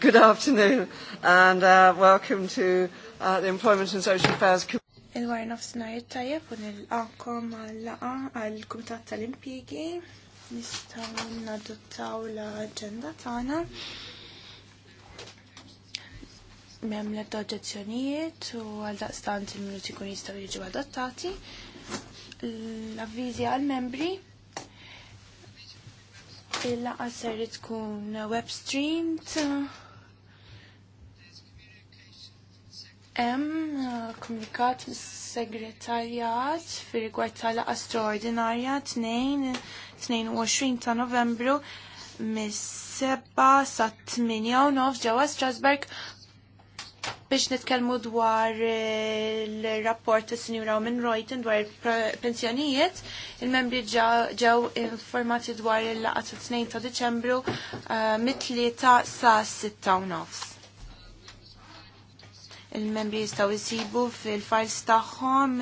Good afternoon and uh, welcome to uh, the Employment and Social Affairs Committee. Il-war nafsinar tajjeb u il għakom għal-laqa għal-Kumitat tal-Impjegi. Nistaw nadottaw l-agenda tagħna. Mem l-edda u għal-daqstant il-minuti kun jistaw jiġu adottati. L-avvizi għal-membri Il-laqa ser tkun web streamed. Hemm komunikat mis-segretarjat fir rigward tal-laqa straordinarja 2 22 ta' Novembru mis-7 sa 8 ġewwa Strasberg biex nitkelmu dwar il-rapport eh, ta' Sinjura minn Reuten dwar il-pensjonijiet. Il-membri ġew informati dwar il-laqat ta' 2 ta' Deċembru eh, mit-tlieta sa' 6 ta' nofs. Il-membri jistaw jisibu fil-files tagħhom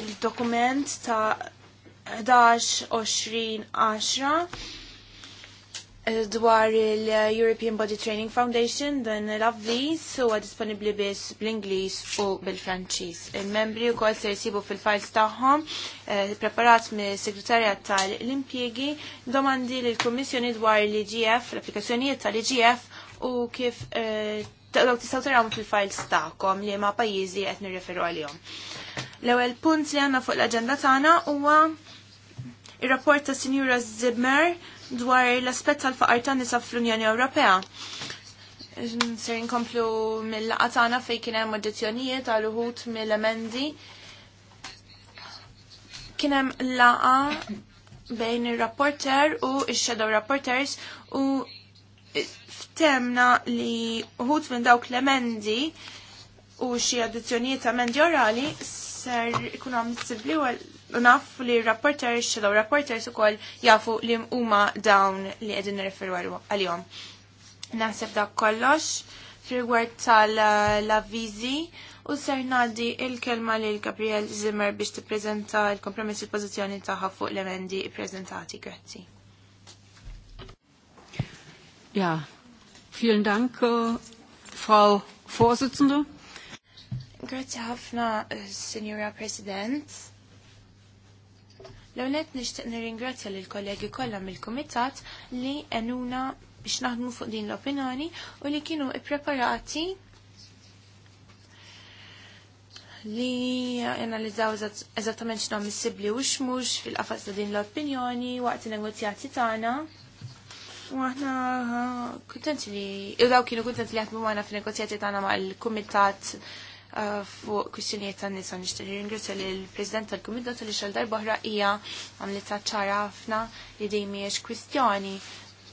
il-dokument ta' 11-20-10 dwar il-European Body Training Foundation dan l-avviz huwa disponibli biss bl-Ingliż u bil-Franċiż. Il-membri wkoll se jsibu fil-files tagħhom eh, preparat mis-Segretarjat tal-Impjiegi domandi lill-Kummissjoni dwar l-IGF, l-applikazzjonijiet tal-IGF u kif eh, taqdok tistgħu tarawhom fil-files tagħkom li ma' pajjiżi qed nirreferu għalihom. L-ewwel punt li għandna fuq l-aġenda tagħna huwa ir-rapport ta' Sinjura Zibmer dwar l-aspett tal-faqar tan nisa fl-Unjoni Ewropea. Ser inkomplu mill-qatana fej kienem hemm addizzjonijiet għal uħut mill-emendi. Kien hemm laqa bejn ir-rapporter u il shadow rapporters u ftemna li uħut minn dawk l-emendi u xi addizzjonijiet ta' emendi orali ser ikun għam naf li rapporters, xilaw rapporters u koll jafu li huma dawn li edin nirreferu għal-jom. Naħseb dak kollox, fil tal-avvizi, u ser nadi il-kelma li l-Gabriel Zimmer biex tippreżenta il kompromissi pozizjoni taħħa fuq l-emendi prezentati. Grazzi. Ja, vielen Dank, äh, Frau Vorsitzende. Grazie ħafna, äh, Signora President L-għonet nishtiq nir nirringrazzja l kollegi kollha mill-Kumitat li għenuna biex naħdmu fuq din l-opinjoni u li kienu ippreparati li analizzaw eżattament x'nhom missibli u xmux fil-qafas ta' din l-opinjoni waqt il negozjati tagħna. U aħna kuntenti li, u daw kienu kuntenti li għatmu għana fil negozjati tagħna l kumitat Uh, fuq kwistjonijiet tan nisa nixtieq ringrazzja lill president tal-Kumitat li xal darbohra hija għamlitha ċara ħafna li dejjem mhijiex kwistjoni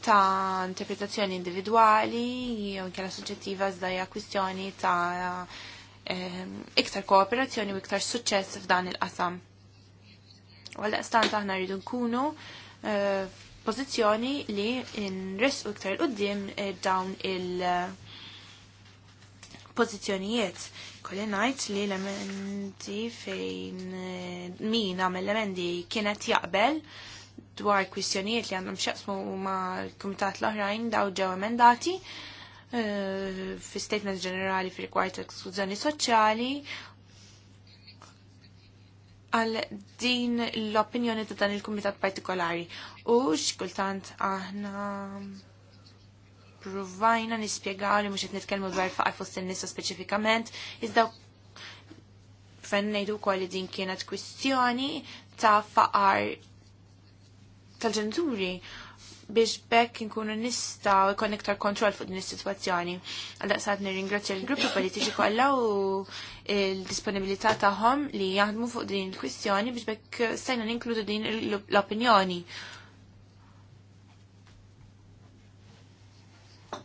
ta' interpretazzjoni individwali jew inkella suġġettiva iżda hija kwistjoni ta' ehm, iktar kooperazzjoni u iktar suċċess f'dan il-qasam. Għalda stant aħna rridu nkunu eh, pożizzjoni li nresqu iktar il-qoddim eh, dawn il- pożizzjonijiet. Kolli ngħid li l-emendi fejn eh, min għamel l-emendi kienet jaqbel dwar kwistjonijiet li għandhom xaqsmu ma' l-kumitat l-oħrajn daw ġew emendati eh, fi statement ġenerali fi rikwajt l-eskużjoni soċjali għal din l-opinjoni ta' dan il-kumitat partikolari u xkultant aħna provajna nispiegaw li mux qed nitkellmu dwar faqar fost in-nisa speċifikament, iżda fejn ngħidu wkoll li din kienet kwistjoni ta' faqar tal-ġenituri biex bekk nkunu nistaw ikon iktar kontroll fuq din is-sitwazzjoni. Għaldaqsat nirringrazzja l-gruppi politiċi kollha u l-disponibilità tagħhom li jaħdmu fuq din il-kwistjoni biex bekk stajna ninkludu din l-opinjoni. u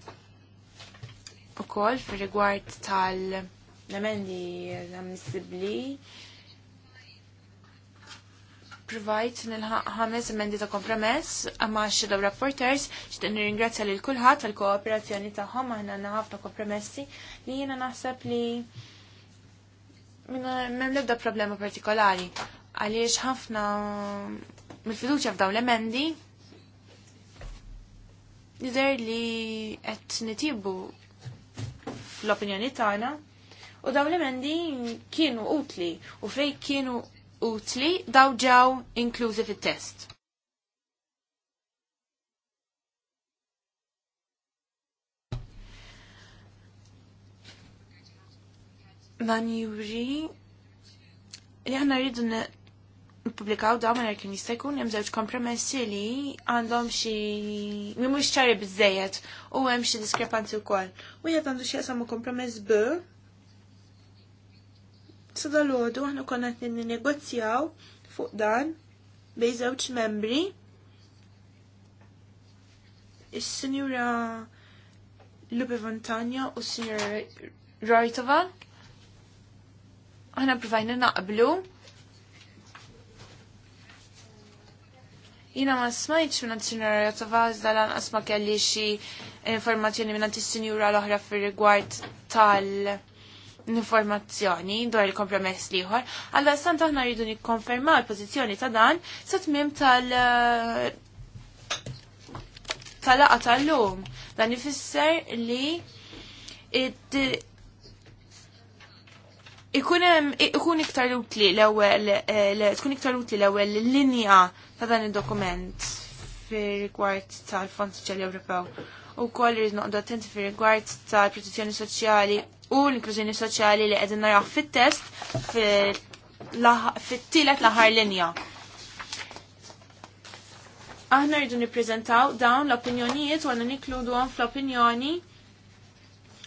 kol fil-rigward tal-emendi amnissibli provajt nilħaq ħames emendi ta' kompromess għamma xidaw rapporters ringrazja nirringrazzja lil kulħadd tal-kooperazzjoni tagħhom aħna għandna ħafna kompromessi li jiena naħseb li m'hemm l-ebda problema partikolari għaliex ħafna mill-fiduċja f'dawn l-emendi Jidher li qed nitibu fl-opinjoni tagħna u dawn l-emendi kienu utli u fej kienu utli daw ġew inklużi fit-test. Dan juri li aħna rridu Publikaw da ma kien jista' jkun hemm kompromessi li għandhom xi mhumiex ċari bizzejet u hemm xie diskrepanzi u kol u Wieħed għandu xie jaqsam kompromess B. Sa dalodu aħna konna qed negozjaw fuq dan bej żewġ membri. il-senjura Lupe Vantanja u s-Sinjura Rajtova. Aħna provajna naqblu Jina ma smajt minn t sinjura Jotavaz dalan asma kelli xi informazzjoni minn t sinjura l-oħra fil-rigward tal- informazzjoni dwar il-kompromess liħor, għalla stant aħna rridu nikkonferma l-pozizjoni ta' dan sa tmim tal- tal-laqa tal-lum. Dan ifisser li ikun iktar utli l-ewwel tkun iktar utli l-ewwel linja ta' dan il-dokument fir rigward tal-Fond Soċjali Ewropew. U koll irrid noqdu attenti fir rigward tal-protezzjoni soċjali u l-inklużjoni soċjali li qegħdin naraw fit-test fit-tielet l-aħħar linja. Aħna rridu nippreżentaw dawn l-opinjonijiet u għandna nikluduhom fl-opinjoni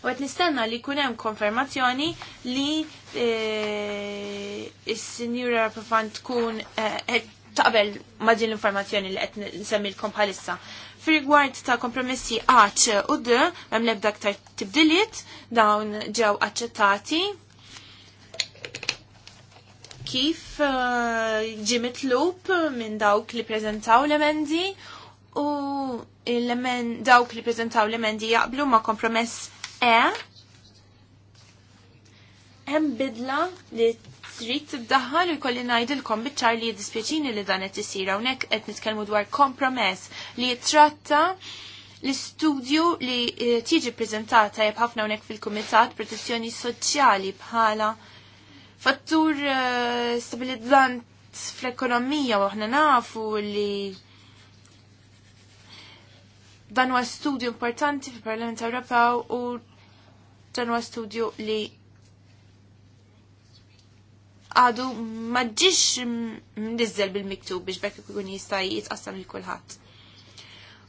u għet nistenna li kunem konfermazzjoni li e, eh, il-Sinjura Profan tkun eh, taqbel ma' din l-informazzjoni li qed nsemmilkom bħalissa. Fir-rigward ta' kompromessi għaċ u d, hemm lebda aktar tibdiliet dawn ġew aċċettati kif eh, ġi mitlub minn dawk li preżentaw l-emendi u dawk li preżentaw l-emendi jaqblu ma' kompromess E. Hemm bidla li trid tiddaħħal u jkolli ngħidilkom biċ-ċar li jiddispjaċini li dan qed isir hawnhekk qed nitkellmu dwar kompromess li jitratta l-istudju li eh, tiġi preżentata jeb ħafna hawnhekk fil-Kumitat Protezzjoni Soċjali bħala fattur eh, stabilizzant fl-ekonomija u aħna nafu li dan huwa studju importanti fil-Parlament Ewropew u dan huwa studju li għadu maġġiex nizzel bil-miktub biex bekk ikun jista' jitqassam lil kulħadd.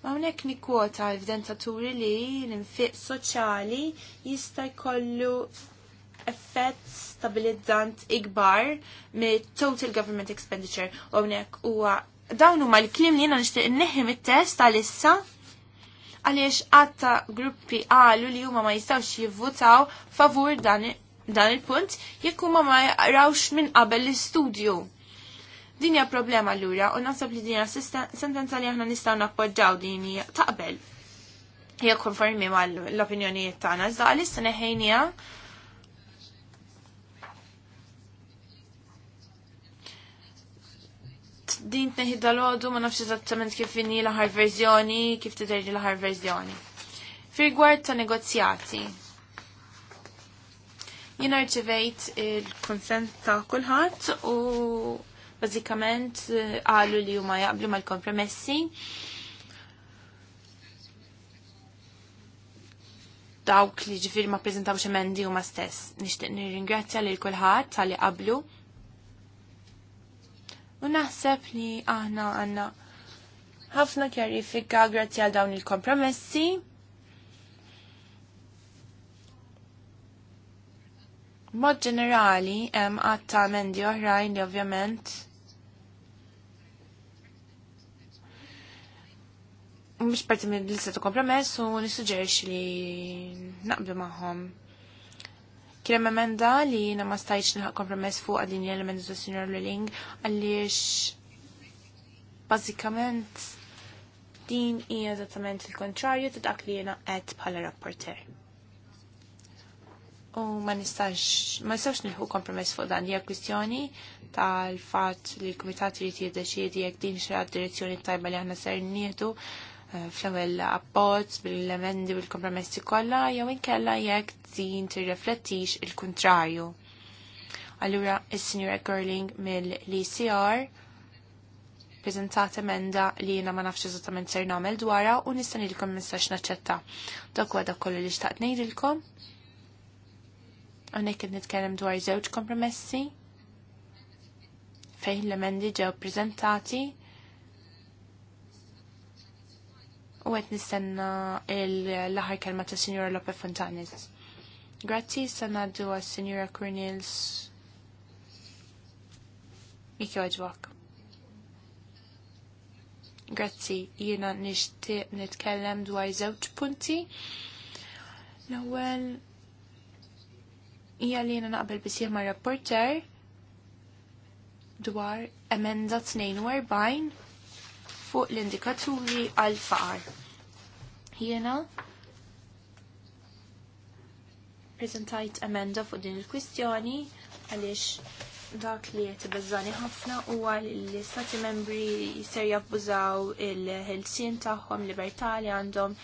Hawnhekk nikkwota evidentaturi li l-infiq soċjali jista' jkollu effett stabilizzant ikbar mit total government expenditure u huwa dawn huma l-kliem li jiena nixtieq neħim it test għalissa għaliex għatta gruppi għalu li huma ma jistawx jivvutaw favur dan dan il-punt jekk huma ma rawx minn qabel l-istudju. Din hija problema lura u naħseb li din sentenza li aħna nistgħu nappoġġaw din taqbel. Hija konformi mal-opinjonijiet tagħna, iżda għalissa neħejnija din t-neħi dal-ħodu ma nafx eżattament kif inni l-ħar verżjoni, kif tidher l-ħar verżjoni. Fi rigward ta' negozjati, Jien rċivejt il-konsent ta' kulħadd u bażikament eh, qalu li huma jaqblu mal-kompromessi. Dawk li ġifir ma xemendi emendi huma stess. Nixtieq nirringrazzja lil kulħadd tal-li qablu. U naħseb li aħna għandna ħafna kjarifika grazzi għal dawn il-kompromessi. Mod ġenerali hemm għatta amendi oħrajn li ovvjament mhux parti minn lista ta' kompromess u nissuġġerixxi li naqbdu magħhom. Kien hemm emenda li jiena ma stajtx nilħaq kompromess fuq għadin l-elementi ta' Senior Lulling għaliex bażikament din hija eżattament il-kontrarju ta' dak li jiena qed bħala rapporter u ma nistax, ma nistax nilħu kompromess fuq dan hija kwistjoni tal-fatt li l-Kumitat jrid jiddeċiedi jekk din xi direzzjoni tajba li aħna ser nieħdu eh, fl-ewwel appoġġ bil-emendi bil-kompromessi kollha jew inkella jekk din tirreflettix il-kuntrarju. Allura is-Sinjura Girling mill-ECR prezentat emenda li jiena ma nafx eżattament ser nagħmel dwarha u nista' nilkom nistax naċċetta. Dak huwa dak kollu li xtaqt ngħidilkom. Għonek id nitkellem dwar żewġ kompromessi fejn l-emendi ġew prezentati u qed nistenna l-aħħar kelma ta' Sinjura Lope Fontanis. Grazzi sanaddu għas Sinjura Cornels Miki Oġwak. Grazzi, jiena nixtieq nitkellem dwar żewġ punti. L-ewwel no, well, hija li jena naqbel bisir ma' rapporter dwar emenda 42 fuq l-indikaturi għal faqar. Jiena prezentajt emenda fuq din il-kwistjoni għaliex dak li qed ibeżżani ħafna huwa għal l-istati membri jisser jabbużaw il-ħelsien tagħhom libertà li għandhom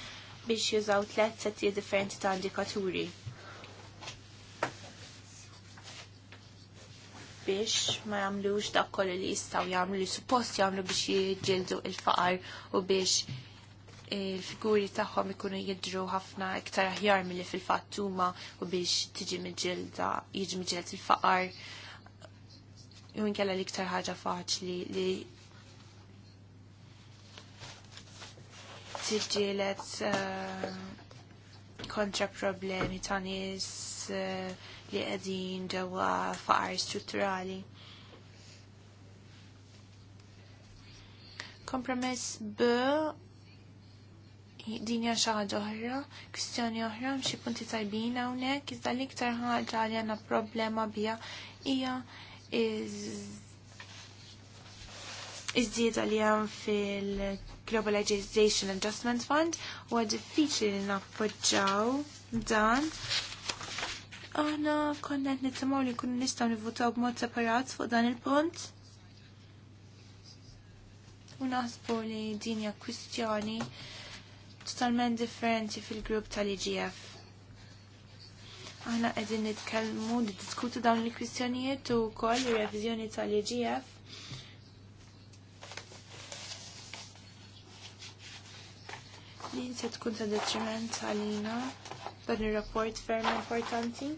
biex jużaw tliet setti differenti ta' indikaturi biex ma jagħmlux da kolli li jistgħu jagħmlu li suppost jagħmlu biex jiġġieldu il-faqar u biex il-figuri tagħhom ikunu jidru ħafna iktar aħjar milli fil fattuma u biex tiġi miġġielda jiġi miġġield il-faqar u inkella l-iktar ħaġa faċli li tiġġielet eh, kontra problemi ta' nis eh, li għedin ġewwa faqar strutturali. Kompromess B din hija xi ħaġa oħra, kwistjoni oħra xi punti tajbin hawnhekk, iżda li ktar ħaġa li għanna problema bija, ija iż iż li għan fil- Globalization Adjustment Fund u fiċi li nappoġġaw dan. Aħna konnet nittamaw li nkunu nistgħu nivvutaw b'mod separat fuq dan il pont U naħsbu li dinja kwistjoni totalment differenti fil-grupp tal-IGF aħna qegħdin nitkellmu diskutu dawn il-kwistjonijiet u koll il-revizjoni tal-EGF li se tkun ta' detriment għalina dan ir-rapport ferm importanti.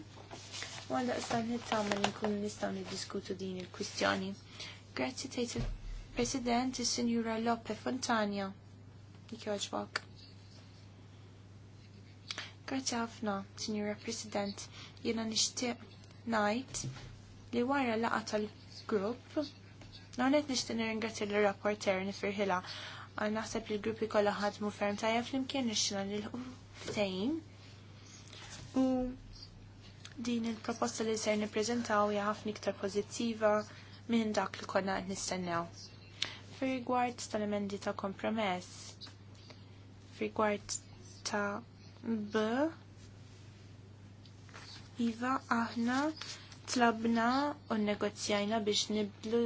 U għal daqstan nittama li nkun nistgħu niddiskutu din il-kwistjoni. Grazzi tgħid il-President il-Signora Lope Fontania. Jogħġbok. Grazzi ħafna, Signora President. Jiena nixtieq ngħid li wara laqa tal-grupp Nonet nishtin ringrazzja l-rapporter nifirħila għal naħseb li l-gruppi kollha ħadmu ferm tajja flimkien nixxina nilħu ftejn. U din il-proposta li ser nippreżentaw hija ħafna iktar pożittiva minn dak li konna qed nistennew. fir tal-emendi ta' kompromess, fir ta' B, Iva, aħna tlabna u negozjajna biex nibdlu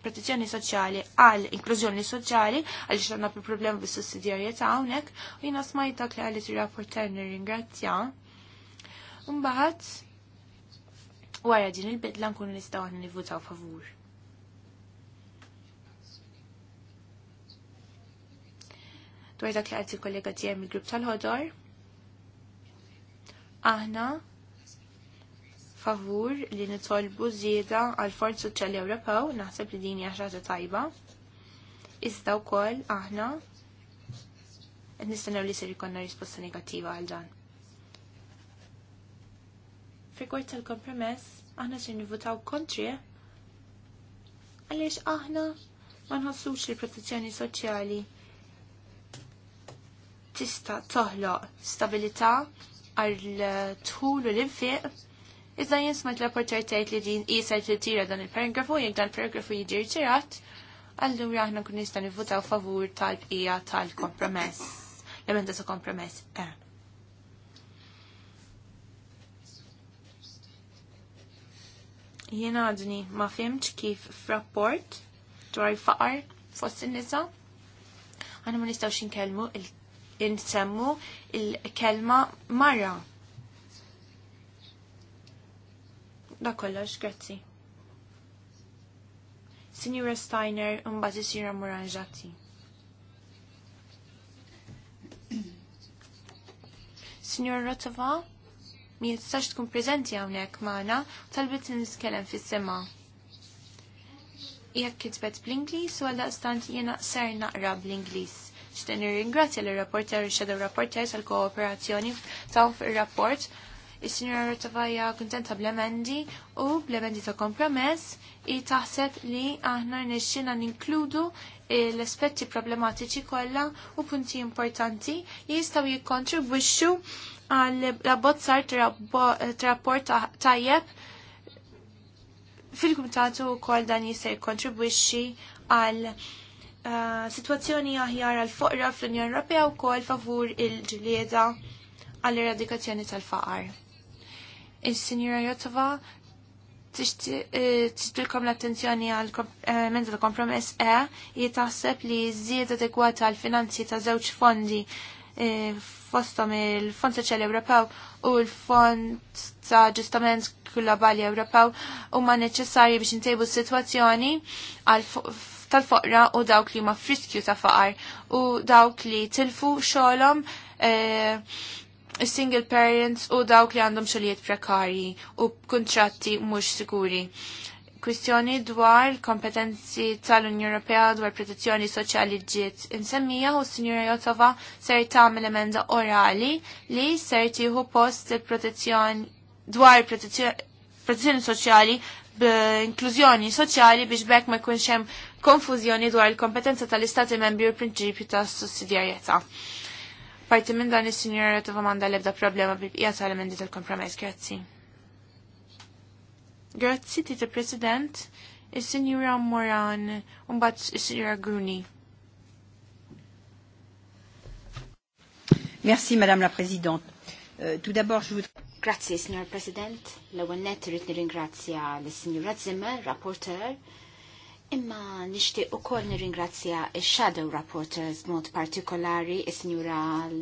protezzjoni soċjali għal inklużjoni soċjali għaliex għandna problemi bis sussidjarjetà hawnhekk u jiena smajta li għalit ir-rapporter nirringrazzja. Mbagħad wara din il-bidla nkunu nistaw għan nivutaw favur. Dwar dak li għadzi kollega tiegħi mill-grupp tal-ħodor, aħna favur li nitolbu żieda għal Fond Soċjali Ewropew, naħseb li din hija xi ħaġa tajba. Iżda wkoll aħna qed nistennew li ser ikollna risposta negattiva għal dan. Rigward tal-kompromess, aħna se nivutaw kontri għaliex aħna ma nħossux li protezzjoni soċjali tista' toħloq stabilità għal tħul u l infieq Iżda jien smajt l-rapporter tgħid li din qisha tira dan il-paragrafu jek dan il-paragrafu jiġi rtirat, allura aħna kun nista' u favur tal-bqija tal-kompromess. L-emenda ta' kompromess E. Jien għadni ma fimċ kif frapport dwar faqar fost in-nisa. Għana ma nistaw inkellmu il-insemmu il-kelma marra Da kollox, grazzi. Signora Steiner, unbazi signora Moranjati. Signor Rotova, mi jistax tkun prezenti għawnek maħna, talbit niskellem fis-sema. Jekk kitbet bl-Inglis, u għalda stant jena ser naqra bl-Inglis. Xten ringrazzja l-rapporter u shadow rapporter tal-kooperazzjoni ta' fil-rapport Is-Sinjora Rottavaja kuntenta bl-emendi u bl-emendi ta' kompromess i taħseb li aħna nixxina ninkludu l-aspetti problematiċi kollha u punti importanti li jistgħu jikkontribwixxu għal l-abbozzar rapport tajjeb fil u wkoll dan jista' jikkontribwixxi għal eh, situazzjoni aħjar għal foqra fl-Unjoni Ewropea wkoll favur il-ġlieda għall eradikazzjoni tal-faqar il-Sinjura Jotova eh, tixtilkom l-attenzjoni għal eh, menta ta' kompromess E li taħseb li żied adegwata għal finanzi ta' żewġ fondi eh, fostom il-Fond Soċjali Ewropew u l-Fond ta' Ġustament Globali Ewropew huma neċessarji biex intejbu s-sitwazzjoni tal-foqra u dawk li huma friskju ta' faqar u dawk li tilfu xogħolhom single parents u dawk li għandhom xogħlijiet prekarji u kontratti mhux sikuri. Kwistjoni dwar kompetenzi tal-Unjoni Ewropea dwar protezzjoni soċjali ġiet insemmija u s-Sinjura Jotova ser tagħmel emenda orali li ser tieħu post il-protezzjoni dwar protezzjoni soċjali b'inklużjoni soċjali biex bekk ma jkunx hemm konfużjoni dwar il-kompetenza tal-Istati membri u l-prinċipju tas sussidjarjetà. Parti minn dan is-sinjora tuva manda l-ebda problema bil-bqija tal-emendi tal-kompromess, grazzi. Grazzi, tita President, il sinjora Moran, unbat bat il-sinjura Gruni. Merci, Madame la Présidente. Euh, tout d'abord, je voudrais... Grazie, Signor President. La ewwel nett irrid nirringrazzja lis Zimmer, rapporteur, Imma nishtiq u koll nir-ingrazzja il-Shadow Rapporters mod partikolari il-Signora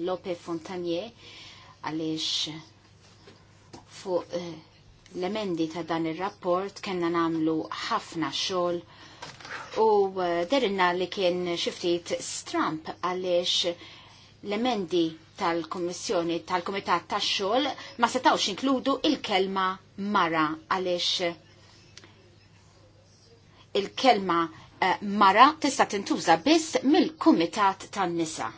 Lope Fontanier għalix fuq eh, l-emendi ta' dan il-rapport kena namlu ħafna xol u eh, derinna li kien xiftit stramp għalix l-emendi tal-Kommissjoni tal-Komitat tax-xogħol ma setawx inkludu il-kelma mara għaliex il-kelma eh, mara tista' tintuża biss mill-kumitat tan-nisa.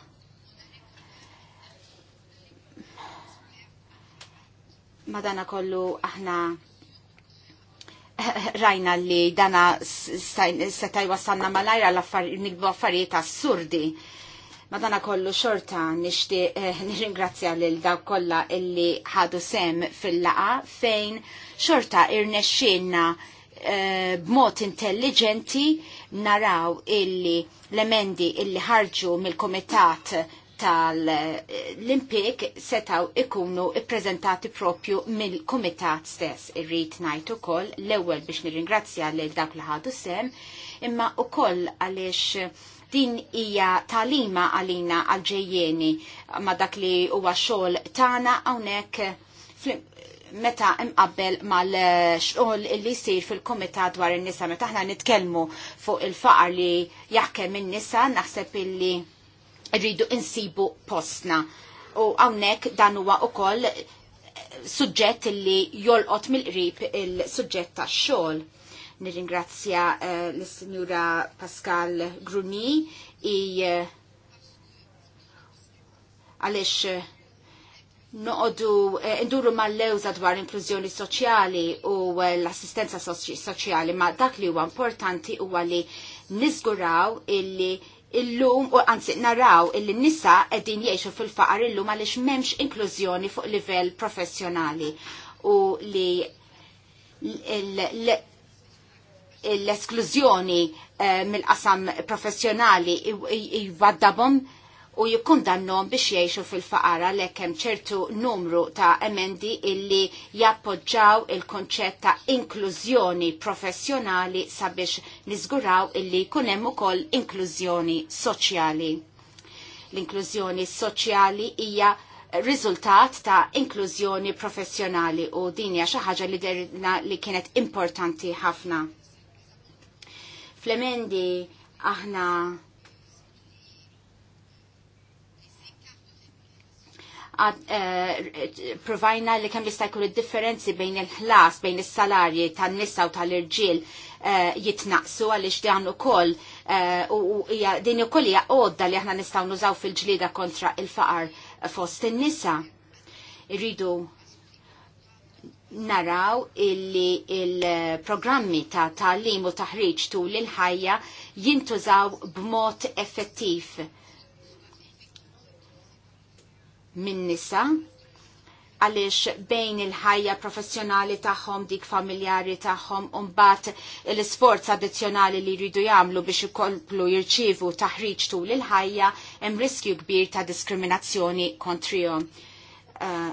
Madana kollu aħna rajna li dana setaj wasanna malajra nikbu affarijiet assurdi. Madana kollu xorta nishti eh, nirringrazzja lil daw kolla illi ħadu sem fil-laqa fejn xorta irnexxinna Eh, b'mod intelligenti naraw illi l-emendi illi ħarġu mill-komitat tal-Olimpik setaw ikunu ippreżentati propju mill-komitat stess. Irrid ngħid ukoll l-ewwel biex nirringrazzja lil dak li ħadu sem, imma ukoll għaliex din hija talima għalina għal ġejjeni ma dak li huwa xogħol tagħna hawnhekk meta imqabbel mal-xogħol li jsir fil-kumitat dwar in-nisa meta ħna nitkellmu fuq il-faqar li jaħkem in-nisa naħseb illi rridu insibu postna. U hawnhekk dan huwa ukoll suġġett li jolqot mill-qrib il-suġġett tax-xogħol. Nirringrazzja eh, l-Sinjura Pascal Gruni i eh, għalix uh, eh, noqdu eh, induru mal-lewza dwar inklużjoni soċjali u eh, l-assistenza soċjali, ma dak li huwa importanti huwa li nizguraw illi illum u anzi naraw illi nisa qegħdin jgħixu fil-faqar illum għaliex m'hemmx inklużjoni fuq livell professjonali u li l-esklużjoni eh, mill-qasam professjonali jwaddabhom u jikkundannom biex jiexu fil-faqara lekkem ċertu numru ta' emendi illi jappoġġaw il-konċett ta' inklużjoni professjonali sabiex nizguraw illi kunem ukoll inklużjoni soċjali. L-inklużjoni soċjali hija riżultat ta' inklużjoni professjonali u din hija xi ħaġa li derna li kienet importanti ħafna. Flemendi aħna Eh, provajna li kemm jista' jkun id-differenzi bejn il-ħlas, bejn is-salarji tan-nisa u tal-irġiel eh, jitnaqsu għaliex dan ukoll eh, u din ukoll hija għodda li aħna nistgħu nużaw fil-ġlieda kontra il-faqar fost in-nisa. Irridu naraw illi il-programmi ta' talim u taħriġ tul il-ħajja jintużaw b'mod effettiv minn nisa għaliex bejn il-ħajja professjonali tagħhom dik familjari tagħhom u mbagħad l-isforz addizzjonali li jridu jagħmlu biex ikomplu jirċievu taħriġ tul il-ħajja hemm riskju kbir ta' diskriminazzjoni kontrihom. Eh,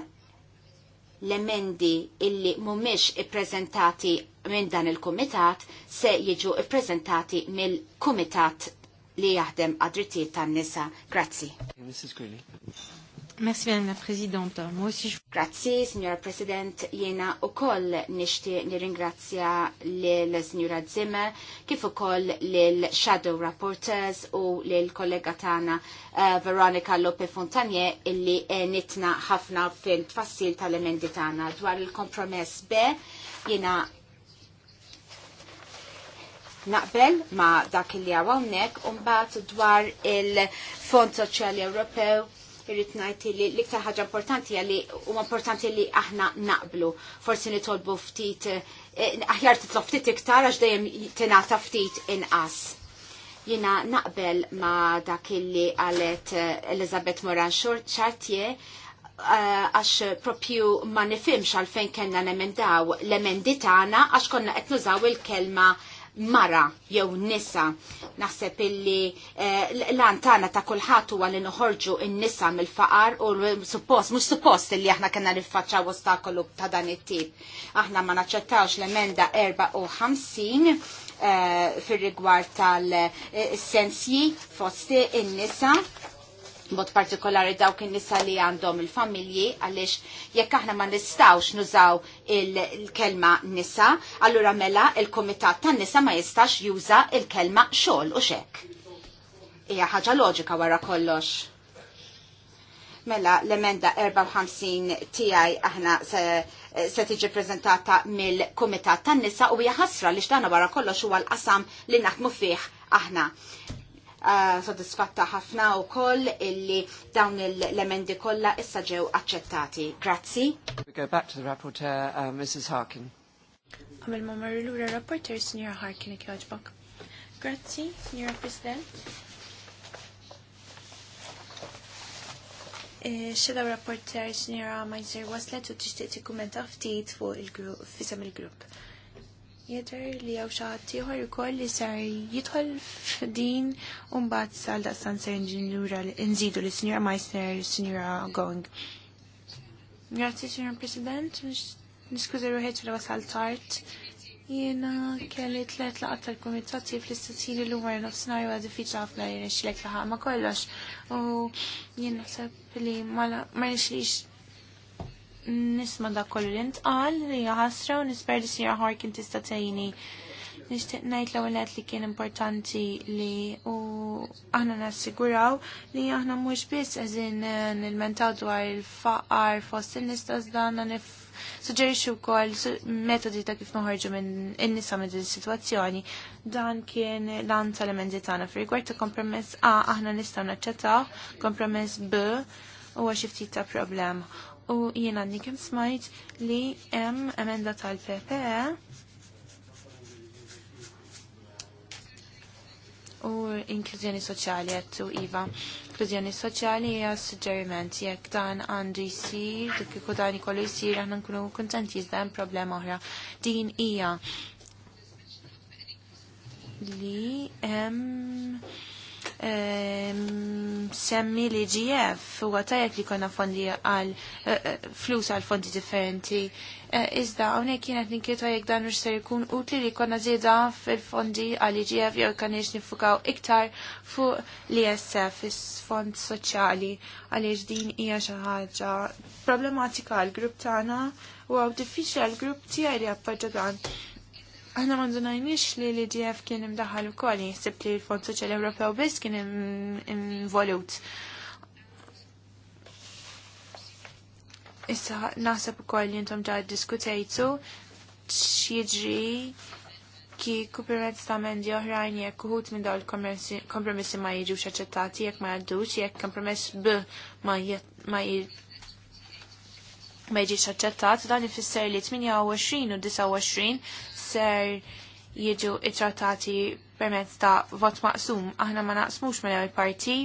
l-emendi illi mhumiex ippreżentati minn dan il-kumitat se jiġu ippreżentati mill-kumitat li jaħdem għad-drittijiet tan-nisa. Grazzi. Mrs. Greeley. Merci, Madame la Presidente. Moi aussi, je... Grazie, Signora President. Jena u koll nishti nirringrazzja lil signora Zimmer, kif u koll l-Shadow Rapporteurs u lil kollega tana uh, eh, Veronica Lope Fontanier illi eh, nitna ħafna fil-tfassil tal-emendi tana dwar il-kompromess B. Jena naqbel ma dak li għawnek un dwar il-Fond Soċjali Ewropew irrit najti li l-iktar ħaġa importanti li huma importanti li aħna naqblu. Forsi nitolbu ftit eh, aħjar titlob ftit iktar għax dejjem tingħata ftit inqas. Jina naqbel ma dak li qalet eh, Elizabeth Moran ċartje, eh, għax propju ma nifimx għalfejn kellna nemendaw l-emendi tagħna għax konna qed nużaw il-kelma mara jew nisa. Naħseb illi eh, l-antana ta' kulħadd huwa li noħorġu n-nisa mill-faqar u suppost, mhux suppost illi aħna kena niffaċċaw ostakolu ta' dan it-tip. Aħna ma naċċettawx l-emenda 54 eh, fir rigward tal-sensji eh, fosti n-nisa mod partikolari dawk in-nisa li għandhom il-familji għaliex jekk aħna ma nistawx nużaw il-kelma nisa, allura mela il-Kumitat tan-nisa ma jistax juża il-kelma xogħol u xek. Hija ħaġa loġika wara kollox. Mela l-emenda 54 tiegħi aħna se se tiġi prezentata mill-Kumitat tan-nisa u hija ħasra li x'dana wara kollox huwa l-qasam li naħdmu fih aħna. Ah, soddisfatta ħafna u koll illi dawn l-emendi kollha issa ġew aċċettati. Grazzi. We go back to the rapporteur, uh, Mrs. Harkin. Għamil ma marri l-ura rapporteur, Signora Harkin, ikħoġbok. Grazzi, Signora President. Xedaw eh, rapporteur, Signora Meiser, waslet u tixtieq kumenta ftit fuq il-grupp, fisem il-grupp. il grupp fisem il grupp Jidher li għaw xaħat u koll li sar jidħol f'din u mbagħad sal daqstan ser nġinura nżidu li s Sinjora Meissner, Sinjora Grazie, s-sinjura President, niskuża ruħet li wasal tart. Jena kelli tlet laqat tal-komitati fl istazzini l umar nofsinhar huwa diffiċli ħafna jirnexxilek laħaq ma kollox. U jien naħseb li ma nexxilix nisma da kollu li ntqal li ħasra u nisper li sira kien tista' tajni Nixtieq ngħid l-ewwel li kien importanti li u aħna nassiguraw li aħna mhux biss eżin eh, nilmentaw dwar il-faqar fost nista danna nif suġerixu wkoll metodi ta' kif noħorġu minn in-nisa minn din is-sitwazzjoni. Dan kien lan tal-emendi tagħna fir-rigward ta' kompromess A aħna nistgħu naċċettaw, kompromess B huwa xi ftit ta' problema u jiena għandni kemm smajt li hemm emenda tal pp e. u inklużjoni soċjali għed u Iva. Inklużjoni soċjali hija suġġeriment jekk dan għandu jsir, dik kieku dan ikollu jsir aħna nkunu kuntenti iżda hemm problema oħra. Din hija li hemm Ehm, semmi li ġijef, u għatajek li konna fondi għal eh, eh, flus għal fondi differenti. Eh, iżda, għonek kienet ninkietu jek dan ser jkun utli li konna zida fil-fondi għal IGF jew kanix nifukaw iktar fuq l-ISF, fond soċjali, għaliex din hija xi ħaġa problematika għal grupp tagħna u għaw diffiċli għal grupp tiegħi li appoġġa dan Aħna ma ndunajniex li l-IDF kien imdaħal u koll, jisib li l-Fond Soċjal Ewropew biss kien involut. Issa naħseb u koll li jintom ġa diskutejtu xieġri ki kuperet ta' mendi oħrajn jekk uħut minn daw il kompromissi ma jiġux aċċettati jekk ma jaddux, jekk kompromiss B ma ma jiġix aċċettat, dan ifisser li 28 u 29 ser jiġu it-trattati permezz ta' vot maqsum. Aħna ma naqsmux minn il parti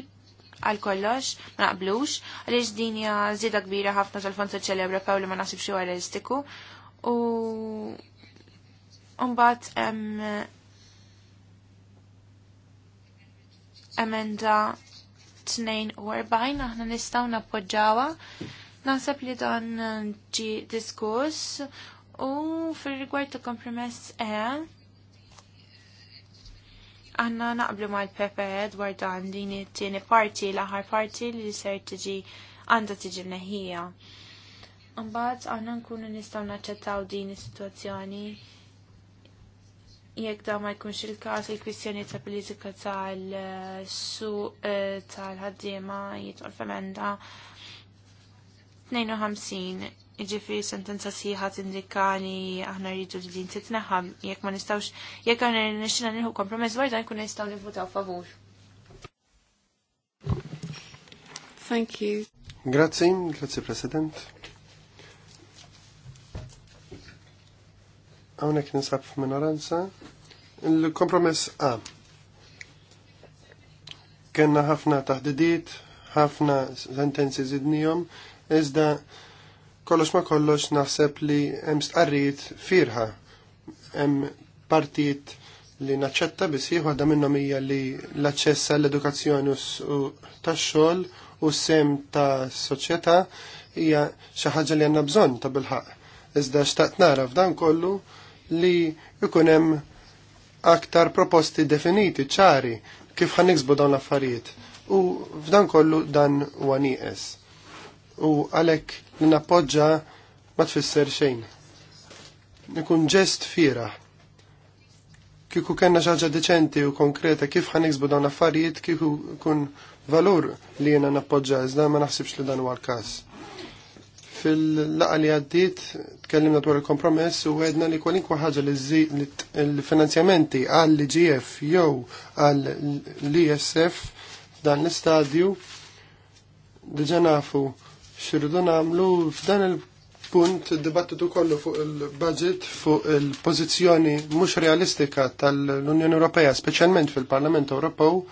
għal kollox, ma naqblux, għaliex din hija żieda kbira ħafna tal-Fond Soċjali Ewropew li ma naħsibx huwa realistiku. U mbagħad hemm emenda 42 aħna nistgħu nappoġġawha. Naħseb li dan ġi diskuss U fil-rigward ta' kompromess E, għanna naqblu ma' l pepe dwar dan din it-tieni parti, l-aħħar parti li ser tiġi għandha tiġi mneħija. Mbagħad aħna nkunu nistgħu naċċettaw din is-sitwazzjoni jekk da ma jkunx il-każ il-kwistjoni ta' politika tal-suq eh, tal-ħaddiema jitqol femenda 52 Iġifiri sentenza siħat indikani aħna rridu li din titneħam, jek ma nistawx, jek għan nixina nħu kompromess dwar jkun kun nistaw nivvutaw favur. Thank you. Grazie, grazie President. Għawnek nisab f-minoranza. Il-kompromess A. Kenna ħafna taħdidiet, ħafna sentenzi zidnijom, iżda kollox ma kollox naħseb li hemm stqarrijiet firħa. Hemm partijiet li naċċetta biss jieħu minnhom hija li l-aċċess għall-edukazzjoni tax-xogħol u sem ta' soċjetà hija xi ħaġa li għandna bżonn ta' bilħaq. Iżda xtaqt nara f'dan kollu li jkun hemm aktar proposti definiti ċari kif niksbu dawn l-affarijiet. U f'dan kollu dan huwa nieqes. U għalhekk li nappoġġa ma tfisser xejn. Nikun ġest fiera. Kieku kellna xaġa deċenti u konkreta kif iksbu dawn affarijiet kieku kun valur li jiena nappoġġa iżda ma naħsibx li dan huwa l-każ. Fil-laqa li għaddiet tkellimna dwar il-kompromess u għedna li kwalinkwa ħaġa li l-finanzjamenti għall igf jew għall isf e dan l-istadju diġa nafu xirridu nagħmlu f'dan il-punt id-dibattitu kollu fuq il-budget fuq il-pożizzjoni mhux realistika tal-Unjoni Ewropea, speċjalment fil-Parlament Ewropew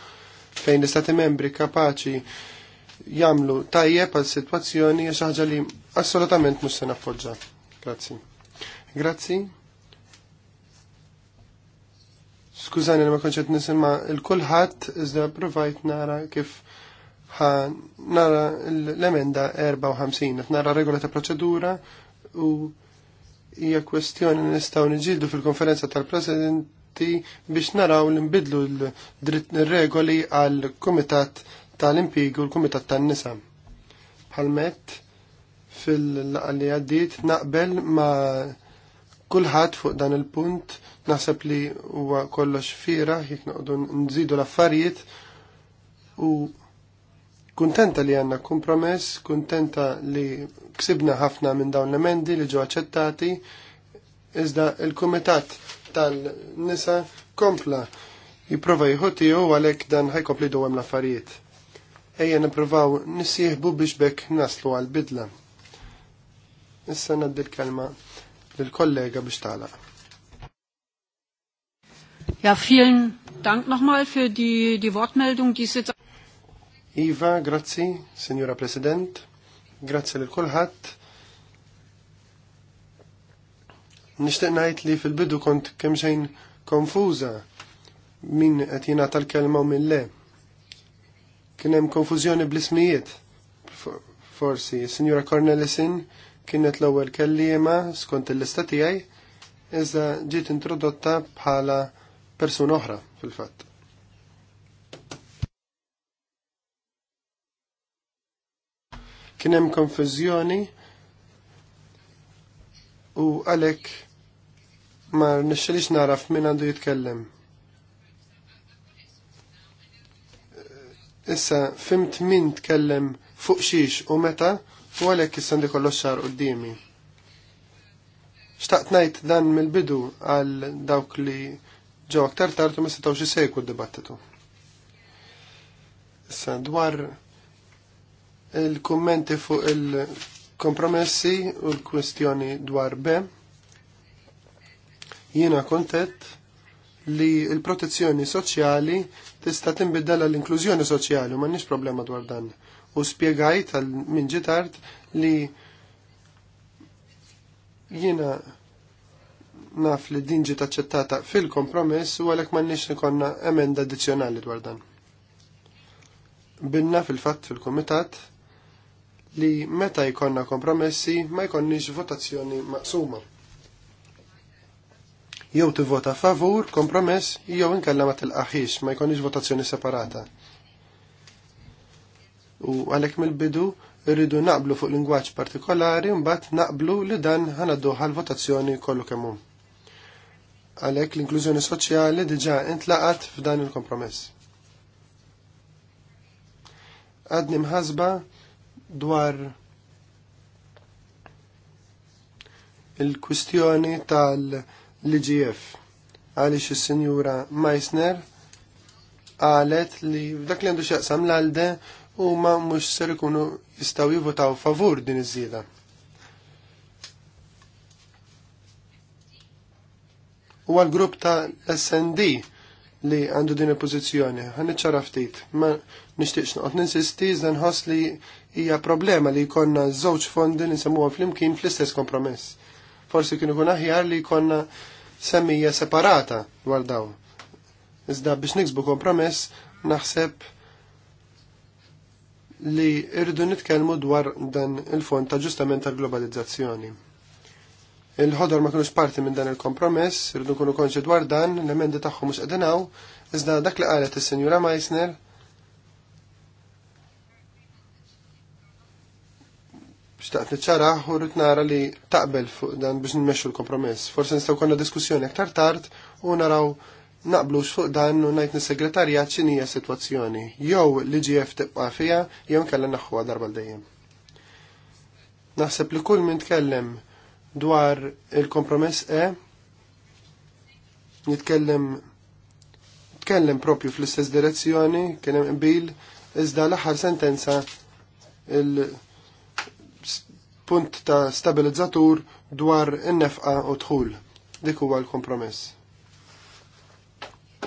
fejn l-Istati membri kapaċi jagħmlu tajjeb għal sitwazzjoni hija xi ħaġa li assolutament mhux se nappoġġa. Grazzi. Grazzi. Skużani li ma konċet nisimma' il-kulħadd iżda provajt nara kif ħa nara l-emenda 54, nara regola ta' proċedura u hija kwestjoni nistgħu niġildu fil-konferenza tal-presidenti biex naraw li imbidlu l-regoli għal kumitat tal-impigu u l-kumitat tan-nisa. Palmet fil-għalli għaddit naqbel ma kulħadd fuq dan il-punt naħseb li huwa kollox fira jek naqdu nżidu l-affarijiet u Kuntenta li għanna kompromess, kuntenta li ksibna ħafna minn dawn l-emendi li ġo accettati, iżda il-Kumitat tal-Nisa kompla jiprofa jħoti u għalek dan ħajkopli dowem l-affarijiet. Ejja niprofaw nisieħbu biex bekk naslu għal-bidla. Issa naddi l-kelma lill-kollega biex tagħlaq. Ja, vielen Dank nochmal für die, die Wortmeldung, die Sie Iva, grazzi, Signora President, grazzi lil kulħadd. Nixtieq ngħid li fil-bidu kont kemm xejn konfuża min qed jingħata l-kelma u min le. Kien hemm konfużjoni bl-ismijiet. Forsi, Signora Cornelisin kienet l-ewwel kelliema skont il-lista tiegħi iżda ġiet introdotta bħala persuna oħra fil-fatt. Kien hemm konfużjoni u għalhekk ma nixxilix naraf min għandu jitkellem. Issa fimt min tkellem fuq xiex u meta u għalhekk issa ndi kollox xar qudiemi. Xtaqt ngħid dan mill-bidu għal dawk li ġew aktar tartu ma setgħux isegwu d-dibattitu. Issa dwar il-kummenti fuq il-kompromessi u l-kwestjoni dwar B. Jiena kontet li l-protezzjoni soċjali tista' tinbidel l-inklużjoni soċjali u m'għandniex problema dwar dan. U spjegajt għal minn ġitart li jiena naf li din ġiet aċċettata fil-kompromess u għalhekk m'għandniex nikonna emenda addizzjonali dwar dan. Binna fil-fatt fil-kumitat li meta jkonna kompromessi ma jkonniex votazzjoni maqsuma. Jew tivvota favur kompromess jew inkella ma tilqaħix ma jkonniex votazzjoni separata. U għalhekk mill-bidu rridu naqblu fuq lingwaġġ partikolari mbagħad naqblu li dan ħanaddu għal-votazzjoni kollu kemm hu. Għalhekk l-inklużjoni soċjali diġà intlaqat f'dan il-kompromess. Għadni mħasba dwar il kustjoni tal-LGF għaliex is-Sinjura Meissner qalet li dak li għandu xaqsam l-għalde u ma mux ser ikunu jistaw jivotaw favur din iż-żieda. U għal-grupp ta' SND li għandu din il-pozizjoni, għan ftit, ma nishtiqx noqt ninsisti, zdan nħoss li hija problema li jkollna żewġ fondi nisemmuhom flimkien fl-istess kompromess. Forsi kien ikun aħjar li jkollna semmija separata dwar dawn. Iżda biex niksbu kompromess naħseb li irridu nitkellmu dwar dan il-fond ta' ġustament tal-globalizzazzjoni. Il-ħodor ma kienux parti minn dan il-kompromess, irridu nkunu konċi dwar dan, l-emendi tagħhom mhux qedinaw, iżda dak li qalet is-Sinjura Meissner xtaqt niċċaraħ u rrit nara li taqbel fuq dan biex nmexxu l-kompromess. Forse nistgħu konna diskussjoni aktar tard u naraw naqblux fuq dan u ngħid nis-segretarjat x'inhija sitwazzjoni. Jew l-IGF tibqa' fiha jew nkellem naħħuha darba dejjem. Naħseb li kull min tkellem dwar il-kompromess E nitkellem, tkellem propju fl-istess direzzjoni, kien hemm qbil, iżda l-aħħar sentenza il- punt ta' stabilizzatur dwar innefqa u dħul. Dik huwa l-kompromess.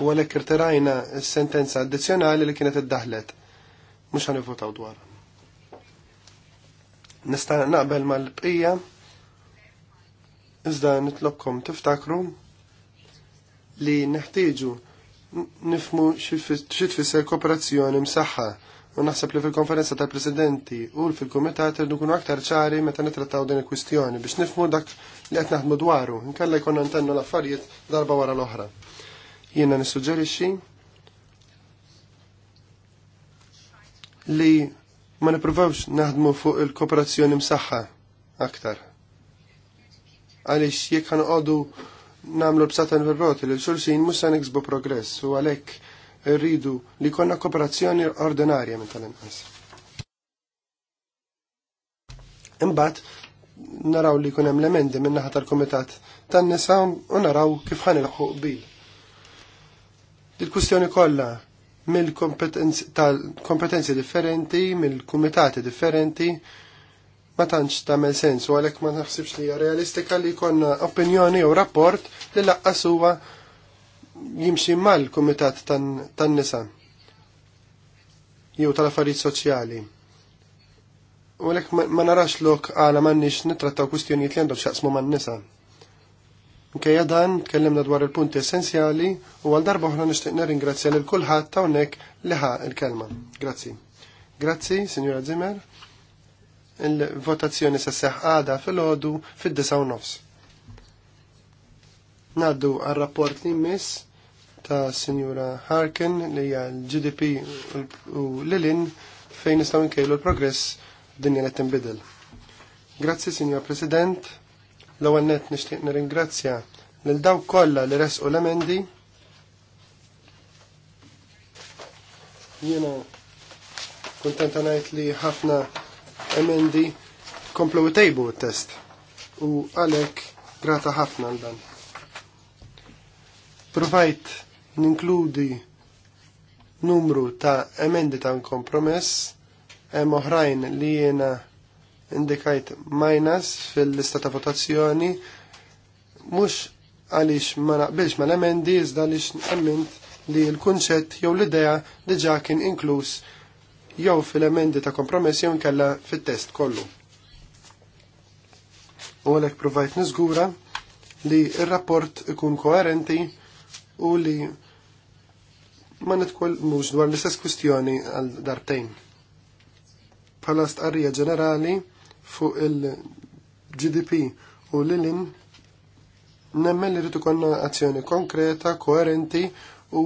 U għalhekk irtirajna s-sentenza addizzjonali li kienet iddaħlet. Mhux ħanivvutaw dwar. Nista' naqbel mal-bqija iżda nitlobkom tiftakru li neħtieġu nifmu xi tfisser kooperazzjoni msaħħa U naħseb li fil-konferenza tal-presidenti u fil-komitat rridu kunu aktar ċari meta nitrattaw din il-kwistjoni biex nifmu dak li qed naħdmu dwaru, inkella jkollna ntennu l-affarijiet darba wara l-oħra. Jiena nissuġġerixxi li ma nippruvawx naħdmu fuq il-kooperazzjoni msaħħa aktar. Għaliex jekk għan nagħmlu b'satan fir roti li l-xulxin musa niksbu progress u għalhekk rridu li konna kooperazzjoni ordinarja minn tal-inqas. Imbagħad naraw li jkun hemm l-emendi minn naħa tal-Kumitat tan-nisa u naraw kif ħanilħu qbil. Il-kwistjoni kollha mill-kompetenzi differenti, mill-kumitati differenti, ma tantx tagħmel sens u għalhekk ma naħsibx li hija realistika li jkollna opinjoni jew rapport li laqqas huwa jimxi mal-Kumitat tan-nisa jew tal-affarijiet soċjali. U lek ma narax lok għala mannix nitrattaw kustjonijiet li għandhom xaqsmu man nisa. Nkejja dan, tkellimna dwar il-punti essenzjali u għal darba oħra nixtieq nirringrazzja lil kulħadd hawnhekk li ħa il-kelma. Grazzi. Grazzi, Sinjura Zimmer. Il-votazzjoni se seħħ għada fil-ħodu fid-disa u nofs. Naddu għal rapport li miss ta' Sinjura Harkin li hija l-GDP u l ilin fejn nistgħu nkejlu l-progress f'dinja qed tinbidel. Grazzi sinjur President, l-ewwel nett nixtieq nirringrazzja lil dawk kollha li resqu l-emendi Jiena kuntenta ngħid li ħafna emendi komplu tejbu test u għalek grata ħafna għal dan. Provajt ninkludi numru ta' emendi ta' kompromess, hemm oħrajn li jiena indikajt minus fil-lista ta' votazzjoni, mhux għaliex ma naqbilx mal emendi iżda għaliex emmint li l-kunċett jew l-idea diġà kien inkluż jew fil-emendi ta' kompromess jew nkella fit-test kollu. U għalhekk provajt niżgura li r-rapport ikun koerenti u li ma mux dwar l-istess kwistjoni għal dartejn. Bħala stqarrija ġenerali fuq il-GDP u l-ilin nemmen li rritu konna azzjoni konkreta, koerenti u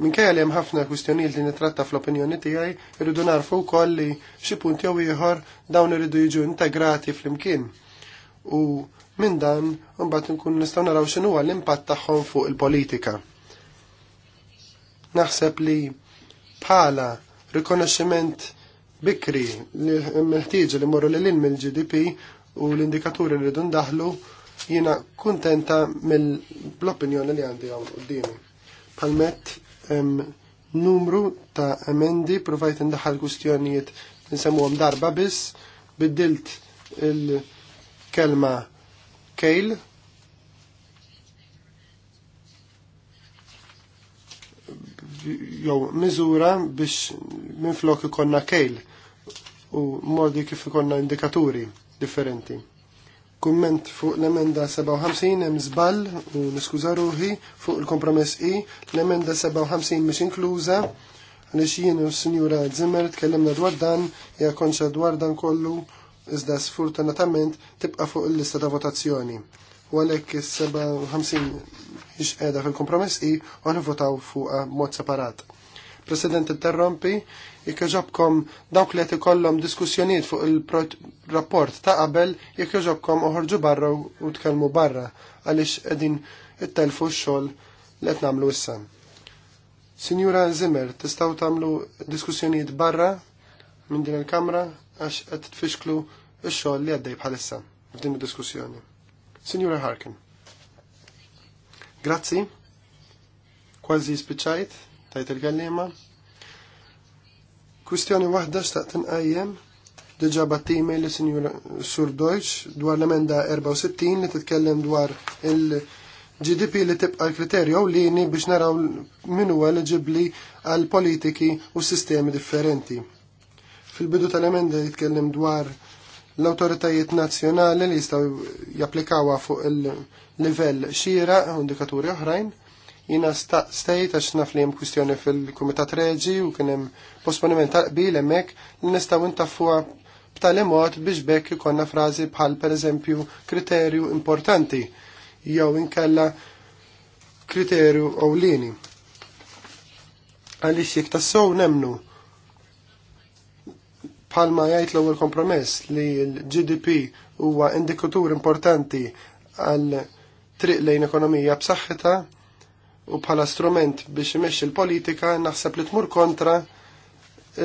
minkejja li hemm ħafna kwistjonijiet li nitratta fl-opinjoni tiegħi, rridu narfu wkoll li xi punti u ieħor dawn rridu jiġu integrati flimkien. U minn dan un-bat nkun nistgħu naraw x'inhuwa l-impatt tagħhom fuq il-politika. Naħseb li bħala rikonoxximent bikri li meħtieġ li morru lil mill-GDP u l-indikaturi li rridu ndaħlu jiena kuntenta mill-opinjoni li għandi għaw qoddimi. Palmet numru ta' emendi provajt ndaħal kustjonijiet nsemmu darba biss, biddilt il-kelma kejl jew miżura biex minflok ikonna kejl u modi kif ikonna indikaturi differenti. Kumment fuq l-emenda 57 hemm żball u niskuża ruħi fuq il-kompromess I, l-emenda 57 mhix inkluża għaliex jien u s-Sinjura Zimmer tkellimna dwar dan, hija konċa dwar dan kollu iżda sfortunatament tibqa' fuq il-lista ta' votazzjoni. U għalhekk is-57 biex edha fil-kompromess i u votaw fuqa eh, mod separat. President interrompi, jekk dawk li qed ikollhom diskussjonijiet fuq il-rapport ta' qabel, jekk joġobkom oħorġu barra u tkellmu barra għaliex qegħdin it x-xogħol li qed nagħmlu issa. Signora Zimmer, tistgħu tagħmlu diskussjonijiet barra minn din il-kamra għax qed tfixklu x-xogħol li għaddej bħalissa f'din id-diskussjoni. Signora Harkin. Grazzi. Kważi spiċajt, tajt il-kallima. Kwistjoni waħda xtaqt nqajjem diġa battime li sinjur Sur Deutsch dwar l-emenda 64 li titkellem dwar il-GDP li tibqa l-kriterju jini biex naraw minu eligibli għal politiki u sistemi differenti. Fil-bidu tal-emenda jitkellem dwar l-autoritajiet nazjonali li jistaw japplikawa fuq il- livell xira u indikaturi oħrajn. Jina stajt għax naf li jem kwistjoni fil-Kumitat Reġi u kien hemm posponiment ta' qbil hemmhekk li nistgħu ntaffuha b'tali mod biex bekk ikonna frazi bħal pereżempju kriterju importanti jew inkella kriterju ewlieni. Għaliex jekk tassew nemnu bħalma jgħid l-ewwel kompromess li l-GDP huwa indikatur importanti għal triq lejn ekonomija b'saħħitha u bħala strument biex imexxi l-politika naħseb li tmur kontra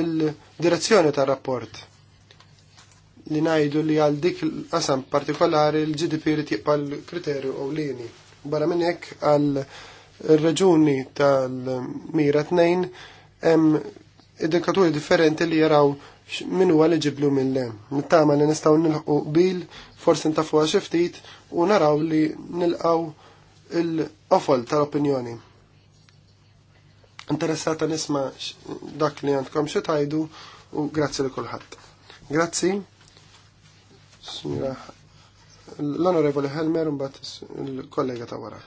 il-direzzjoni tar rapport li najdu li għal dik l-qasam partikolari l-GDP li tiqpa l-kriterju u lini. Barra minn hekk għal raġuni tal-mira tnejn hemm edukaturi differenti li jaraw min huwa li ġiblu mill-lem. Nittama li nistgħu nilħu qbil, forsi ntafuha xi ftit u naraw li nilqaw il-qofol tal-opinjoni. Interessata nisma dak li għandkom xi tajdu u grazzi li kulħadd. Grazzi, l-onorevole Helmer un il-kollega ta' wara.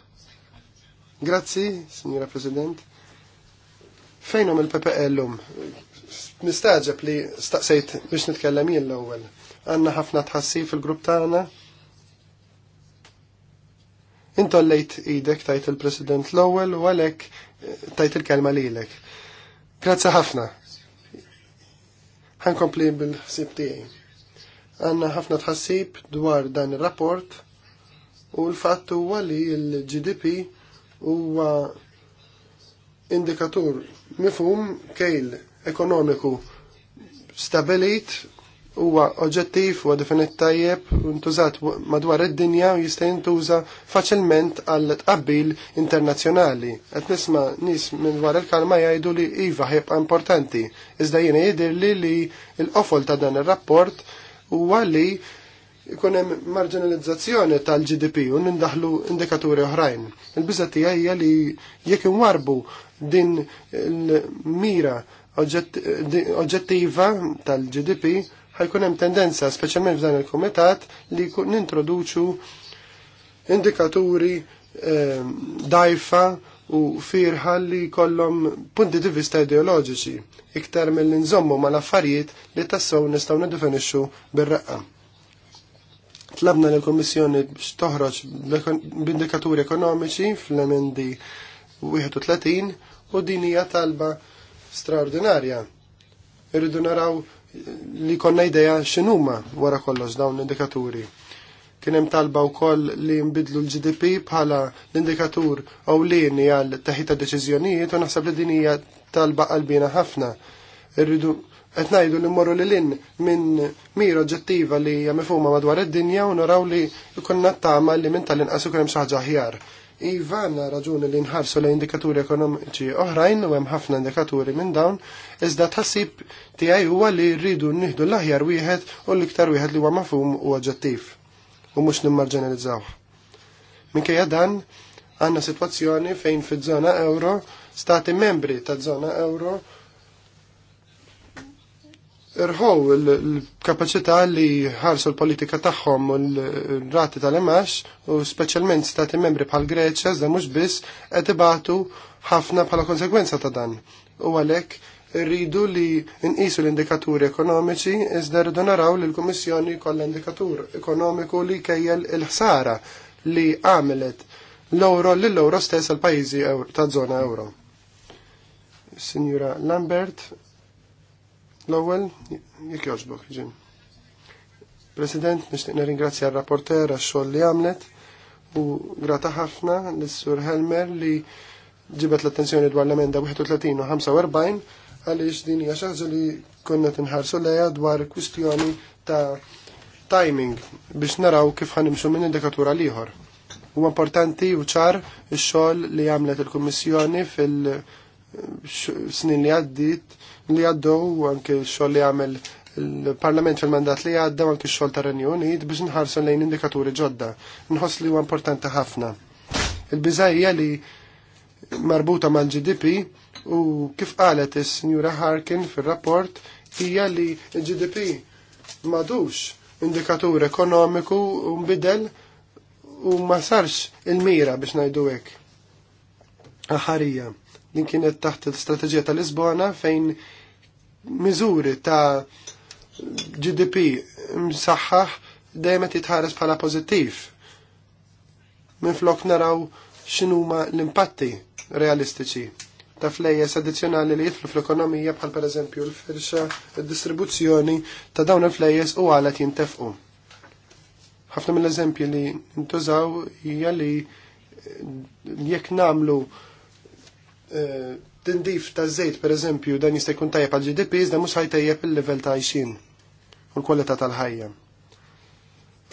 Grazzi, signora President. Fejnum il-PPL-lum? Mistaġab li staqsejt biex nitkellem jien ewel ewwel Għanna ħafna tħassi fil-grupp tagħna Intollejt idek tajt il-President l-ewwel u għalek eh, tajt il-kelma li l-ek. Grazie ħafna. Għan kompli bil sib tijaj. Għanna ħafna tħassib dwar dan il rapport u l fattu huwa il gdp huwa indikatur mifhum kejl ekonomiku stabilit huwa oġġettiv huwa definit tajjeb ntużat madwar id-dinja u jista' jintuża faċilment għal tqabbil internazzjonali. Qed nisma' nies minn wara l-kalma jgħidu li iva ħibqa' importanti. Iżda jiena jidhirli li l-qofol ta' dan ir-rapport huwa li jkun hemm marginalizzazzjoni tal-GDP u nindaħlu indikaturi oħrajn. Il-biża tiegħi hija li jekk inwarbu din l-mira oġġettiva tal-GDP ħajkun hemm tendenza, speċjalment f'dan il-kumitat, li nintroduċu indikaturi eh, dajfa u firħa li kollom punti di vista ideoloġiċi, iktar mill nżommu ma l-affarijiet li tassow nistaw nidefinixxu bir-raqqa. Tlabna lill-Kummissjoni biex toħroġ b'indikaturi ekonomiċi fl-emendi 31 u din hija talba straordinarja. Irridu naraw li konna ideja x'inhuma wara kollox dawn l-indikaturi. Kien hemm talba wkoll li nbidlu l-GDP bħala l-indikatur ewlieni għal taħita deċiżjonijiet u naħseb li din hija talba għalbina ħafna. Irridu qed ngħidu li mmorru in minn mira oġġettiva li hija madwar id-dinja u naraw li jkunna tama li minn tal-inqas ikun hemm ħaġa aħjar. Iva għanna raġuni li nħarsu l indikaturi ekonomiċi oħrajn u hemm ħafna indikaturi minn dawn, iżda tħassib tiegħi huwa li rridu nieħdu l-aħjar wieħed u l-iktar wieħed li huwa mafhum u oġġettiv u mhux nimmarġinalizzawh. Minkejja dan, għandna sitwazzjoni fejn fiż-żona euro, stati membri ta' żona euro irħow l-kapacità li ħarsu l-politika tagħhom u l-rati tal emax u speċjalment stati membri bħal Greċja iżda mhux biss qed ibatu ħafna bħala konsekwenza ta' dan. U għalhekk rridu li nqisu l-indikaturi ekonomiċi iżda rridu naraw li l-Kummissjoni kollha indikatur ekonomiku li kejjel il-ħsara li għamilet l-euro lill-euro stess għal pajjiżi ta' żona euro. Signora Lambert, L-ewwel jekk jogħġbok, Jim. President, nixtieq nirringrazzja r-rapporter għax-xogħol li għamlet u grata ħafna lis-Sur Helmer li ġibet l-attenzjoni dwar l-emenda 31 u 45 għaliex din hija xaħġa li konna tinħarsu lejha dwar kwistjoni ta' timing biex naraw kif ħanimxu minn indikatura liħor. U importanti u ċar ix-xogħol li għamlet il-Kummissjoni fil-snin li għaddit li għaddu anke x-xogħol li għamel il-Parlament fil-mandat li għadda anke xoll xogħol ta' Unit biex nħarsu lejn indikaturi ġodda. Nħoss li huwa importanti ħafna. il bizajja li marbuta mal-GDP u kif qalet is-Sinjura Harkin fir-rapport hija li l-GDP madux indikatur ekonomiku u mbidel u ma sarx il-mira biex najdu hekk. Aħarija, din kienet taħt il-strateġija tal-Lisbona fejn miżuri ta' GDP msaħħaħ dejjem qed jitħares bħala pożittiv. Minflok naraw x'inhuma l-impatti realistiċi ta' flejjes addizzjonali li jitlu fl-ekonomija bħal eżempju l-firxa, id-distribuzzjoni ta' dawn il-flejjes u għalet jintefqu. Ħafna mill-eżempji li ntużaw hija li jekk namlu eh, tindif ta' żejt pereżempju dan jista' jkun tajjeb għal GDP iżda mhux ħajtejjeb il level ta' għajxin u l-kwalità tal-ħajja.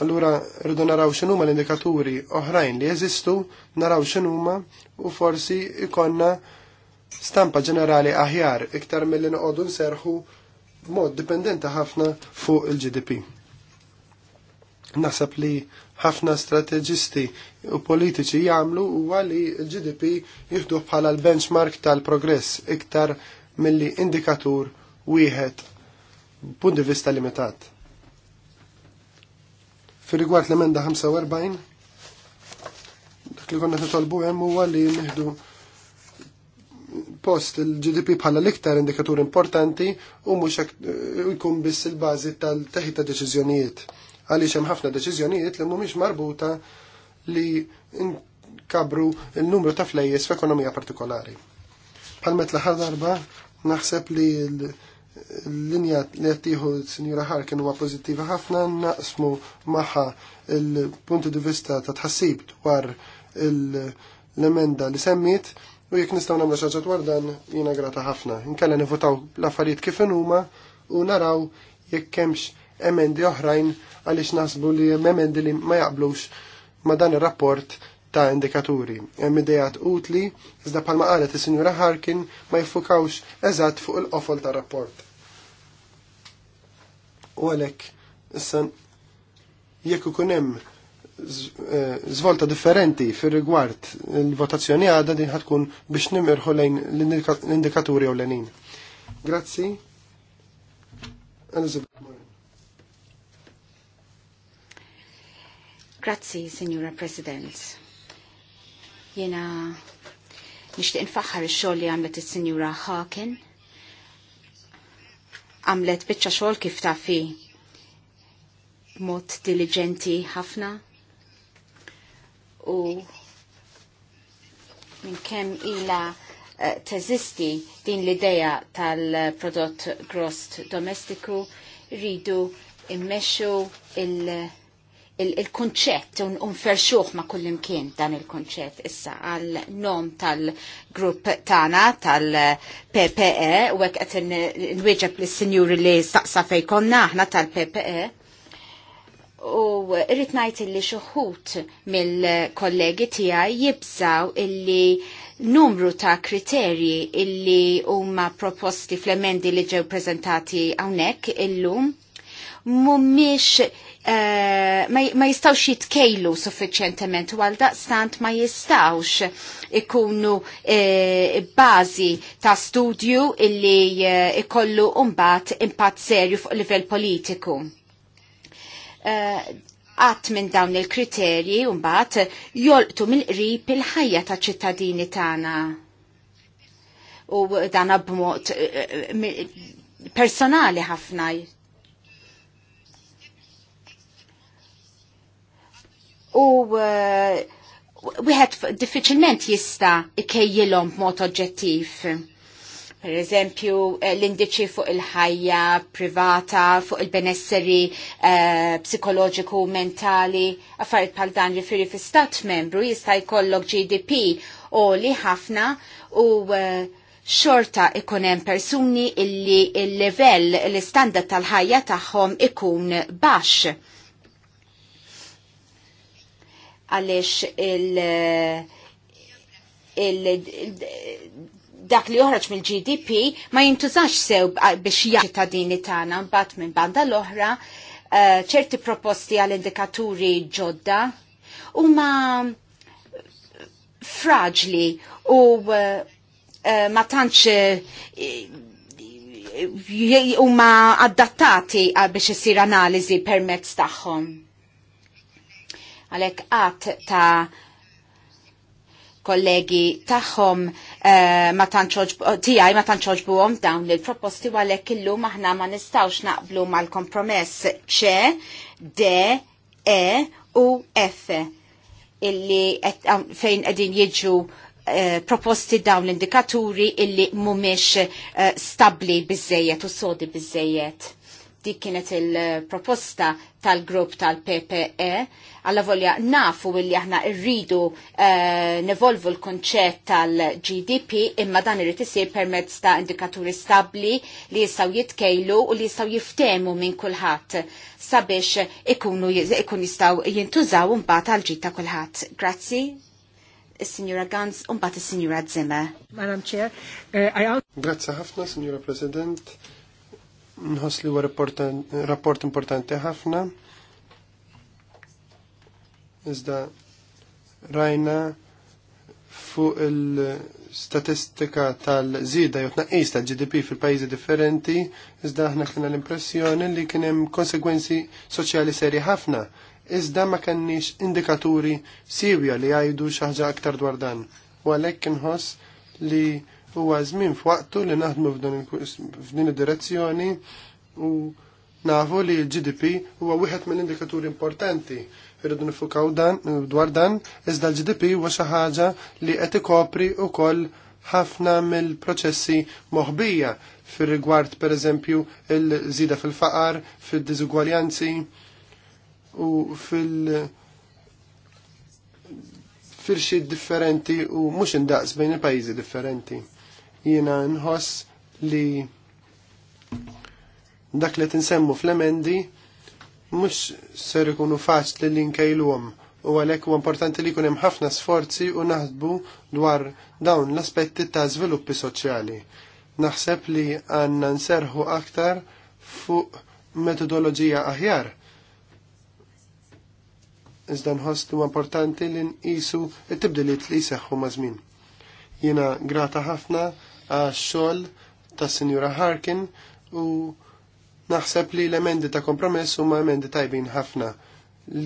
Allura rridu naraw x'inhuma l-indikaturi oħrajn li jeżistu, naraw x'inhuma u forsi ikonna stampa ġenerali aħjar iktar mill-li noqogħdu nserħu mod dipendenti ħafna fuq il-GDP. Naħseb li ħafna strateġisti u politiċi jagħmlu huwa li l-GDP jieħdu bħala l-benchmark tal-progress iktar milli indikatur wieħed punt di vista limitat. Fi rigward l-emenda 45, dak li konna titolbu hemm huwa li nieħdu post il-GDP bħala l-iktar indikatur importanti u mhux eh, jkun biss il-bażi tal-teħita deċiżjonijiet. Għaliex hemm ħafna deċiżjonijiet li mhumiex marbuta li nkabru il-numru ta' flejjes f'ekonomija partikolari. Palmet l-ħar darba naħseb li l-linja li għattiħu s-Sinjura Harkin huwa pozittiva ħafna naqsmu maħħa il-punti di vista ta' tħassib dwar l-emenda li semmit u jek nistaw namlu xaġa dwar dan jina grata ħafna. Inkella nivotaw l-affarijiet kif huma u naraw jekk kemx emendi oħrajn għaliex nasbu li emendi li ma jaqblux ma' dan ir-rapport ta' indikaturi. Hemm idejat utli iżda bħalma qalet is-Sinjura Harkin ma jiffukawx eżatt fuq il-qofol tar rapport. U għalhekk issa jekk ikun hemm eh, zvolta differenti fir rigward il-votazzjoni għadha din ħatkun biex nimirħu lejn l-indikaturi u lenin. Grazzi. Grazzi. Elizabeth Grazzi, Signora President. Jena nishtiq nfaħħar ix-xogħol li għamlet is-Sinjura Hawken. Għamlet biċċa xogħol kif tafi mod diligenti ħafna u minn kemm ila eh, teżisti din l-ideja tal-prodott grost domestiku rridu immexxu il- il-konċett il unferxuħ ma ma kullimkien dan il-konċett issa għal nom tal-grupp tana tal-PPE u għek n nwieġeb li s-senjuri li staqsa fejkonna aħna tal-PPE u irrit najt li xuħut mill-kollegi tijaj jibżaw illi numru ta' kriterji illi huma proposti fl-emendi li ġew prezentati għawnek illum mumiex eh, ma jistawx jitkejlu suffiċjentement u għal daqstant ma jistawx ikunu eh, bazi ta' studju illi eh, ikollu umbat impatt serju fuq livell politiku. għat minn dawn il-kriterji unbat jolqtu mill qrib il-ħajja ta' ċittadini tagħna. U dan b'mod personali ħafna u eh, wieħed diffiċilment jista ikejjilhom b'mod oġġettiv. Per eżempju, eh, l-indiċi fuq il-ħajja privata, fuq il-benesseri eh, psikoloġiku u mentali, affarijiet bħal dan riferi fi stat membru jista' jkollok GDP u li ħafna u xorta ikun hemm persuni illi il-level, l-standard tal-ħajja tagħhom ikun baxx għaliex il- dak li joħroġ mill-GDP ma jintużax sew biex jaċ-ċittadini tagħna mbagħad minn banda l-oħra eh, ċerti proposti għal indikaturi ġodda huma fraġli u eh, eh, ma tantx huma adattati biex isir analiżi permezz tagħhom. Għalek għat ta' kollegi taħħom tijaj eh, ma tanċoġbu eh, għom dawn li l-proposti għalek illu maħna ma nistawx naqblu mal-kompromess ċe, D, E u F illi fejn edin jiġu eh, proposti dawn l-indikaturi illi mumiex stabli bizzejiet u sodi bizzejiet. Dik kienet il-proposta tal-grupp tal-PPE Alla volja nafu illi aħna rridu eh, nevolvu l-konċett tal-GDP imma dan irrid isir permezz ta' indikaturi stabli li jistgħu jitkejlu u li jistgħu jiftemu minn kulħadd sabiex ikunu ikun jistgħu jintużaw imbagħad għal ġid ta' kulħadd. Grazzi signora Gans un bat signora Zimmer. Madam Chair, uh, eh, Grazie ħafna, Signora President. Nħos li rapport importanti ħafna iżda rajna fuq il-statistika tal-żida jew tnaqqis tal-GDP fil-pajjiżi differenti, iżda aħna kien l-impressjoni li kien hemm konsegwenzi soċjali serji ħafna, iżda ma kenniex indikaturi sirja li jgħidu xi ħaġa aktar dwar dan. U għalhekk inħoss li huwa żmien f'waqtu li naħdmu f'din id-direzzjoni u nafu li l-GDP huwa wieħed mill-indikaturi importanti irridu nifukaw dan dwar dan iżda l-GDP huwa xi ħaġa li qed ikopri wkoll ħafna mill-proċessi moħbija fir rigward pereżempju il-żida fil-faqar, fil-diżugwaljanzi u fil- firxi differenti u mhux indaqs bejn il-pajjiżi differenti. Jiena nħoss li dak li tinsemmu fl-emendi mhux ser ikunu faċli li nkejluhom u għalhekk huwa importanti li jkun hemm ħafna sforzi u naħdbu dwar dawn l-aspetti ta' żviluppi soċjali. Naħseb li għandna nserħu aktar fuq metodoloġija aħjar. Iżda nħoss u importanti li nqisu t-tibdiliet li jseħħu ma' żmien. Jiena grata ħafna għax xogħol tas Sinjura Harkin u Naħseb li l-emendi ta' kompromess huma emendi tajbin ħafna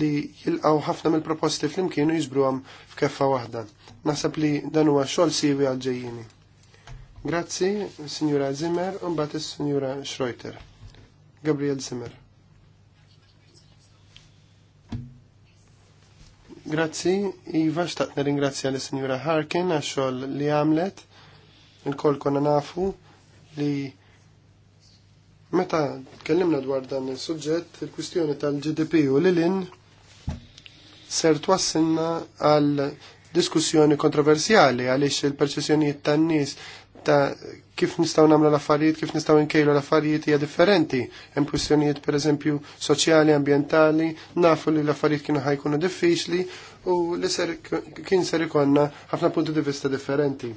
li jilqaw ħafna mill-proposti flimkien u jiżbruhom f'keffa waħda. Naħseb li dan huwa xogħol siwi għal ġejjini. Grazzi, Sinjura Zimmer, u mbagħad is sinjura Schroeter. Gabriel Zimmer. Grazzi, Iva, xtaqt nirringrazzja l sinjura Harkin għax xogħol li għamlet. Il-kol konna nafu li Meta tkellimna dwar dan il-suġġett, il-kwistjoni tal-GDP u l ilin ser twassilna għal diskussjoni kontroversjali għaliex il-perċessjonijiet tan-nies ta' kif nistaw namlu l-affarijiet, kif nistaw nkejlu l-affarijiet hija differenti. Hemm kwistjonijiet pereżempju soċjali, ambjentali, nafu li l-affarijiet kienu ħajkunu diffiċli u li ser kien ser ikonna ħafna punti di vista differenti.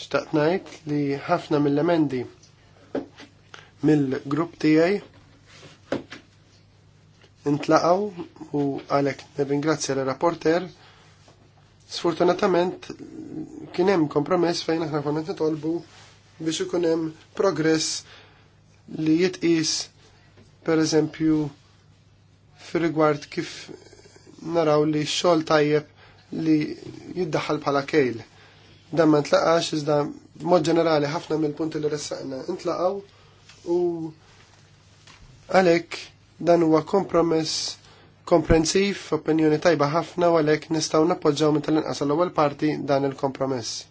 Xtaqt ngħid li ħafna mill-emendi mill-grupp tiegħi intlaqaw u għalek nirringrazzja l-rapporter. Sfortunatament kien hemm kompromess fejn aħna konna nitolbu biex ikun hemm progress li jitqis pereżempju fir-rigward kif naraw li xogħol tajjeb li jiddaħħal bħala kejl. Dan ma ntlaqax iżda mod ġenerali ħafna mill-punti li ressaqna intlaqaw u għalek dan huwa kompromess komprensiv, opinjoni tajba ħafna u għalek nistaw nappoġġaw minn tal-inqas l-ewwel parti dan il-kompromess.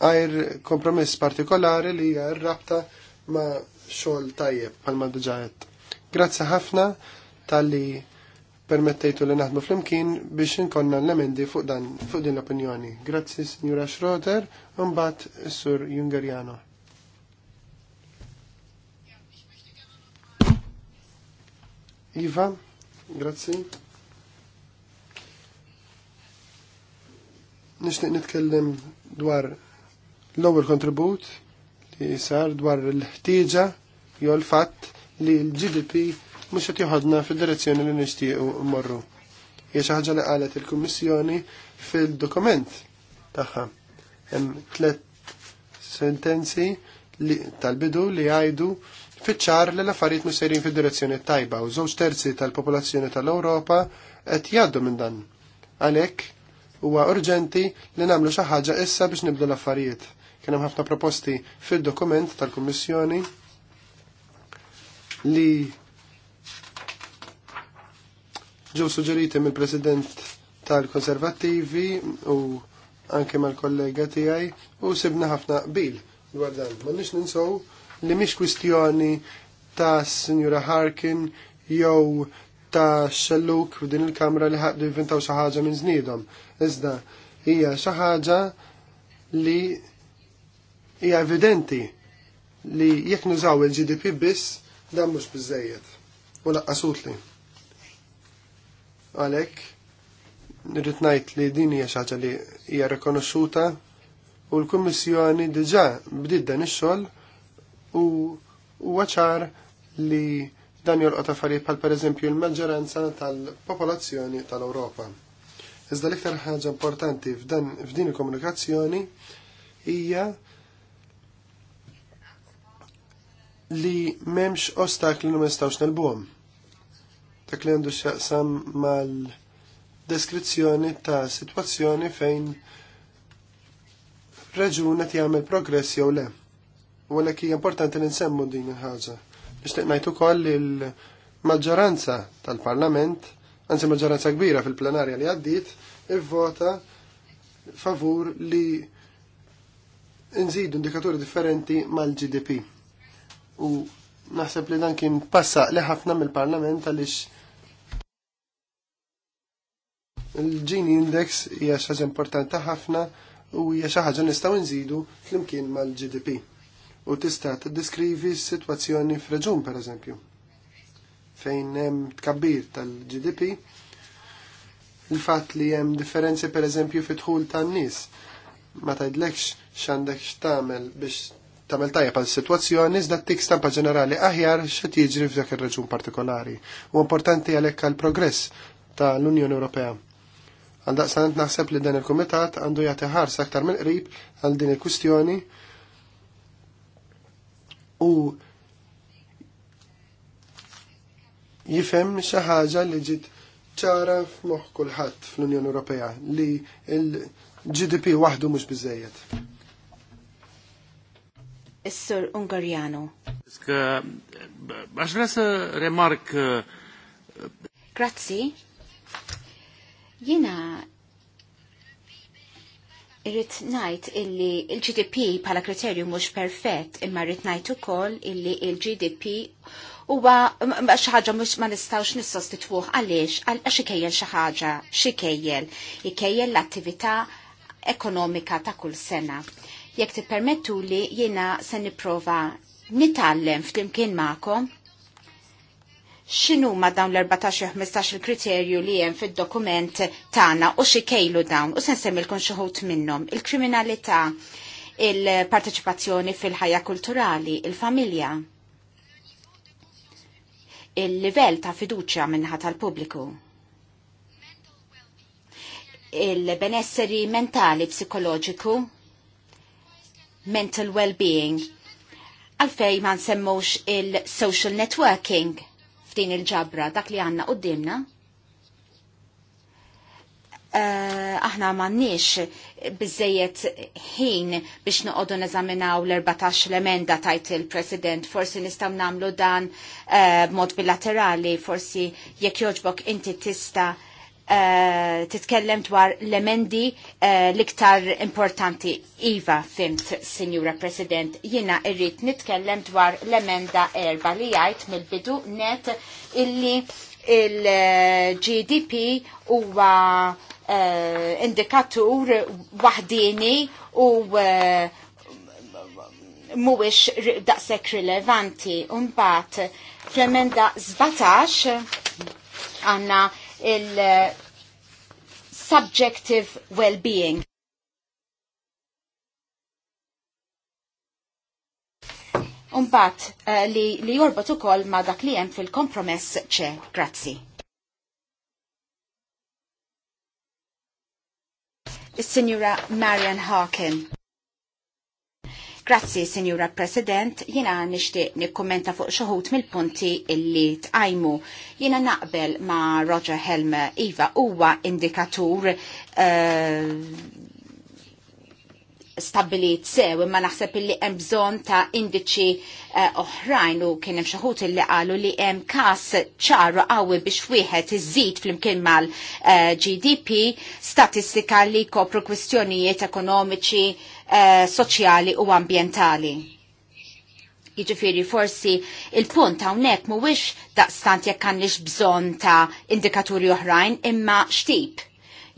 Għajr kompromess partikolari li hija rabta ma' xogħol tajjeb bħalma diġaħet. Grazzi ħafna tal-li permettejtu li naħdmu flimkien biex inkonna l-emendi fuq fuq din l-opinjoni. Grazzi, Signora Schroeder, un bat Sur Jungerjano. Iva, grazzi. Nishtiq nitkellem dwar l-ewwel kontribut li sar dwar l-ħtieġa jew l-fatt li l-GDP mhux qed joħodna fid-direzzjoni li nixtiequ mmorru. Hija xi ħaġa li qalet il-Kummissjoni fil-dokument tagħha. Hemm tliet sentenzi tal-bidu li jgħidu fiċċar li l-affarijiet mhux sejrin fid-direzzjoni tajba u żewġ terzi tal-popolazzjoni tal-Ewropa qed jgħaddu minn dan. Għalhekk huwa urġenti li nagħmlu xi ħaġa issa biex nibdu l-affarijiet. Kien hemm ħafna proposti fid-dokument tal-Kummissjoni li ġew suġġeriti mill-President tal-Konservattivi u anke mal-kollega tiegħi u sibna ħafna qbil dwar dan. Ma nix ninsow li mhix kwistjoni ta' Sinjura Harkin jew ta' xelluk din il-kamra li ħaddu jivvintaw xi ħaġa minn żniedhom. Iżda hija xi ħaġa li hija evidenti li jekk nużaw il-GDP biss dan mhux biżejjed. U laqqasutli. Għalhekk nirrid ngħid li din hija xi ħaġa li hija rikonoxxuta u l-Kummissjoni diġà bdiet dan ix-xogħol u waċar li dan jolqot affarijiet bħal pereżempju l-maġġoranza tal-popolazzjoni tal-Ewropa. Iżda l-iktar ħaġa importanti f'dan f'din il-komunikazzjoni hija li memx ostakli li ma nistgħux nelbuhom. Dak li għandu x'jaqsam mal-deskrizzjoni ta' sitwazzjoni fejn reġun qed jagħmel progress jew le u hija importanti li nsemmu din il-ħaġa. Nixtieq ngħid ukoll li l-maġġoranza tal-Parlament, anzi maġġoranza kbira fil-plenarja li għaddiet, ivvota favur li nżidu indikaturi differenti mal-GDP. U naħseb li dan kien passa li ħafna mill-Parlament għaliex il-Gini Index hija xaġa importanti ħafna u hija xi ħaġa nistgħu nżidu flimkien mal-GDP u tista' tiddeskrivi s-sitwazzjoni f'reġun pereżempju fejn hemm tkabbir tal-GDP il-fatt li hemm differenzi pereżempju fit-tħul tan-nies ma tgħidlekx x'għandek x'tagħmel biex tagħmel tajja għal sitwazzjoni iżda tik stampa ġenerali aħjar x'qed jiġri f'dak ir-reġun partikolari. U importanti għalhekk għall progress tal-Unjoni Ewropea. Għandaqstant naħseb li dan il-Kumitat għandu jagħti ħars aktar mill-qrib għal din il-kwistjoni u jifem xaħġa li ġit ċara f'moħ kulħadd fl-Unjoni Ewropea li l-GDP waħdu mhux biżejjed. Is-Sur Ungarjano. Għax resa remark. Grazzi. Jina Irrit najt illi il-GDP pala kriterju mux perfett imma irrit najt u koll illi il-GDP huwa xaħġa mux ma nistawx nissostitwuħ għalix għax xikejjel xaħġa xikejjel ikejjel l-attività ekonomika ta' kull sena. Jekk tippermettu li jiena se nipprova nitallem flimkien ma'kom xinu ma dawn l-14-15 il-kriterju li jen fil-dokument tana u xikejlu dawn u sensemmilkun xuħut minnom il-kriminalità, il-parteċipazzjoni fil-ħajja kulturali, il-familja, il-livell ta' fiduċja minnħa tal-pubbliku il-benesseri mentali psikoloġiku, mental well-being, għalfej ma nsemmux il-social networking, f'din il-ġabra dak li għanna qoddimna Uh, eh, aħna mannix bizzejiet ħin biex noqodu neżaminaw l-14 l-emenda tajt il-President. Forsi nistam namlu dan uh, eh, mod bilaterali, forsi jekk joġbok inti tista' Eh, titkellem dwar l-emendi eh, l-iktar importanti. Iva, fimt, Signora President, jina irrit nitkellem dwar l-emenda erba li jajt mill-bidu net illi il-GDP huwa eh, indikatur wahdini u mhuwiex daqshekk rilevanti. Mbagħad fl-emenda 17 għandna il-subjective well-being. Umbat uh, li, li jorbot u kol ma dak li jem fil-kompromess ċe. Grazzi. Is-Sinjura Marian Harkin. Grazzi, Signora President, jina nishtiq nikkommenta fuq xoħut mill-punti illi tqajmu. Jina naqbel ma Roger Helm Iva huwa indikatur uh, stabilit sew imma naħseb illi hemm bżonn ta' indiċi eh, oħrajn uh, u kien hemm xi illi qalu li hemm każ ċaru qawwi biex wieħed iżid flimkien mal-GDP eh, uh, statistika li kopru kwistjonijiet ekonomiċi Eh, soċjali u ambientali. Jiġifieri forsi il-punt hawnhekk mhuwiex daqstant jekk għandix bżonn ta' indikaturi oħrajn imma xtip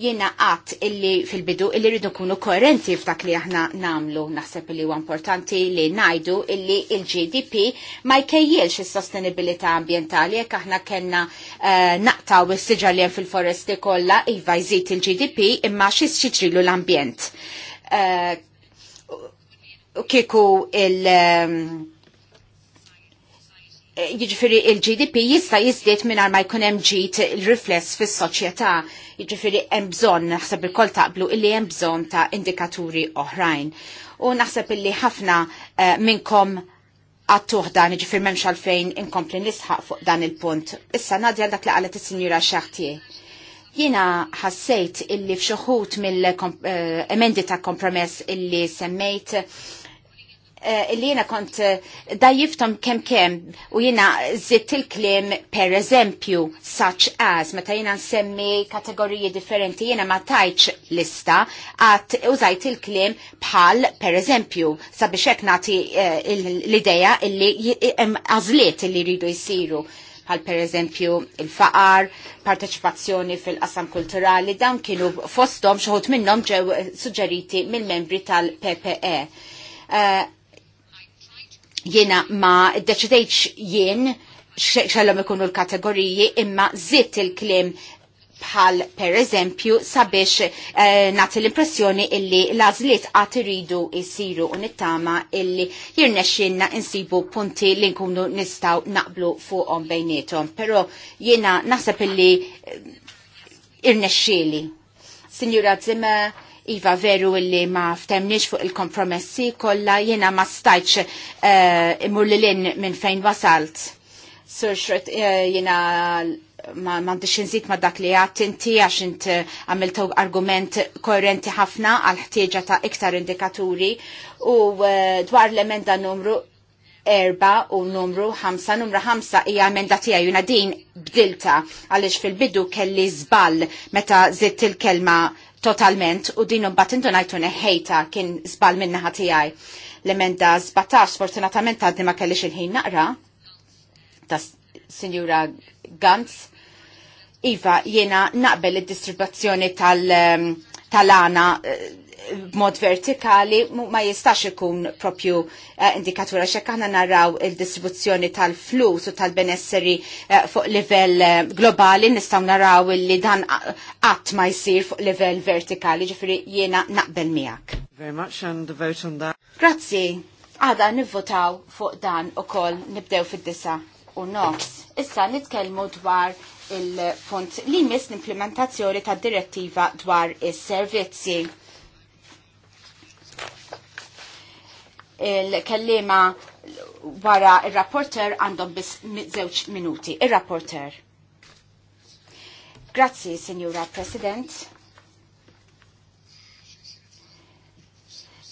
jiena qatt illi fil-bidu illi rridu kunu koerenti f'dak li aħna namlu. Naħseb li huwa importanti li najdu illi il-GDP ma jkejjilx is-sostenibilità ambientali jekk aħna kellna uh, naqtaw is-siġar li hemm fil-foresti kollha iva jżid il-GDP imma xi xitrilu l-ambjent. Uh, kieku il- ehm, jiġifiri il-GDP jista jizdiet minar ma jkun ġit il-rifless fis soċjetà jiġifiri bżonn naħseb il-kol taqblu illi hemm bżonn ta' indikaturi oħrajn. U naħseb illi ħafna eh, minnkom għattuħ dan jiġifiri memx għalfejn inkompli nisħaq fuq dan il-punt. Issa nadja dak li qalet is-sinjura Xaħtie. Jina ħassejt illi fxuħut mill-emendi eh, ta' kompromess illi semmejt Eh, illi jena kont eh, dajjiftom kem kem u jena zitt il-klim per eżempju such as meta jena nsemmi kategoriji differenti jena ma tajċ lista għat użajt il-klim bħal per eżempju sabiex hekk nagħti eh, l-idea illi għażliet illi jridu jsiru bħal per eżempju il-faqar, parteċipazzjoni fil-qasam kulturali, dan kienu fostom xoħut minnom ġew suġġeriti mill-membri tal-PPE. Uh, Jiena ma deċidejċ jien xallom ikunu l-kategoriji imma zitt il-klim bħal per eżempju sabiex eh, nati l-impressjoni illi lażliet għat iridu jisiru u nittama illi jirnexxinna insibu punti li nkunu nistaw naqblu fuqhom bejnietom. Però jiena naħseb illi eh, irnexxieli. Signora Zimmer, Iva veru illi ma ftemniex fuq il-kompromessi kolla jena ma stajċ uh, eh, imur li minn fejn wasalt. Sur xrit uh, eh, jena ma mandix nżid ma dak li għat inti għax int eh, għamiltu argument koerenti ħafna għal ħtieġa ta' iktar indikaturi u uh, dwar l-emenda numru erba u numru ħamsa. Numru ħamsa hija emenda tiegħi juna din bdilta għaliex fil-bidu kelli żball meta zitt il-kelma totalment u din bat indunajtu neħejta kien zbal minna ħatijaj. L-emenda 17 fortunatament ta' ma kellix il-ħin naqra ta' Signora Gantz. Iva, jena naqbel id-distribuzzjoni tal- tal-għana eh, b'mod vertikali ma jistax ikun propju uh, indikatura xekk aħna naraw il-distribuzzjoni tal-flus u tal-benesseri uh, fuq livell uh, globali nistgħu naraw li dan qatt ma jsir fuq livell vertikali ġifieri jiena naqbel miegħek. Very much and the vote on that. Grazzi. Għada nivvotaw fuq dan u koll nibdew fid-disa u nofs. Issa nitkellmu dwar il-punt li mis l-implementazzjoni tad direttiva dwar is-servizzi il-kellima wara il-rapporter għandhom bis zewċ minuti. Il-rapporter. Grazzi, Signora President.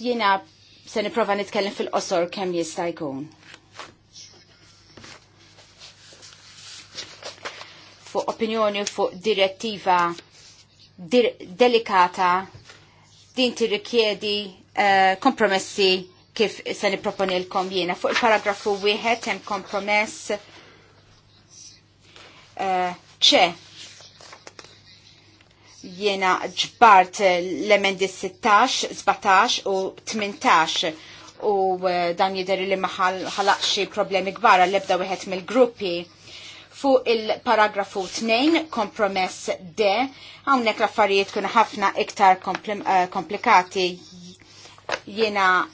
Jena se niprofa nitkellem fil-qosor kemm jista' jkun. Fuq opinjoni fuq direttiva dir delikata din tirrikjedi uh, kompromessi kif se nipproponilkom jiena. Fuq il-paragrafu wieħed hemm kompromess eh, ċe jiena ġbart l-emendi 16, 17 u 18 u eh, dan jidher li ma xi problemi kbar l ebda wieħed mill-gruppi fuq il-paragrafu 2, kompromess D, għawnek l-affarijiet kuna ħafna iktar eh, komplikati Jiena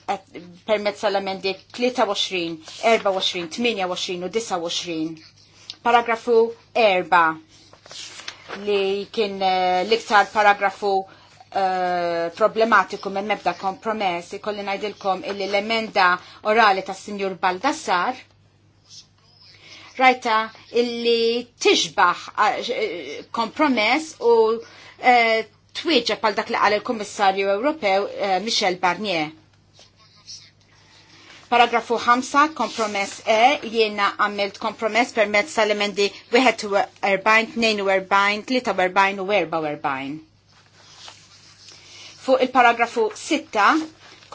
permezz tal-emendi 23, 24, 28 u 29. Paragrafu 4 li kien eh, l-iktar paragrafu uh, problematiku minn mebda kompromess ikolli najdilkom illi l-emenda orali ta' Sinjur Baldassar rajta illi tiġbaħ eh, kompromess u uh, twieġeb għal dak li qal il-Kummissarju Ewropew eh, Michel Barnier. Paragrafu 5, kompromess E, jiena għamilt kompromess per mezz tal-emendi 41, 2, 43 u 44. Fuq il-paragrafu 6,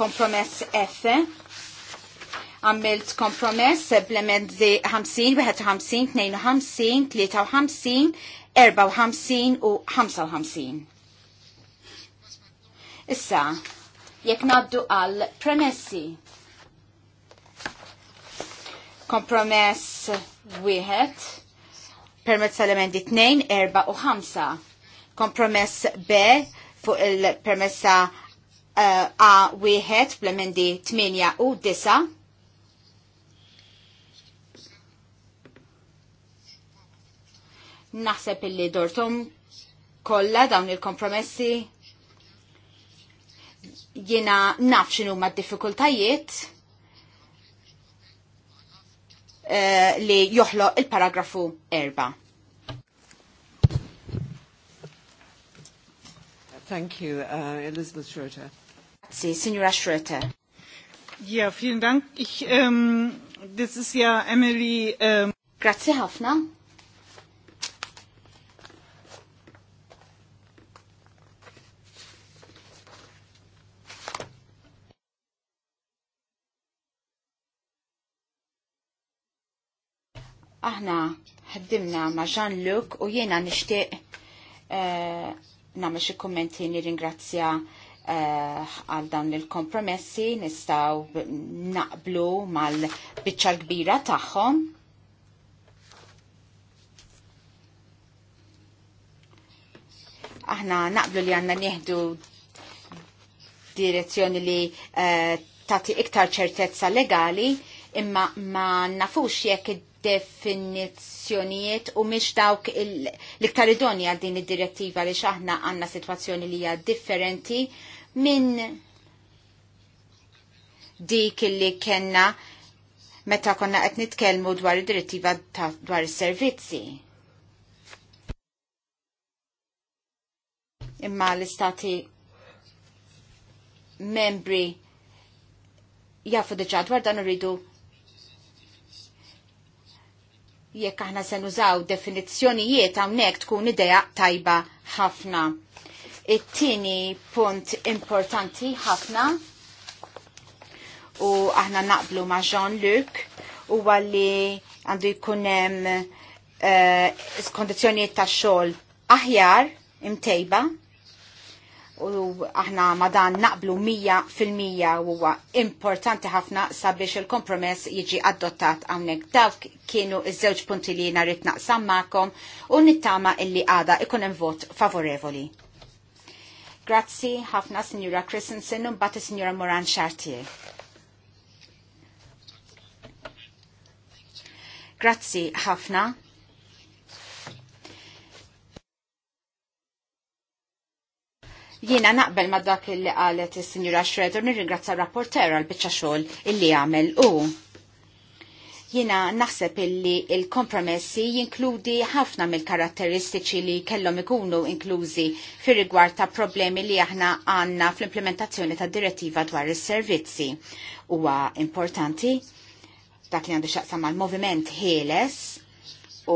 kompromess F, għamilt kompromess bl-emendi 50, 51, 52, 53, 54 u 55. Issa, jekk naddu għal premessi. Kompromess wieħed permezz tal-emendi 2, 4 u 5. Kompromess B fuq il-permessa uh, A wieħed fl-emendi 8 u 9. Naħseb illi dortum kollha dawn il-kompromessi Jiena nafxin xinu ma diffikultajiet uh, li joħlo il-paragrafu erba'. Thank you, uh, Elizabeth Schroeter. Grazie, signora Schroeter. Ja, vielen Dank. Ich, um, das ist ja Emily. um... Grazie, Hafner. Aħna ħaddimna ma' Jean-Luc u jiena nixtieq eh, nagħmel xi kummenti nirringrazzja eh, għal dawn il-kompromessi nistgħu naqblu mal-biċċa kbira tagħhom. Aħna naqblu li għandna nieħdu direzzjoni li eh, tagħti iktar ċertezza legali imma ma nafux jekk id-definizzjonijiet u miex dawk l-iktar id għal din id-direttiva li xaħna għanna situazzjoni li hija differenti minn dik li kena meta konna qed nitkellmu dwar id-direttiva dwar is-servizzi. imma l-istati membri jafu diġa dwar dan rridu jekk aħna se nużaw definizzjonijiet hawnhekk tkun idea tajba ħafna. It-tieni punt importanti ħafna u aħna naqblu ma' Jean-Luc u għalli għandu jkun hemm uh, eh, kondizzjonijiet ta' xogħol aħjar imtejba u aħna madan naqblu 100% huwa importanti ħafna sabiex il-kompromess jiġi adottat għawnek. Dawk kienu iż-żewġ punti li narit naqsam ma'kom u nittama illi għada ikun hemm vot favorevoli. Grazzi ħafna Signora Christensen u mbagħad Signora Moran Chartier. Grazzi ħafna. Jiena naqbel ma dak illi qalet is-Sinjura Shredder nirringrazzja rapporter għal biċċa xogħol illi għamel u jina naħseb illi il-kompromessi jinkludi ħafna mill-karatteristiċi li kellhom ikunu inklużi fir rigward ta' problemi li aħna għanna fl-implementazzjoni ta' direttiva dwar is-servizzi. Huwa importanti dak li għandu xaqsa mal moviment ħieles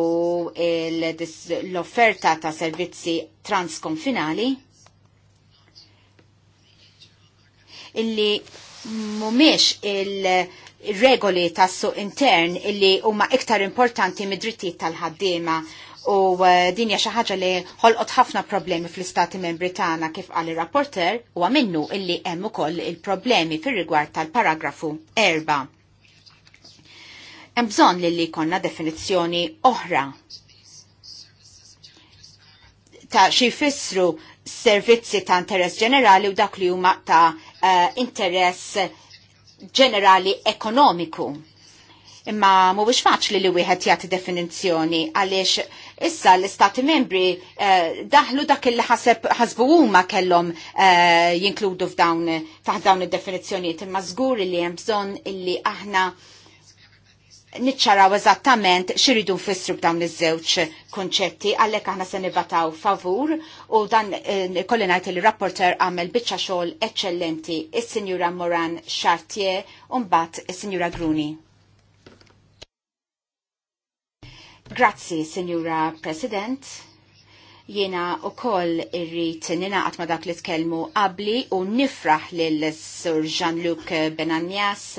u l-offerta ta' servizzi transkonfinali illi mumiex il-regoli tas-suq intern illi huma iktar importanti mid-drittijiet tal-ħaddiema u uh, dinja xi ħaġa li ħolqot ħafna problemi fl-istati membri tagħna kif qal ir-rapporter huwa minnu illi hemm ukoll il-problemi fir-rigward tal-paragrafu erba'. Hemm bżonn li li konna definizzjoni oħra ta' xi jfissru servizzi ta' interess ġenerali u dak li huma ta' Eh, interess ġenerali ekonomiku. Imma mhuwiex faċli li wieħed jagħti definizzjoni għaliex issa l-istati membri eh, daħlu dak il ħaseb ħasbu huma kellhom eh, jinkludu f'dawn taħt dawn id-definizzjonijiet imma żgur li hemm bżonn illi aħna niċċaraw eżattament xiridu nfissru b'dawn iż-żewġ konċetti għalhekk aħna se nibataw favur u dan eh, kolli ngħid li rapporter għamel biċċa xogħol eċċellenti is-Sinjura Moran Chartier u mbagħad is-Sinjura Gruni. Grazzi, Sinjura President. Jiena u koll irrit nina ma dak li tkellmu qabli u nifraħ lil Sur Jean-Luc Benagnas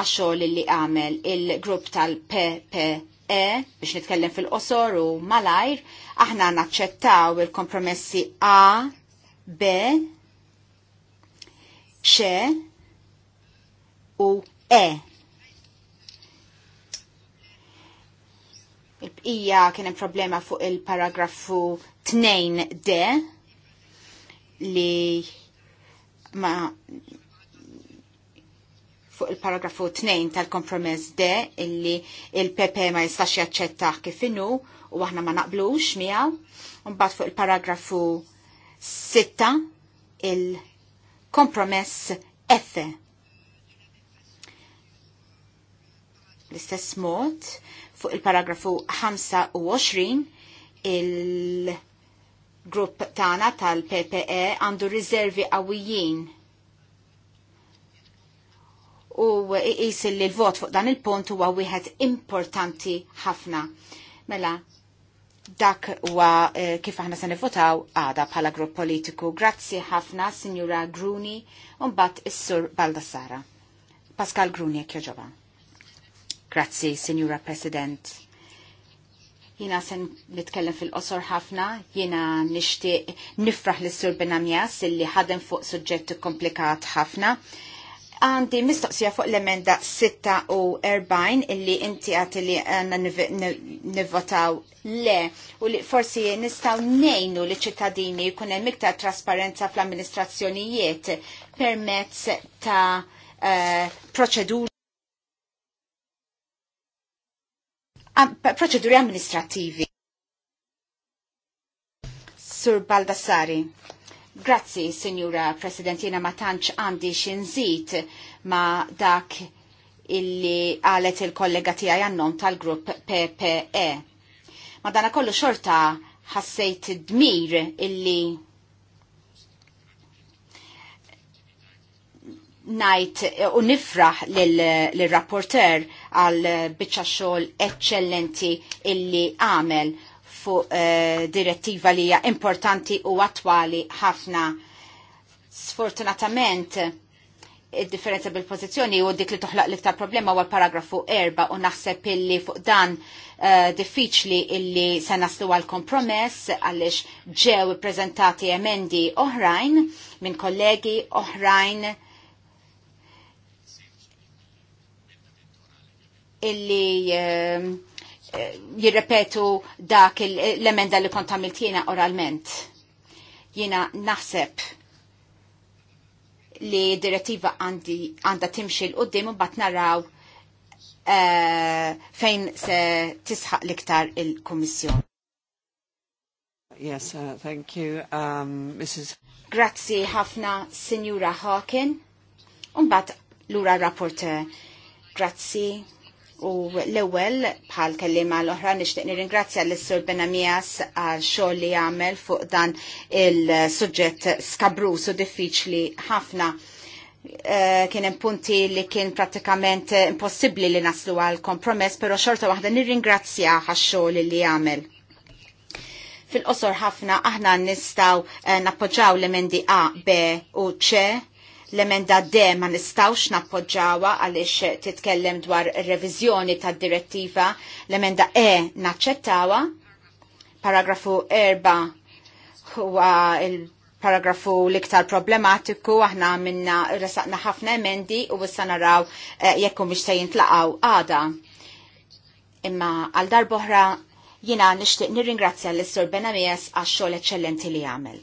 għaxol li għamel il-grupp tal-PPE biex nitkellem fil-qosor u malajr, aħna naċċettaw il-kompromessi A, B, xe u E. Il-bqija kien hemm problema fuq il-paragrafu 2D li ma fuq il-paragrafu 2 tal-kompromess D illi il-PP ma jistax jaċċetta kif inhu u aħna ma naqblux miegħu. Mbagħad fuq il-paragrafu 6 il-kompromess F. L-istess mod fuq il-paragrafu 25 il-grupp tagħna tal-PPE għandu riservi qawwijin u jisil li l-vot fuq dan il-punt huwa wieħed importanti ħafna. Mela, dak huwa eh, kif aħna se nivvotaw għada bħala grupp politiku. Grazzi ħafna, Signora Gruni, u mbagħad is-Sur Baldassara. Pascal Gruni jekk ġoba. Grazzi, Signora President. Jina sen nitkellem fil-qosor ħafna, jina nishtiq nifraħ l-Sur Benamjas illi ħadem fuq suġġett komplikat ħafna Għandi mistoqsija fuq l-emenda 46 illi inti għati li għanna nivvotaw le u li forsi nistaw nejnu li ċittadini kunem mikta trasparenza fl-amministrazzjonijiet permezz ta' uh, proċeduri proċeduri amministrativi. Sur Baldassari. Grazzi, Signora President, jena ma tantx għandi xinżit ma dak illi għalet il-kollega tijaj għannon tal-grupp PPE. Ma dana kollu xorta ħassejt dmir illi najt u nifraħ l-rapporter għal bicċa xol eccellenti illi għamel fuq eh, direttiva li hija importanti u attwali ħafna. Sfortunatament, id-differenza bil-pozizjoni u dik li toħlaq l-iktar problema huwa paragrafu erba' u naħseb illi fuq dan uh, diffiċli illi se naslu għal kompromess għaliex ġew ippreżentati emendi oħrajn minn kollegi oħrajn illi uh, jirrepetu dak l-emenda li kont għamilt jiena oralment. Jiena naħseb li direttiva għandha timxi l-qoddim u bat naraw eh, fejn se tisħaq liktar il-Komissjon. Yes, uh, thank you, um, Mrs. Grazzi ħafna, Signora bat l Lura Rapporteur. Grazzi U l-ewel bħal kellima l-oħra nixtieq nirringrazzja l-Sur Benamias għal xogħol li għamel fuq dan il-suġġett skabrus u diffiċli ħafna. Eh, kien hemm punti li kien prattikament impossibbli li naslu għal kompromess, però xorta waħda nirringrazzja għax-xogħol li għamel. Fil-qosor ħafna aħna nistgħu uh, eh, nappoġġaw l-emendi A, B u C L-emenda D ma nistawx nappoġġawa għaliex titkellem dwar revizjoni tad direttiva L-emenda E naċċettawa. Paragrafu 4 huwa il-paragrafu l-iktar problematiku, aħna minna resaqna ħafna emendi u issa naraw eh, jekk mhux se jintlaqgħu għada. Imma għal darboħra jina nishtiq nirringrazzja l-Sur Benamies għax xogħol eċċellenti li għamel.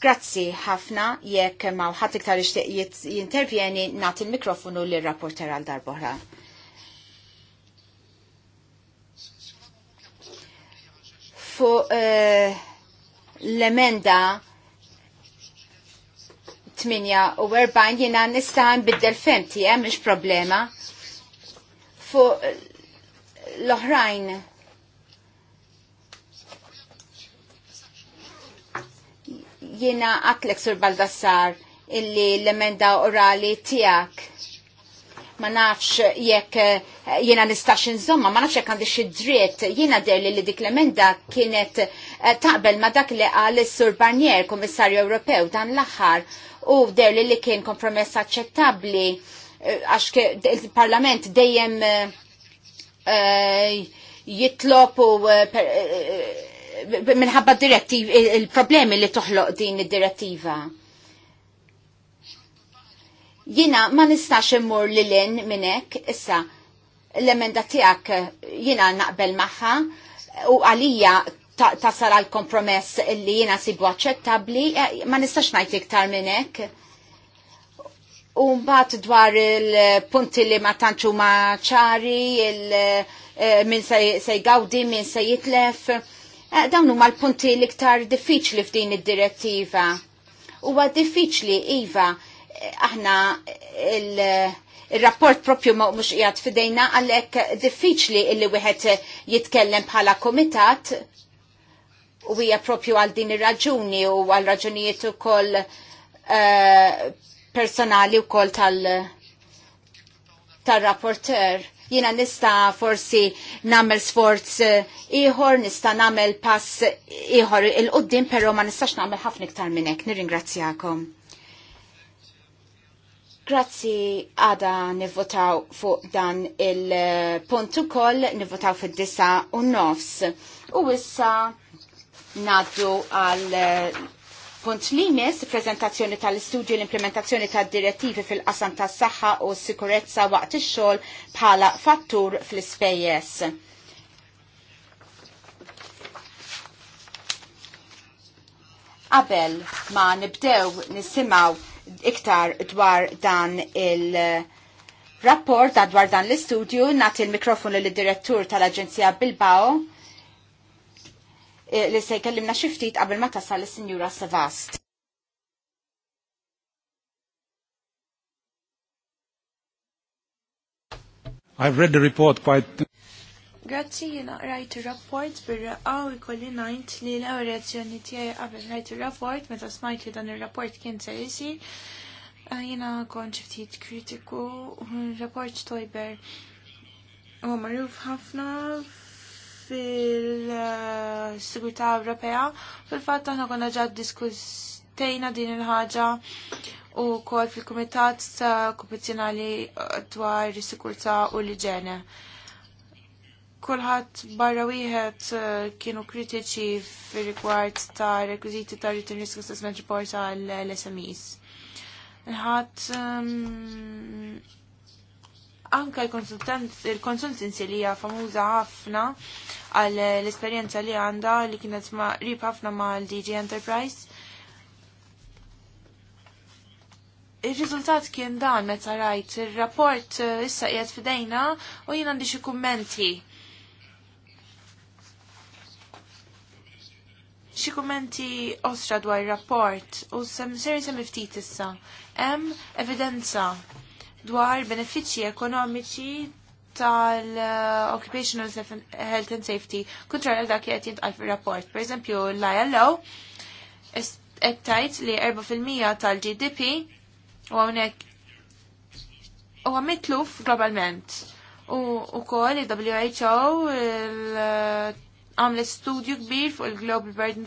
Grazzi ħafna jekk ma ħadd iktar ixtieq jintervjeni nagħti il-mikrofonu lir rapporter għal darbohra. Fuq uh, eh, l-emenda 48 jiena nista' nbiddel femti hemm eh, mhix problema. Fuq eh, l-oħrajn Jiena għatlek sur Baldassar illi l-emenda orali tijak ma nafx jekk eh, jiena nistax nżomma, ma nafx jekk għandi xi dritt, jiena der li dik l-emenda kienet eh, taqbel ma dak li qal sur Barnier, Kummissarju Ewropew dan l-aħħar, u der li li kien kompromess aċċettabbli eh, għax il-Parlament dejjem jitlopu u minħabba il-problemi li toħloq din id-direttiva. Jina ma nistax immur li l-in minnek, issa l-emenda tijak jina naqbel maħħa u għalija tasal għal kompromess li jina sibu aċċettabli, e, ma nistax najt iktar minnek. U mbagħad dwar il-punti li ma tantxu ma ċari, il- eh, min se jgawdi, min se jitlef Eh, dawn huma l-punti l-iktar diffiċli f'din id-direttiva. Huwa diffiċli iva eh, aħna il- rapport propju ma mux jgħat fidejna għalhekk diffiċli illi wieħed jitkellem bħala komitat u hija propju għal din ir-raġuni u għal raġunijiet ukoll eh, personali ukoll tal tal-rapporter. Jiena nista forsi nagħmel sforz eh, ieħor, nista nagħmel pass ieħor il-qoddim, però ma nistax nagħmel ħafna iktar minn hekk. Nirringrazzjakom. Grazzi għada nivvotaw fuq dan il puntu ukoll, nivvotaw fid-disa u nofs. U issa naddu għal Punt li mis, prezentazzjoni tal-istudju l-implementazzjoni tad-direttivi fil-qasam tas-saħħa u s-sikurezza waqt ix-xogħol bħala fattur fl-ispejjeż. Qabel ma nibdew nisimaw iktar dwar dan il- Rapport dwar dan l-istudju nagħti l-mikrofonu l-direttur tal-Aġenzija Bilbao Eh, li se jkellimna xi ftit qabel ma tasal is-Sinjura Sevast. I've read the report quite Grazzi jina rajt il-rapport bil-raqqa u jkolli najt li l-għaw tijaj għabel rajt il-rapport, meta smajt li dan il-rapport kien ser jisir, eh, jena kon ċiftit kritiku, il-rapport tojber u marruf ħafna fil-Sigurtà Ewropea. Fil-fatt aħna konna ġad diskustejna din il-ħaġa u kol fil-Kumitat Kompetizjonali dwar is-Sigurtà u l-Iġene. Kulħadd barra wieħed eh, kienu kritiċi fir-rigward ta' rekwiżiti ta' Return Risk Assessment Report għall smes Nħadd ehm, anka il-konsultanzi li hija famuża ħafna għal l-esperjenza li għandha li kienet ma rib ħafna mal DG Enterprise. Il-riżultat kien dan meta rajt ir-rapport eh, issa qiegħed fidejna u jien għandi xi kummenti. Xi kummenti osra dwar ir-rapport u sem seri sem ftit issa. Hemm evidenza dwar benefiċċji ekonomiċi tal-Occupational Health and Safety kontra l dak qed jintqal fir-rapport. Pereżempju l-ILO qed li 4% tal-GDP u għonek huwa mitluf globalment. U wkoll il-WHO eh, għamlet studju kbir fuq il-Global Burden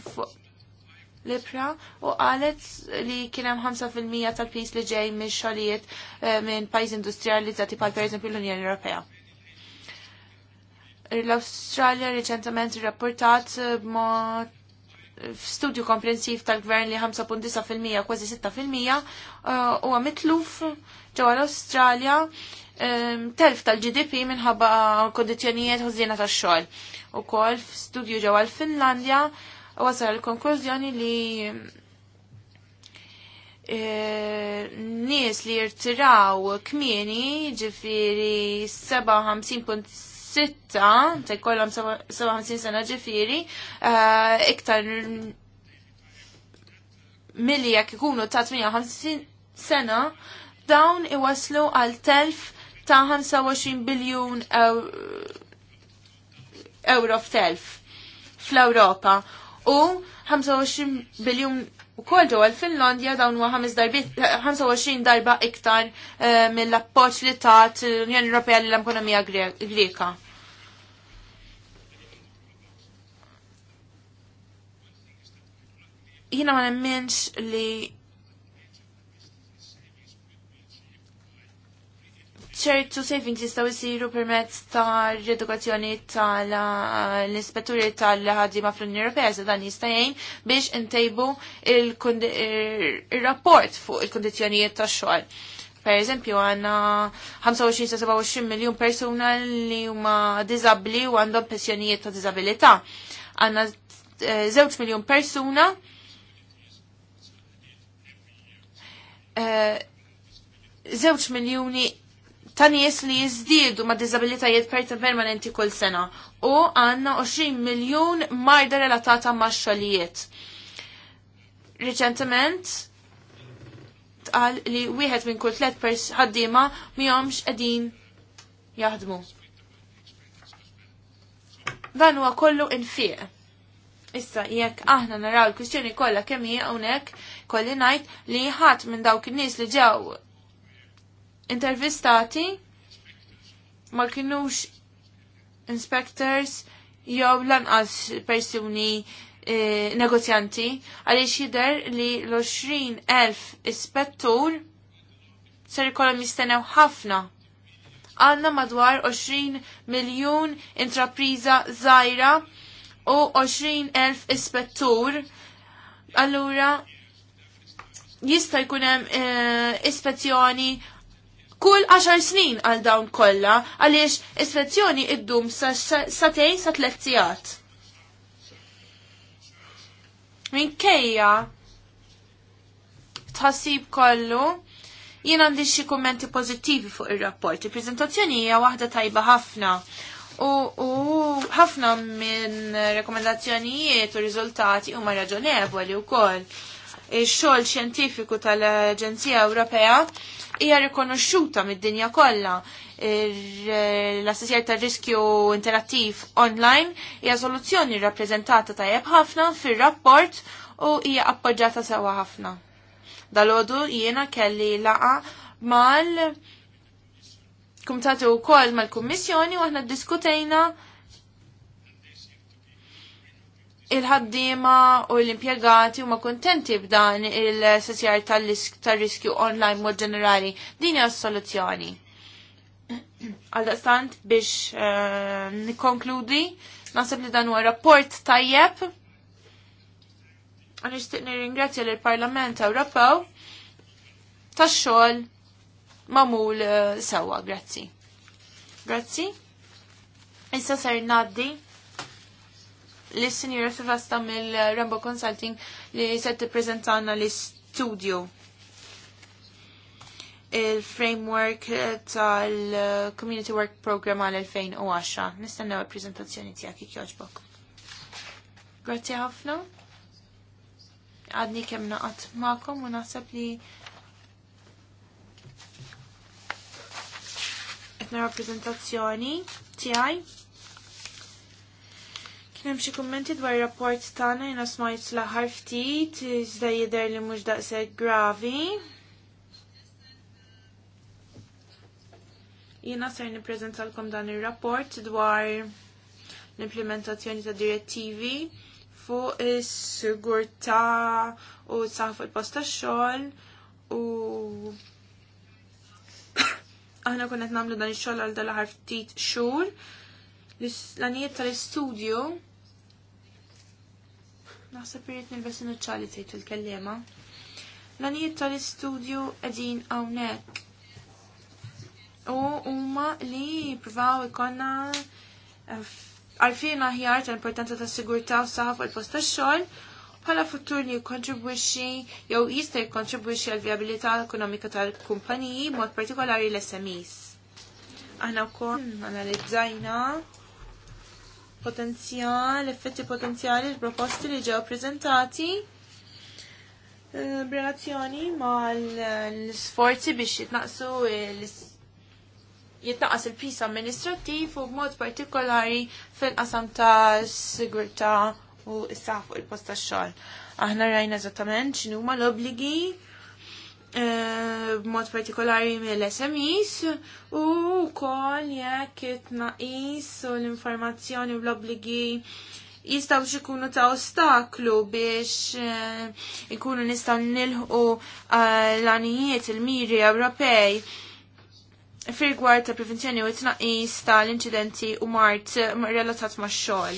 l u qalet li kien hemm 5% tal-pis li ġej minn xogħlijiet eh, minn pajjiż industrializzati bħal pereżempju l-Unjoni Ewropea l-Australia reċentament rapportat eh, ma eh, studju komprensiv tal-gvern li 5.9% kważi 6% u għamitluf ġo l-Australia telf tal-GDP minħabba kondizjonijiet tal tax-xogħol. kol studju ġo għal finlandja għasar l konklużjoni li e, nis li jirtiraw kmieni ġifiri 57.6 ta' kollam 57 sena ġifiri e, iktar milli jekk ikunu ta' 58 sena dawn iwaslu għal telf ta' 25 biljun euro f'telf fl-Europa u 25 biljun ukoll ġewwa l-Finlandja dawn huwa 25 darba iktar eh, mill-appoġġ li tat l-Unjoni Ewropea lill-ekonomija Greka. Jiena ma nemmenx li ċertu savings jistaw jisiru permezz ta' redukazzjoni tal-ispetturi tal-ħadima fl-Unjoni Ewropea, se dan jista' jgħin biex intejbu il-rapport fuq il kondizjonijiet tax-xogħol. Per eżempju, għanna 25-27 miljon persuna li huma diżabbli u għandhom pensjonijiet ta' diżabilità. Għanna 2 eh, miljon persuna eh, zewċ miljoni ta' nies li jizdiedu ma' perta permanenti kull sena u għanna 20 miljon marda relatata ma' xogħlijiet. Reċentement tqal li wieħed minn kull tliet ħaddiema mihomx edin jaħdmu. Dan huwa kollu infieq. Issa jekk aħna naraw il-kwistjoni kollha kemm hija hawnhekk kolli ngħid li ħadd minn dawk in-nies li ġew intervistati ma kienux inspectors jew lanqas persuni e, negozjanti għaliex jidher li l-20,000 ispettur ser jkollhom jistenew ħafna. għanna madwar 20 miljun intrapriża żgħira u 20,000 ispettur. Allura jista' jkun hemm e, ispezzjoni kull 10 snin għal dawn kollha għaliex ispezzjoni id sa satejn sa tliet sigħat. kejja tħassib kollu jien għandi xi kummenti pożittivi fuq ir-rapport. Il-preżentazzjoni hija waħda tajba ħafna. U ħafna minn rekomendazzjonijiet u riżultati huma raġonevoli wkoll. Ix-xogħol xjentifiku tal-Aġenzija Ewropea hija rikonoxxuta mid-dinja kollha. L-assessjar ta' riskju interattiv online hija soluzzjoni rrappreżentata tajjeb ħafna fir-rapport u hija appoġġjata sewa ħafna. Dalodu jiena kelli laqa mal kumtatu wkoll mal-Kummissjoni u aħna ddiskutejna il-ħaddima u l-impiegati huma kontenti b'dan il-sessjar tal-riskju online mod ġenerali. Din hija s-soluzzjoni. Għaldaqstant biex eh, nikkonkludi, naħseb li dan huwa rapport tajjeb. Għan nixtieq nirringrazzja lill-Parlament Ewropew tax-xogħol mamul eh, sewwa, grazzi. Grazzi. Issa ser ngħaddi li s-sinjura Sivasta mill-Rambo eh, Consulting li set t-prezentana li studio il-framework eh, tal-Community Work Program għal-2010. Nistennew il-prezentazzjoni tijak ikjoġbok. Grazie ħafna. Għadni kem naqat maqom u naħseb li etna rappresentazzjoni tijaj. Hemm xi kummenti dwar rapport tagħna jina smajt l-aħħar ftit iżda jidher li mhux daqshekk gravi. Jiena ser nippreżentalkom dan ir-rapport dwar l-implementazzjoni ta' direttivi fuq is sigurta u saħ fuq il posta tax-xogħol u aħna kunet namlu dan ix-xogħol għal dal ħarftit ftit xhur. L-għanijiet tal-istudju Naħseb irrid nilbes inuċċali tgħid il-kellema. L-għanijiet tal-istudju qegħdin hawnhekk. U huma li jippruvaw ikonna eh, għalfejn aħjar tal-importanza tas-sigurtà u saħħa fuq il-post tax-xogħol bħala futur li jikkontribwixxi jew jista' jikkontribwixxi għal viabilità ekonomika tal-kumpaniji mod partikolari l-SMEs. Aħna wkoll analizzajna potenzjal, effetti potenzjali l-proposti li ġew prezentati eh, b'relazzjoni ma l-sforzi biex jitnaqsu jitnaqas il-pis amministrativ u b'mod partikolari fil-qasam ta' sigurta u s-safu il-posta xogħol. Aħna rajna eżattament x'inhuma l obbligi Eh, b'mod partikolari mill-SMEs u kol jekk it-naqis u l-informazzjoni u l-obligi jistaw xikunu ta' ostaklu biex eh, ikunu nistaw nilħu eh, l-anijiet il-miri Ewropej fir gwar ta' prevenzjoni u it-naqis l inċidenti u mart relatat ma' xol.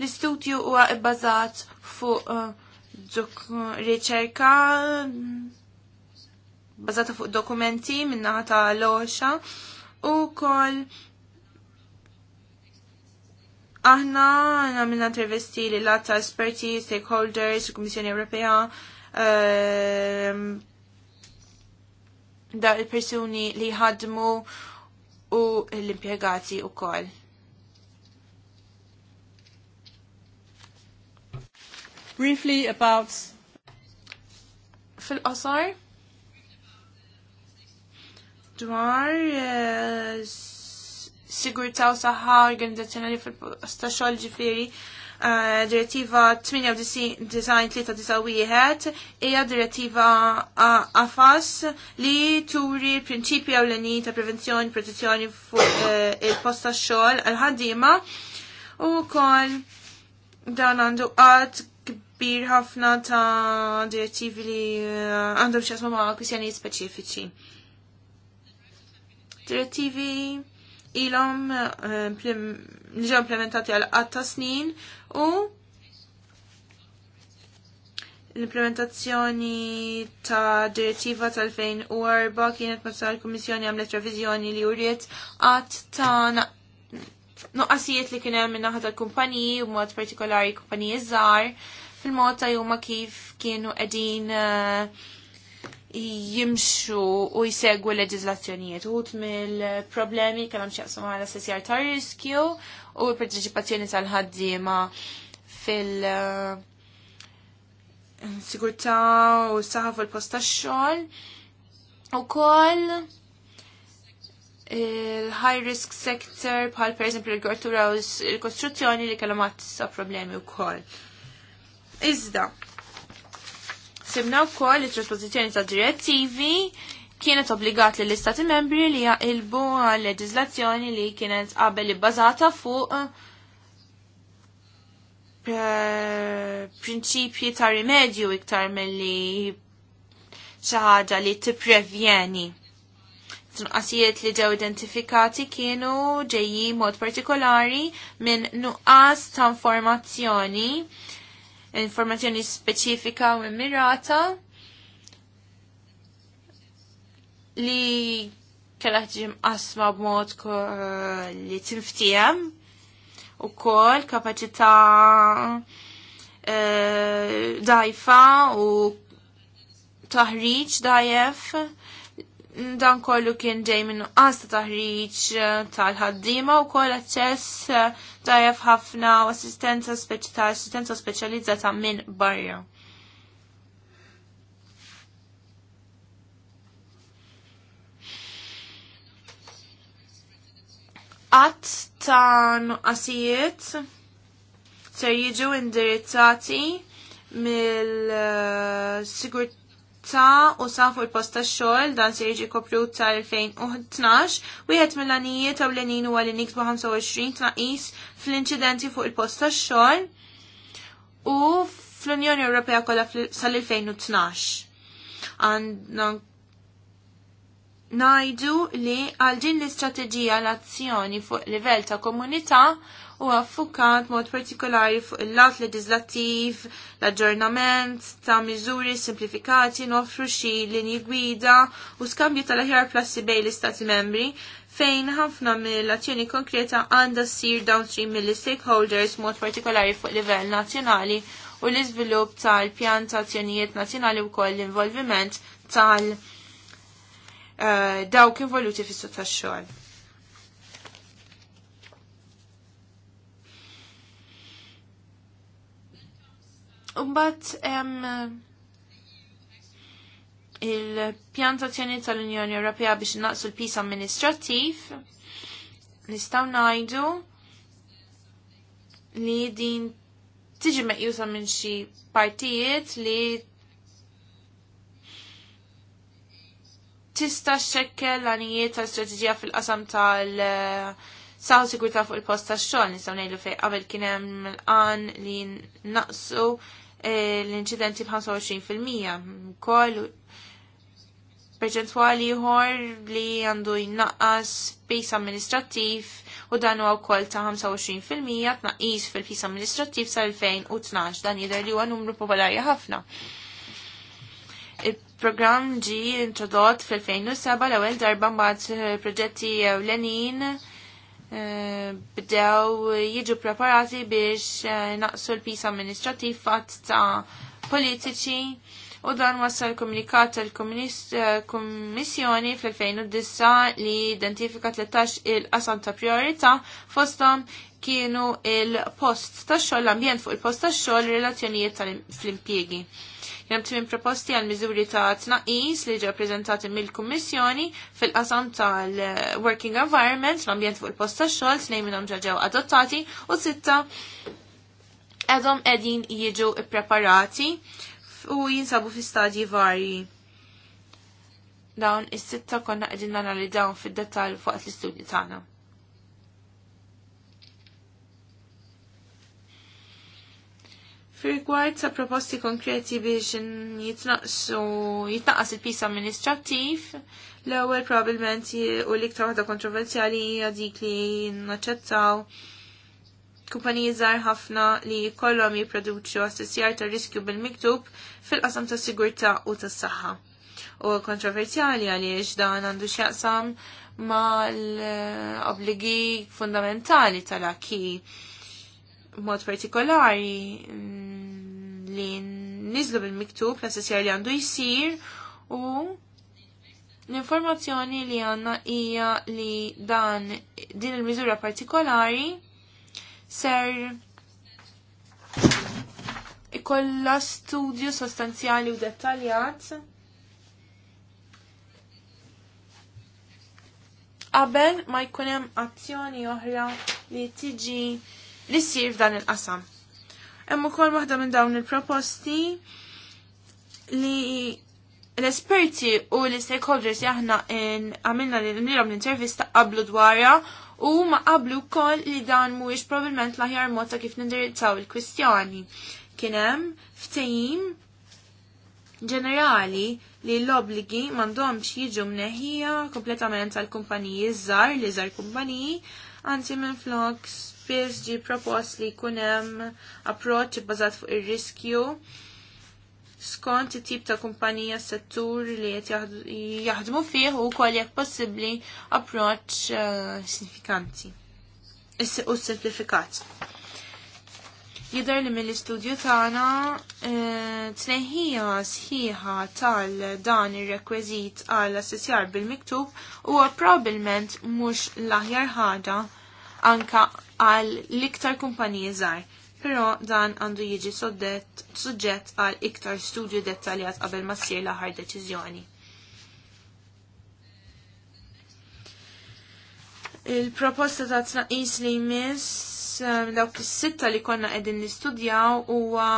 L-istudju huwa ibbażat fuq uh, ricerka bazzata fuq dokumenti minnaħa ta' loxa u kol aħna minna intervisti li lat ta' esperti, stakeholders, Kummissjoni Ewropea, ehm, da' il-persuni li ħadmu u l-impiegati u kol. briefly about fil-qasar dwar uh, eh, sigurta u saħħa organizzazzjonali fil-posta xogħol ġifieri uh, direttiva 98-93 hija direttiva AFAS li turi prinċipji ewlenin ta' prevenzjoni, protezzjoni fuq uh, eh, il-posta xogħol għal ħaddima u wkoll dan għandu għad kbir ħafna ta' direttivi li eh, għandhom xasma ma' kwistjonijiet speċifiċi. Direttivi ilhom eh, li ġew implementati għal qatt ta' snin u l-implementazzjoni ta' direttiva tal-2004 kienet ma l komissjoni għamlet revizjoni li uriet għat ta' Nuqqasijiet li kien hemm min-naħa tal-kumpaniji u mod partikolari kumpaniji żgħar fil-mod ta' juma kif kienu qegħdin uh, jimxu u jsegwu leġiżlazzjonijiet. Uħut mill-problemi kellhom ma' l assessjar ta' riskju u l-parteċipazzjoni tal-ħaddiema fil- uh, sigurtà u s saħaf fil-post tax-xogħol. U koll il-high risk sector bħal per esempio l-agrikoltura u l-kostruzzjoni li kellhom sa problemi wkoll. Iżda, simna wkoll it-trasposizzjoni ta' direttivi kienet obbligat li l-istati membri li jaqilbu għal leġizlazzjoni li kienet qabel bazata fuq eh, prinċipji ta' rimedju iktar mill-li xi ħaġa li tipprevjeni Tnuqqasijiet li ġew identifikati kienu ġejji mod partikolari minn nuqqas ta' informazzjoni, informazzjoni speċifika u mirata li kella ġim asma b'mod li tinftijem u kol kapacita e, dajfa u taħriċ dajef dan kollu kien ġej minn ta' taħriġ eh, tal-ħaddiema u koll aċċess eh, tajjeb ħafna u assistenza ta' assistenza speċjalizzata minn barja. Qatt ta' nuqqasijiet ser jiġu indirizzati mill-sigurt eh, ta' u sa' fuq il-post xogħol dan se jiġi kopru ta' 2012 u jħet mill-għanijiet u l-għanin u għalin iksbu 25 e tnaqis fl-inċidenti fuq il posta ta' xogħol u fl-Unjoni Ewropea kollha sal-2012. Għandna najdu li għal din l-istrateġija l-azzjoni fuq livell ta' komunità u affukat mod partikolari fuq il-lat leġislattiv, l-aġġornament ta' miżuri simplifikati noffru xi linji gwida u skambju tal-aħjar plassi bej l-Istati membri fejn ħafna mill-azzjoni konkreta għandha ssir downstream mill-stakeholders mod partikolari fuq livell nazzjonali u l-iżvilupp tal-pjan ta' azzjonijiet nazzjonali wkoll l-involviment tal-, -pjan Eh, daw kien voluti fissu ta' tax-xogħol. Umbat um, il tjeni tal-Unjoni Ewropea biex naqsu l-pis amministrativ nistaw najdu li din tiġi meqjusa minn xi partijiet li tista' xekkel l-għanijiet tal-strategija fil-qasam tal- eh, saħu sigurta fuq il-post ta' xogħol nistgħu nejlu fejn qabel kien hemm l-qan li naqsu eh, l-inċidenti b'25% kol perċentwali jħor li għandu jnaqqas pis amministrattiv u dan huwa wkoll ta' 25% tnaqqis fil-pis amministrattiv sa' 2012 dan jidher li huwa numru popolari ħafna. Program programm ġi introdott fil-2007 l-ewwel darba mbagħad eh, proġetti ewlenin eh, bdew jiġu preparati biex eh, naqsu l-pis amministrativ fatt ta' politiċi u dan wassal komunikat tal-Kommissjoni eh, fl-2009 li identifika 13 il-qasam ta' priorità fostom kienu il-post ta' xogħol, l-ambjent fuq il-post ta' xogħol, relazzjonijiet tal-impjiegi. Jem tmin proposti għal miżuri ta' tnaqis li ġew prezentati mill-Kummissjoni fil-qasam tal-Working Environment, l-ambjent fuq il-post ta' xogħol, snejn minnhom ġew adottati u sitta għadhom qegħdin jiġu ippreparati u jinsabu fi stadji varji. Dawn is-sitta konna qegħdin dawn fid-dettall fuq l-istudju tagħna. Fir-rigward sa' proposti konkreti biex jitnaqsu jitnaqas il-pis amministrattiv, l-ewwel probabbilment u l-iktar waħda kontroversjali hija dik li naċċettaw kumpaniji żgħar ħafna li jkollhom jipproduċu assessjar ta' riskju bil-miktub fil-qasam ta' sigurtà u tas-saħħa. U kontroversjali għaliex dan għandu x'jaqsam mal-obbligi obligi fundamentali tal aki mod partikolari mm, li nizlu bil-miktub l-assessjar li għandu jisir u l-informazzjoni li għanna hija li dan din il-miżura partikolari ser ikolla studju sostanzjali u dettaljat qabel ma jkun hemm azzjoni oħra li tiġi li ssir f'dan il-qasam. Hemm ukoll waħda minn dawn il-proposti li l-esperti u l-stakeholders li aħna għamilna l-mirom l-intervista qablu dwarha u ma qablu wkoll li dan mhuwiex probabbilment l-aħjar mod ta' kif nindirizzaw il-kwistjoni. Kien hemm ftehim ġenerali li l-obligi m'għandhomx jiġu mneħija kompletament għal kumpaniji żgħar li żgħar kumpaniji, anzi minn flok spiss ġi propost li jkun hemm approċċ bbażat fuq ir-riskju skont it-tip ta' kumpanija settur li qed jaħdmu fih u wkoll jekk possibbli approċċ eh, sinifikanti u simplifikat. Jidher li mill-istudju tagħna eh, tneħħija sħiħa tal dan ir-rekwiżit għal assessjar bil-miktub huwa probabbilment mhux l-aħjar ħaġa anka għal l-iktar kumpaniji żgħar però dan għandu jiġi suġġett għal iktar studju dettaljat qabel ma ssir l-aħħar deċiżjoni. Il-proposta ta' tnaqis li jmiss eh, dawk is-sitta li konna qegħdin nistudjaw huwa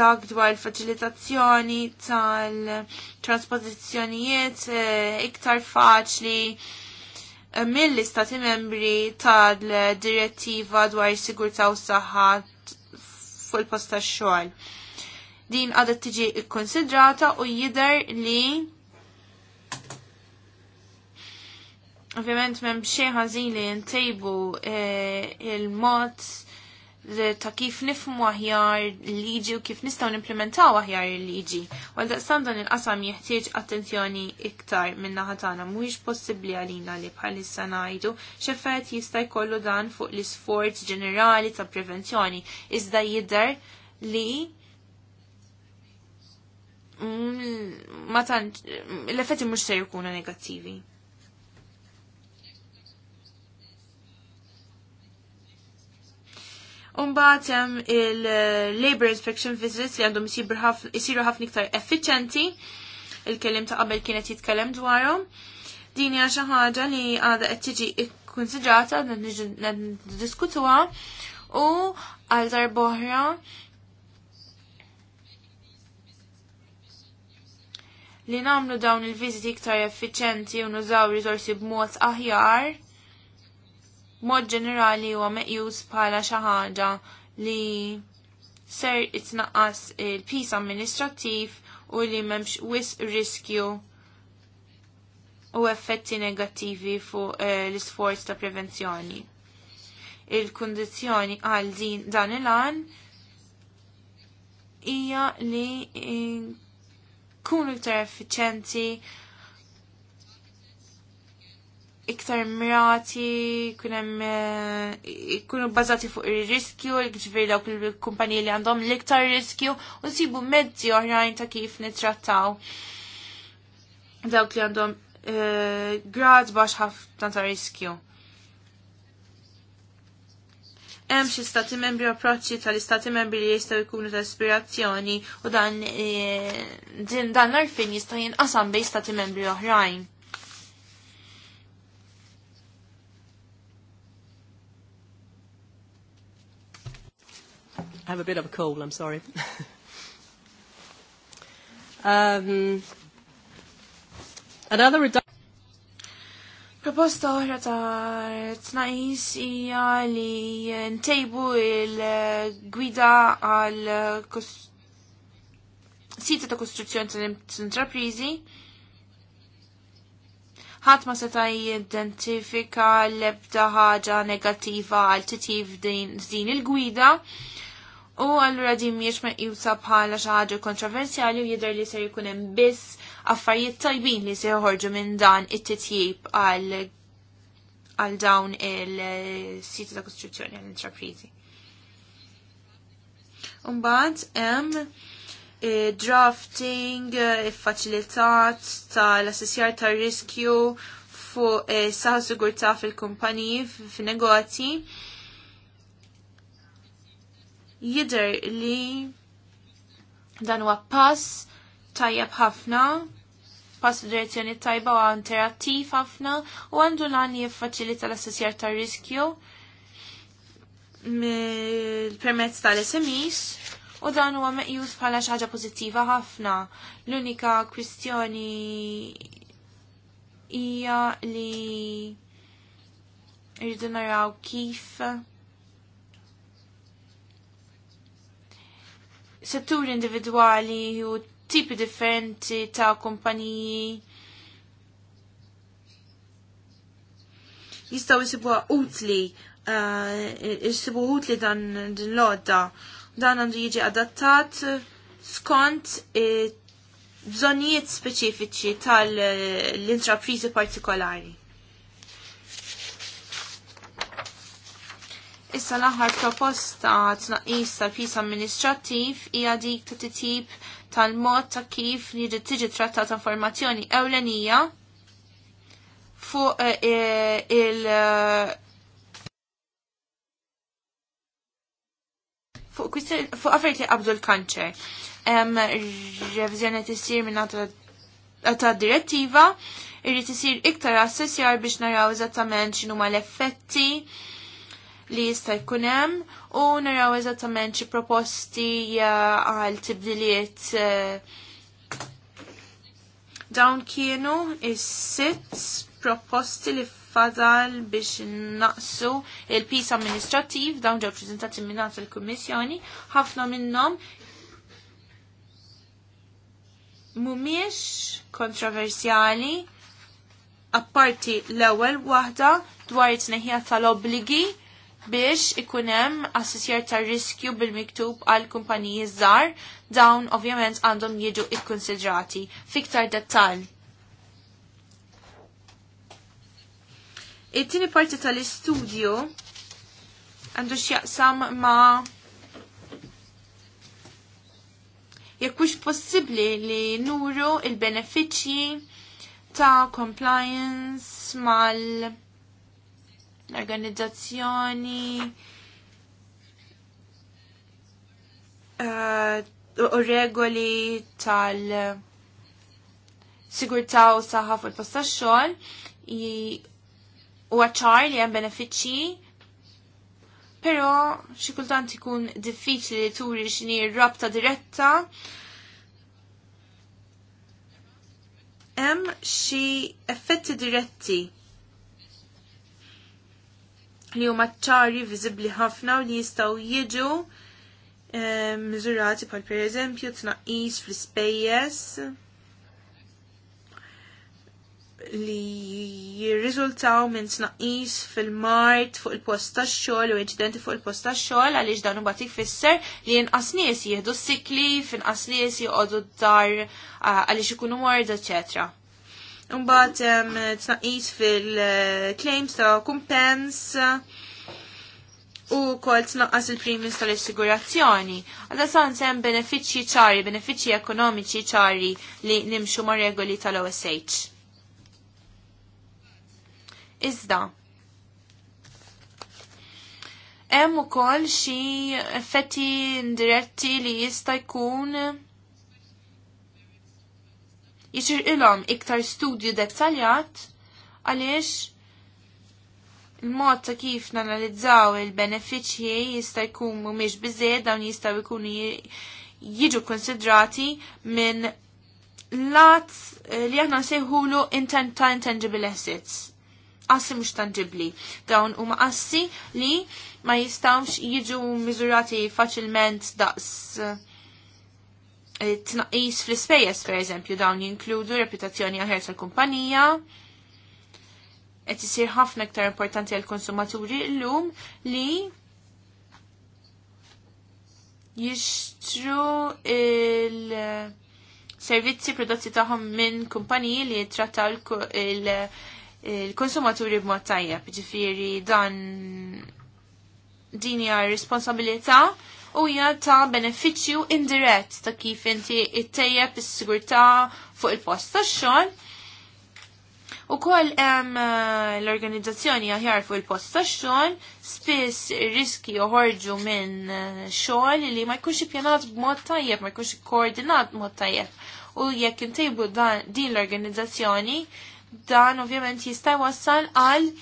dak dwar il-faċilitazzjoni tal-transpożizzjonijiet eh, iktar faċli mill-istati membri tal-direttiva dwar sigurtà u s-saħħa fuq il-post tax-xogħol. Din għadha tiġi ikkonsidrata u jidher li ovvjament m'hemm xejn ħażin li ntejbu eh, il-mod ta' kif nifmu aħjar liġi u kif nistaw nimplementaw aħjar liġi. Għalda daqstan il-qasam jeħtieġ attenzjoni iktar minna ħatana mhuwiex possibbli għalina li bħalissa ngħidu x'effett jista' jkollu dan fuq l-isforz ġenerali ta' prevenzjoni iżda jidher li mm, l-effetti mhux se jkunu negattivi. Umbaħt hemm il-Labor eh, Inspection Visits li għandhom isiru ħafna iktar effiċenti, il-kelim ta' qabel kienet jitkellem dwarhom. Din hija xi ħaġa li għadha qed tiġi kkunsidrata diskutuha u għal darb'oħra li namlu dawn il-viziti iktar effiċenti u nużaw risorsi b'mod aħjar mod ġenerali huwa meqjus bħala xi ħaġa li ser itnaqqas il-pis amministrattiv u li m'hemmx wis riskju u effetti negattivi fuq eh, l-isforz ta' prevenzjoni. Il-kondizjoni għal din dan il-għan hija li eh, kunu iktar effiċenti iktar mirati, kunem eh, kunu bazati fuq il-riskju, ġviri dawk il-kumpanji li għandhom l-iktar riskju, u nsibu mezzi oħrajn ta' kif nitrattaw dawk li għandhom eh, grad bax ħafna ta' riskju. Hemm xi stati membri approċċi tal-istati membri li jistgħu jkunu ta' ispirazzjoni u dan eh, dan l-arfin jista' jinqasam bejn stati membri oħrajn. I have a bit of a cold, I'm sorry. um, another reduction. Proposta oħra ta' tnaqis hija li ntejbu il-gwida għal sita ta' kostruzzjoni ta' intraprizi Ħadd ma seta' jidentifika l-ebda ħaġa negattiva għal titjib din il-gwida. il gwida U allura din mhijiex meqjusa bħala xi ħaġa kontroversjali u jidher li ser jkun hemm biss affarijiet tajbin li se joħorġu minn dan it-titjib għal għal dawn il-siti ta' kostruzzjoni għal intraprizi. Umbagħad hemm eh, drafting iffaċilitat eh, tal-assessjar tar-riskju fuq eh, saħ sigurtà fil-kumpaniji fin-negozji. fil kumpaniji fil kumpaniji fin negozji jider li dan huwa pass tajjeb ħafna, pass f'direzzjoni tajba u interattiv ħafna u għandu lan jiffaċilita l-assessjar ta' riskju permezz tal-SMEs u dan huwa meqjus bħala xi ħaġa pożittiva ħafna. L-unika kwistjoni hija li rridu naraw kif setturi individuali u tipi differenti ta' kompaniji. jistaw jisibu utli uh, eh, jisibu utli dan din lodda dan għandu jiġi adattat skont eh, bżonijiet speċifiċi tal-intraprizi partikolari. Issa l-aħħar proposta tnaqqis tal fis amministrattiv hija dik ta' titjib tal-mod ta' kif li tiġi trattata informazzjoni ewlenija fuq eh, eh, il- fuq affarijiet li qabdu l-kanċer. Revizjoni tisir minn ta' direttiva, irrid isir iktar assessjar biex naraw eżattament x'inhuma l-effetti li jista' jkun hemm u naraw eżattament xi proposti għal tibdiliet eh, dawn kienu is-sitt proposti li fadal biex naqsu il-pis amministrativ dawn ġew preżentati minnat il-Kummissjoni, ħafna minnhom mumiex kontroversjali apparti l-ewwel waħda dwar it tneħħija tal obbligi biex ikunem assessjer ta' riskju bil-miktub għal kumpaniji żgħar dawn ovvjament għandhom jiġu ikkonsidrati fiktar dettal. It-tieni parti tal-istudju għandu x'jaqsam ma' jekk mhux possibbli li nuru il-benefiċċji ta' compliance mal- l organizzazzjoni eh, u regoli tal sigurtà u saħħa fuq il-posta xogħol u għacċar li hemm benefiċċji però xi kultant ikun diffiċli li turi xini rabta diretta hemm xi effetti diretti li huma ċari viżibbli ħafna u li jistgħu jiġu ehm, miżurati bħal pereżempju tnaqqis fl-ispejjeż li jirriżultaw minn tnaqqis fil-mart fuq il-post tax-xogħol u inċidenti fuq il-post tax-xogħol għaliex dan huma jfisser li inqas nies jieħdu s-sikli, finqas nies joqogħdu d-dar għaliex ikunu morda, eċetera. Mbagħad tnaqqis fil-claims ta' kumpens u kol tnaqqas il premiums tal-assigurazzjoni. Għadda san sem benefiċċji ċari, benefiċċji ekonomiċi ċari li nimxu ma' regoli tal-OSH. Iżda, hemm ukoll xi effetti indiretti li jista' jkun jisir ilom iktar studju dettaljat għaliex il-mod ta' kif nanalizzaw il-benefiċċji jista' jkun mhumiex biżejjed dawn jistgħu jkunu jiġu konsidrati minn lat eh, li aħna nsejħulu intent ta' intangible assets. Assi mhux tangibli. Dawn huma assi li ma jistawx jiġu miżurati faċilment daqs eh, tnaqis fl-ispejjeż pereżempju dawn jinkludu reputazzjoni aħer tal-kumpanija, qed isir ħafna iktar importanti għall konsumaturi llum li jixtru il- servizzi prodotti tagħhom minn kumpaniji li jittrattaw il-konsumaturi b'mod tajjeb. Ġifieri dan din hija responsabilità u hija ta' benefiċċju indirett ta' kif inti ittejjeb is-sigurtà fuq il-post tax-xogħol. Ukoll hemm eh, l-organizzazzjoni aħjar fuq il-post tax-xogħol, spiss riski joħorġu minn eh, xogħol li ma jkunx ippjanat b'mod tajjeb, ma jkunx ikkoordinat b'mod tajjeb. U jekk intejbu din l-organizzazzjoni, dan ovvjament jista' jwassal għal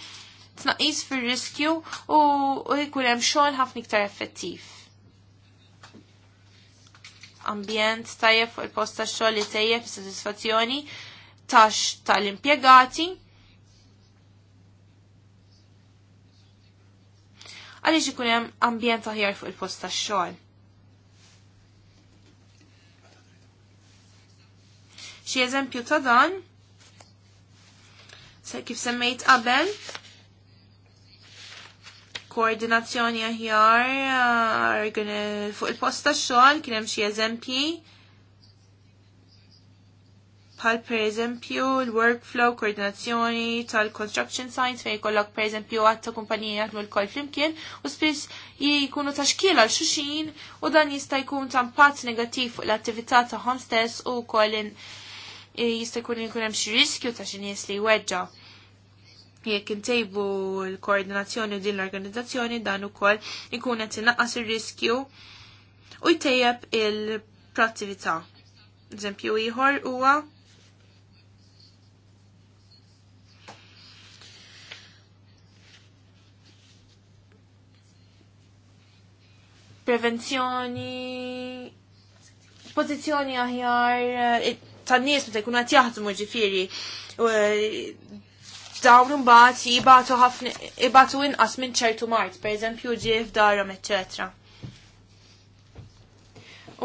tnaqis fir-riskju u jkun hemm xogħol ħafna iktar effettiv ambjent tajjeb fuq il-post ta' xogħol li tejjeb is-sodisfazzjoni tax tal-impjegati. Għaliex ikun hemm ambjent aħjar fuq il-post ta' xogħol. Xi eżempju ta' dan, se kif semmejt qabel, koordinazzjoni aħjar uh, fuq il-posta xogħol kien hemm xi eżempji bħal per eżempju l-workflow koordinazzjoni tal-construction science fejn jkollok per eżempju għatta kumpanija jaħdmu l-koll flimkien u spiss jkunu ta' xkiel għal xuxin u dan jista' jkun ta' impatt negattiv fuq l-attività tagħhom stess u koll jista' jkun jkun hemm xi riskju ta' xi nies li weġġa' jekk intejbu l-koordinazzjoni din l-organizzazzjoni dan ukoll ikun qed inaqqas ir-riskju u jtejjeb il-proattività. Eżempju ieħor huwa prevenzjoni, pozizjoni aħjar, eh, tan nies meta jkunu qed jaħdmu ġifieri eh, dawn imbagħad jibatu ħafna ibatu inqas minn ċertu mart, pereżempju ġie f'darhom eċetera.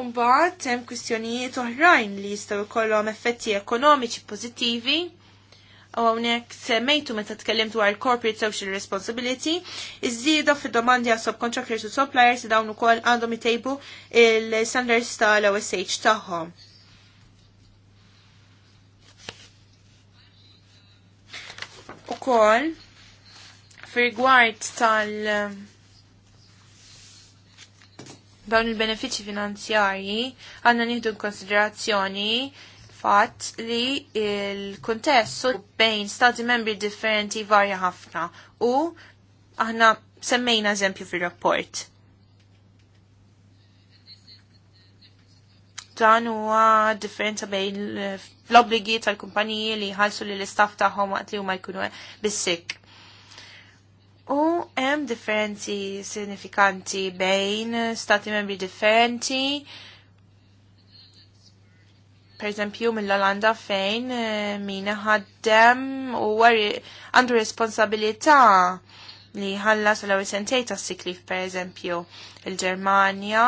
Umbagħad hemm kwistjonijiet oħrajn li jistgħu jkollhom effetti ekonomiċi pożittivi u hawnhekk semmejtu meta tkellim dwar corporate social responsibility, iżdieda fid-domandi għas subcontractors u suppliers li dawn ukoll għandhom itejbu il-standards tal-OSH tagħhom. u kol fil-gwart tal- dawn il-benefiċi finanzjarji għanna nieħdu konsiderazzjoni fatt li il-kontessu bejn stati membri differenti varja ħafna u aħna semmejna eżempju fil-rapport. dan huwa differenza bejn l-obbligi tal-kumpaniji li ħalsu li l-istaff tagħhom waqt li huma jkunu bis sik. U hemm differenzi sinifikanti bejn stati membri differenti. Per eżempju mill-Olanda fejn eh, min ħaddem u għandu responsabilità li ħallas l awisentej tas-siklif per eżempju il-Ġermanja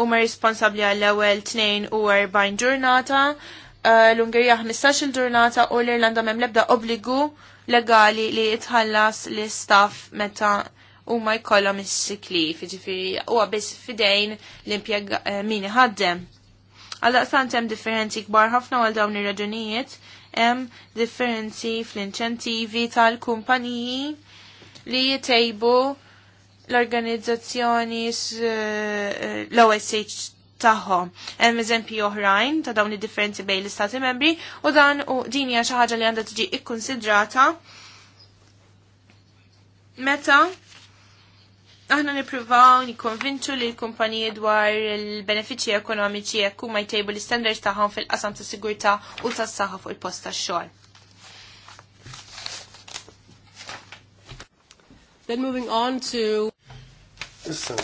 huma responsabbli għall-ewwel 42 ġurnata, uh, l-Ungerija 15-il ġurnata u l-Irlanda mem l-ebda obbligu legali li jitħallas li staff meta huma jkollhom is-sikli, jiġifieri huwa biss fidejn l-impjeg eh, min iħaddem. Għaldaqstant hemm differenzi kbar ħafna għal dawn ir-raġunijiet, hemm differenzi fl-inċentivi tal-kumpaniji li jtejbu l-organizzazzjoni eh, eh, l-OSH tagħhom. Hemm eżempji oħrajn ta' dawn id-differenzi bejn l-istati membri u dan u din hija xi ħaġa li għandha tiġi ikkunsidrata meta aħna nippruvaw nikkonvinċu li l-kumpaniji dwar il-benefiċċji ekonomiċi jekk huma jtejbu l-istandards tagħhom fil-qasam ta' sigurtà u tas-saħħa fuq il-post tax-xogħol. Then moving on to... Issa,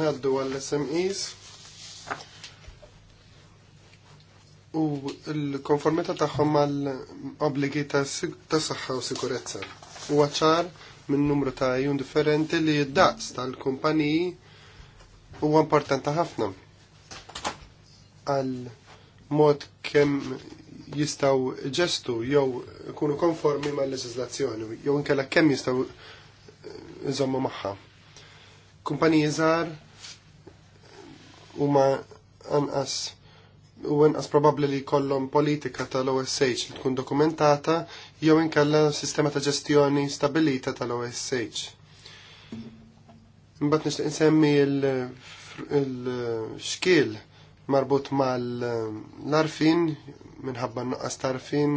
naddu għall-SMEs u l-konformita taħħom għall-obligi ta' saħħa u sikurezza. U għacħar minn numru ta' jun differenti li id-daqs tal-kumpaniji huwa importanti ħafna għal mod kem jistaw ġestu jew kunu konformi ma' l leġislazzjoni jew inkella kem jistaw nżommu magħha. Kumpaniji żgħar huma anqas u inqas probabbli li jkollhom politika tal-OSH li tkun dokumentata jew inkella sistema ta' ġestjoni stabilita tal-OSH. Mbagħad nixtieq insemmi l-xkiel marbut mal-arfin minħabba nuqqas tarfin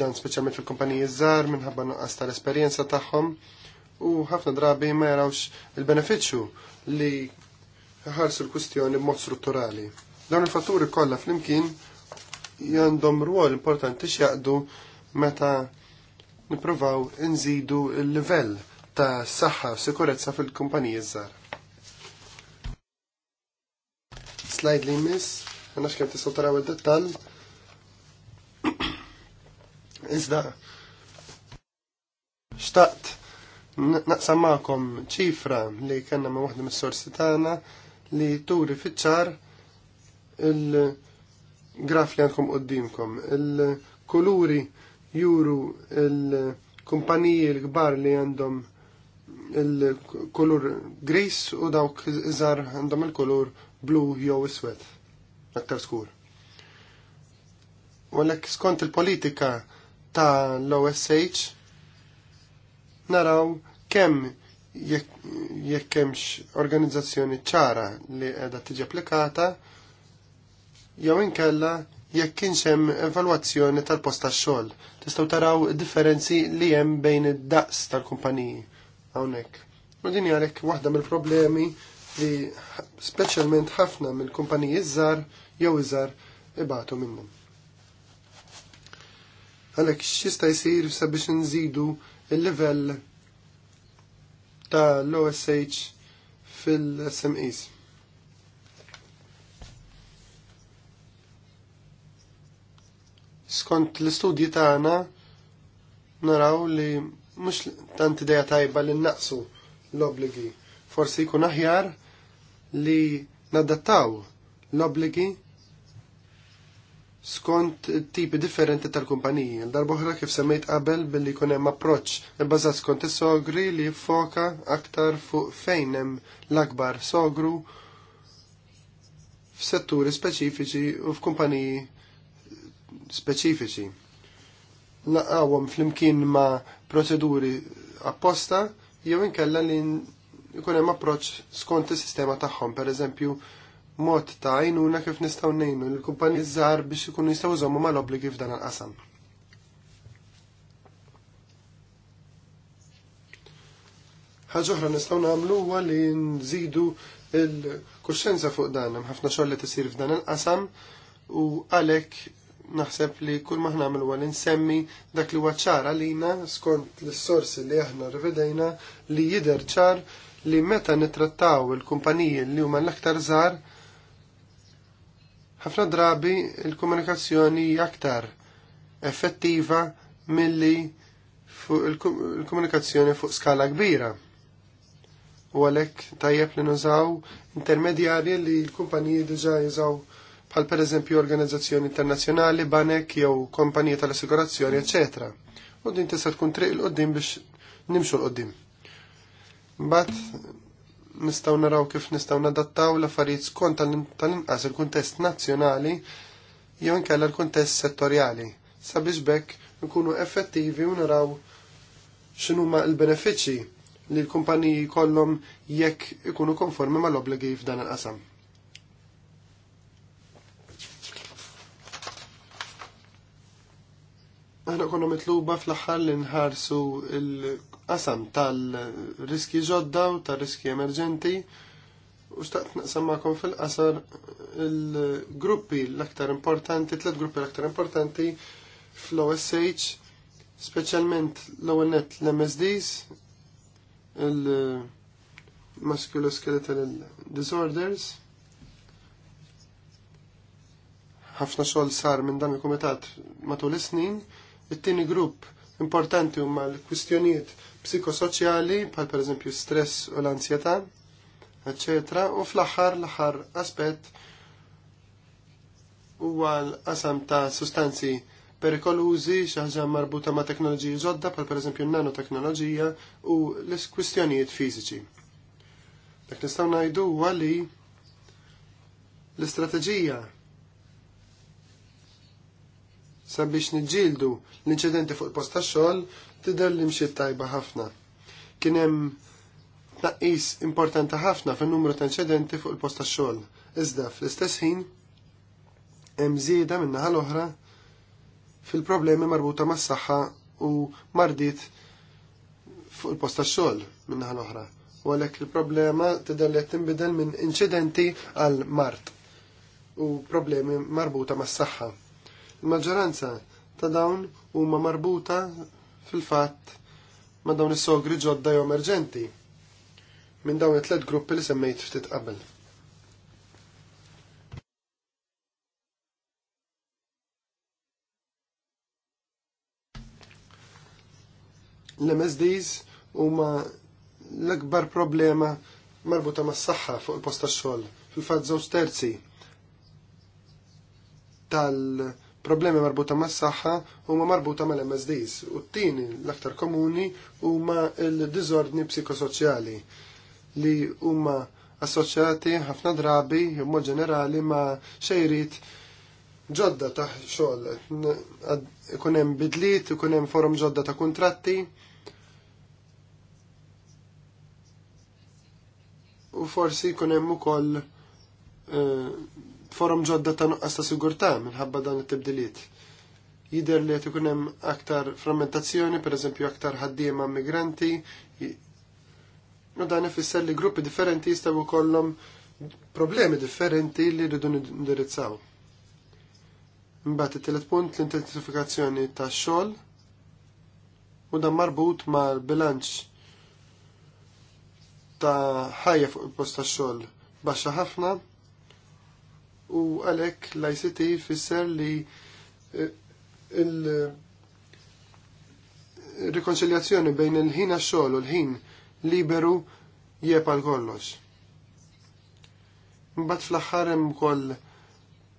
dan speċjalment fil-kumpaniji żgħar minħabba nuqqas tal-esperjenza tagħhom. Ta u ħafna drabi ma jarawx il-benefiċċju li ħarsu l-kustjoni b'mod strutturali. Dawn il-fatturi kollha flimkien għandhom rwol importanti x'jaqdu meta nippruvaw inżidu l-livell ta' saħħa u sikurezza fil-kumpaniji żgħar. Slide li miss, għanna kemm tistgħu taraw id-dettall. Iżda, xtaqt naqsam magħkom ċifra li kellna ma' waħda mis-sorsi tagħna li turi fiċ-ċar il-graf li għandkom qoddimkom. Il-kuluri juru il-kumpaniji l-kbar li għandhom il-kulur gris u dawk iżar għandhom il-kulur blu jew iswed, aktar skur. U skont il-politika ta' l-OSH naraw kemm jekk hemmx organizzazzjoni ċara li qiegħda tiġi applikata jew inkella jekk kienx hemm evalwazzjoni tal-post tax-xogħol. Tistgħu taraw differenzi li hemm bejn id-daqs tal-kumpaniji hawnhekk. U din għalhekk waħda mill-problemi li speċjalment ħafna mill-kumpaniji żgħar jew iżgħar ibatu minnhom. Għalhekk x'jista' jsir sabiex inżidu il-level ta' l-OSH fil-SMEs. Skont l-istudji tagħna naraw li mhux tant idea tajba li naqsu l-obligi. Forsi jkun aħjar li nadattaw l-obligi skont tipi differenti tal-kumpaniji. Darboħra kif semmejt qabel billi kun hemm approċċ ibbażat skont is-sogri li foka aktar fuq fejn hemm l-akbar sogru f'setturi speċifiċi u f'kumpaniji speċifiċi. Naqawhom flimkien ma' proċeduri apposta jew inkella li jkun hemm approċċ skont is-sistema tagħhom, pereżempju eżempju mod ta' għajnuna kif nistgħu ngħinu l kumpanji żgħar biex ikun jistgħu jżommu mal-obbligi f'dan il-qasam. Ħaġa oħra nistgħu nagħmlu li nżidu il-kuxenza fuq dan ħafna xogħol li sir f'dan il-qasam u għalek naħseb li kull maħna għamlu għal insemmi dak li ċara għalina skont l-sorsi li aħna rivedejna li jider ċar li meta nitrattaw il-kumpaniji li huma l-aktar zar ħafna drabi il-komunikazzjoni aktar effettiva milli il-komunikazzjoni fuq skala kbira. U għalek tajjeb li nużaw intermedjarji li l-kumpaniji diġa jużaw bħal per eżempju organizzazzjoni internazzjonali, banek jew kompanija tal-assigurazzjoni, ecc. U din tista' tkun triq il-qoddim biex nimxu l-qoddim. Mbagħad nistgħu naraw kif nistgħu nadattaw l-affarijiet skont tal-inqas il-kuntest nazzjonali jew inkella l-kuntest settorjali sabiex bekk nkunu effettivi u naraw x'inhuma l-benefiċċji li l-kumpaniji kollhom jekk ikunu konformi mal-obligi f'dan il-qasam. Aħna konna mitluba fl-aħħar li nħarsu l qasam tal-riski ġodda u tal-riski emerġenti u xtaqt naqsammakom fil-qasar il-gruppi l-aktar importanti, tlet gruppi l-aktar importanti fl-OSH, specialment l-ONET l-MSDs, il-musculoskeletal disorders, ħafna xogħol sar minn dan il-kumitat matul is-snin. It-tieni grupp importanti huma l-kwistjonijiet psikosoċjali per pereżempju stress u l-ansjetà, eccetera, u fl-aħħar l-aħħar aspett huwa l-qasam ta' sustanzi perikolużi xaħġa marbuta ma' teknoloġiji ġodda pal per eżempju nanoteknoloġija u l-kwistjonijiet fiżiċi. Dak nistgħu najdu għalli li l-istrateġija sabiex niġġieldu l-inċidenti fuq il-post tax-xogħol Tidellim li mxiet tajba ħafna. Kien hemm tnaqqis importanti ħafna fin-numru ta' inċidenti fuq il-post tax-xogħol. Iżda fl-istess ħin hemm żieda min-naħa l-oħra fil-problemi marbuta mas-saħħa u mardiet fuq il-post tax-xogħol minn naħa l-oħra. U għalhekk il-problema tidher li qed tinbidel minn inċidenti għal mart u problemi marbuta mas-saħħa. Il-maġġoranza ta' dawn huma marbuta fil-fatt ma' dawn is-sogri ġodda jew emerġenti minn dawn it-tlet gruppi li semmejt ftit qabel. L-MSDs huma l-akbar problema marbuta ma' s-saxħa fuq il-posta xogħol. Fil-fatt żewġ terzi tal- problemi marbuta mas saħħa huma marbuta mal-MSDs u t-tieni l-aktar komuni huma l-diżordni psikosoċjali li huma assoċjati ħafna drabi mod ġenerali ma' xejrit ġodda ta' xogħol. Kunem bidlit, kunem forum ġodda ta' kontratti. U forsi kunem hemm ukoll eh, forum ġodda ta' nuqqas ta' sigurtà minħabba dan it-tibdiliet. Jider li qed ikun hemm aktar frammentazzjoni, pereżempju aktar ħaddiema migranti, no dan ifisser li gruppi differenti jistgħu jkollhom problemi differenti li rridu nindirizzaw. Mbagħad it-tielet punt l-intensifikazzjoni tax-xogħol u dan marbut mal-bilanċ ta' ħajja fuq il-post tax-xogħol baxxa ħafna u għalek l-ICT fisser li eh, il-rikonċiljazzjoni bejn il-ħin għax u l-ħin liberu għal kollox. Mbagħad fl-aħħar hemm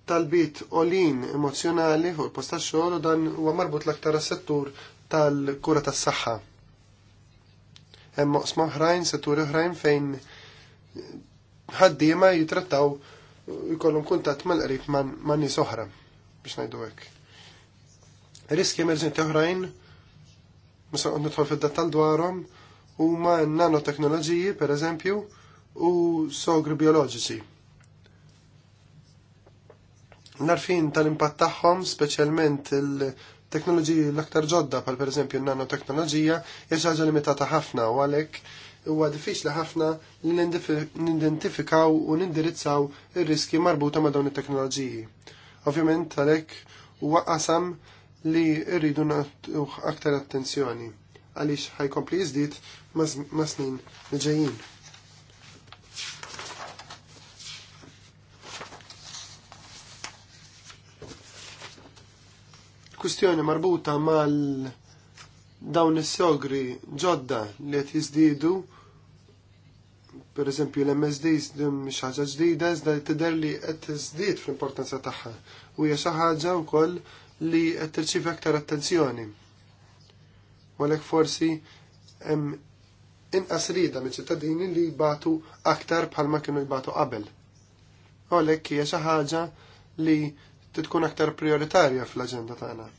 talbit olin emozjonali u l post tax-xogħol u dan huwa marbut l-aktar settur tal-kura tas-saħħa. Hemm oqsma oħrajn, settur oħrajn fejn ħaddiema jitrattaw jkollhom kuntatt mal-qrib ma' nies oħra biex ngħidu hekk. Riski emerġenti oħrajn mhux nidħol fid-dettal u ma nanoteknoloġiji pereżempju u sogri bioloġiċi. Narfin tal-impatt tagħhom speċjalment il- teknoloġiji l-aktar ġodda, pal per eżempju nanoteknoloġija, hija ħaġa limitata ħafna u għalhekk huwa diffiċli ħafna li nidentifikaw u nindirizzaw ir-riski marbuta ma' dawn it-teknoloġiji. Ovvjament għalhekk huwa qasam li rridu nagħtu aktar attenzjoni għaliex ħajkompli jiżdied ma' snin li ġejjin. Kwistjoni marbuta mal dawn is-sogri ġodda li qed jiżdiedu per eżempju l-MSDs dim xaġa ġdida iżda tidher li qed tiżdied fl-importanza tagħha u hija xi ħaġa wkoll li qed tirċiv aktar attenzjoni. U għalhekk forsi hemm inqas rida minn ċittadini li jbatu aktar bħalma kienu jbatu qabel. Għolek hija xi ħaġa li titkun aktar prioritarja fl-aġenda tagħna.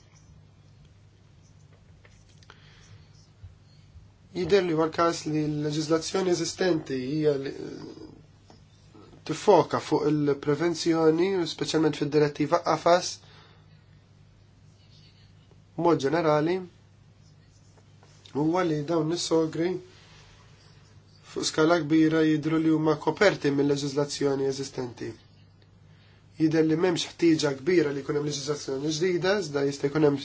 Jider li għal-kas li l-leġizlazzjoni eżistenti hija eh, tifoka fuq il-prevenzjoni, specialment fil-direttiva AFAS, mod ġenerali, huwa li dawn nis sogri fuq skala kbira jidru li huma koperti mill-leġizlazzjoni eżistenti jider li memx ħtiġa kbira li kunem leġislazzjoni ġdida, zda jista' jkun hemm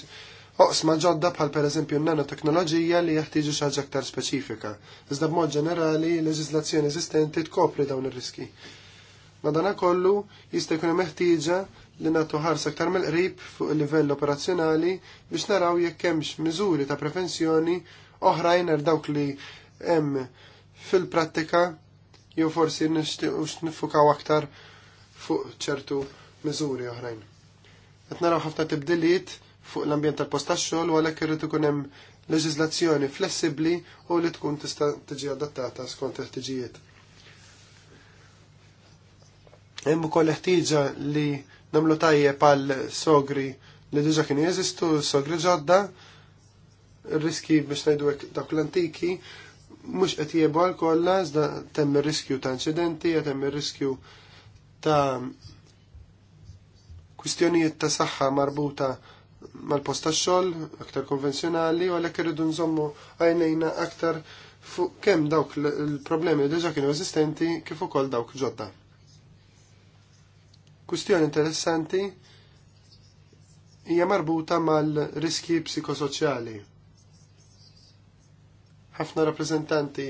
oqsma ġodda bħal pereżempju n-nanoteknoloġija li jeħtieġu xi ħaġa aktar speċifika, iżda b'mod ġenerali leġiżlazzjoni eżistenti tkopri dawn ir-riski. Madanakollu jista' jkun meħtieġa li nagħtu ħarsa aktar mill-qrib fuq il-livell operazzjonali biex naraw jekk hemmx miżuri ta' prevenzjoni oħrajn għal dawk li hemm fil-prattika jew forsi nixtiequx nifukaw aktar fuq ċertu miżuri oħrajn. Qed naraw ħafna tibdiliet fuq l-ambjent tal-post tax-xogħol u għalhekk irid ikun hemm leġiżlazzjoni flessibbli u li tkun tista' tiġi adattata skont il-ħtiġijiet. Hemm ukoll ħtieġa li nagħmlu tajjeb għal sogri li diġa kienu jeżistu, sogri ġodda, riski biex ngħidu dawk l-antiki, mhux qed jiebu għal kollha, iżda temm ir-riskju ta' inċidenti, hemm ir-riskju ta' kwistjonijiet ta' saħħa marbuta mal posta tax-xogħol, aktar konvenzjonali, u għalhekk irridu nżommu għajnejna aktar fuq kemm dawk il-problemi li diġà kienu eżistenti kif ukoll dawk ġodda. Kustjoni interessanti hija marbuta mal-riski psikosoċjali. Ħafna rappreżentanti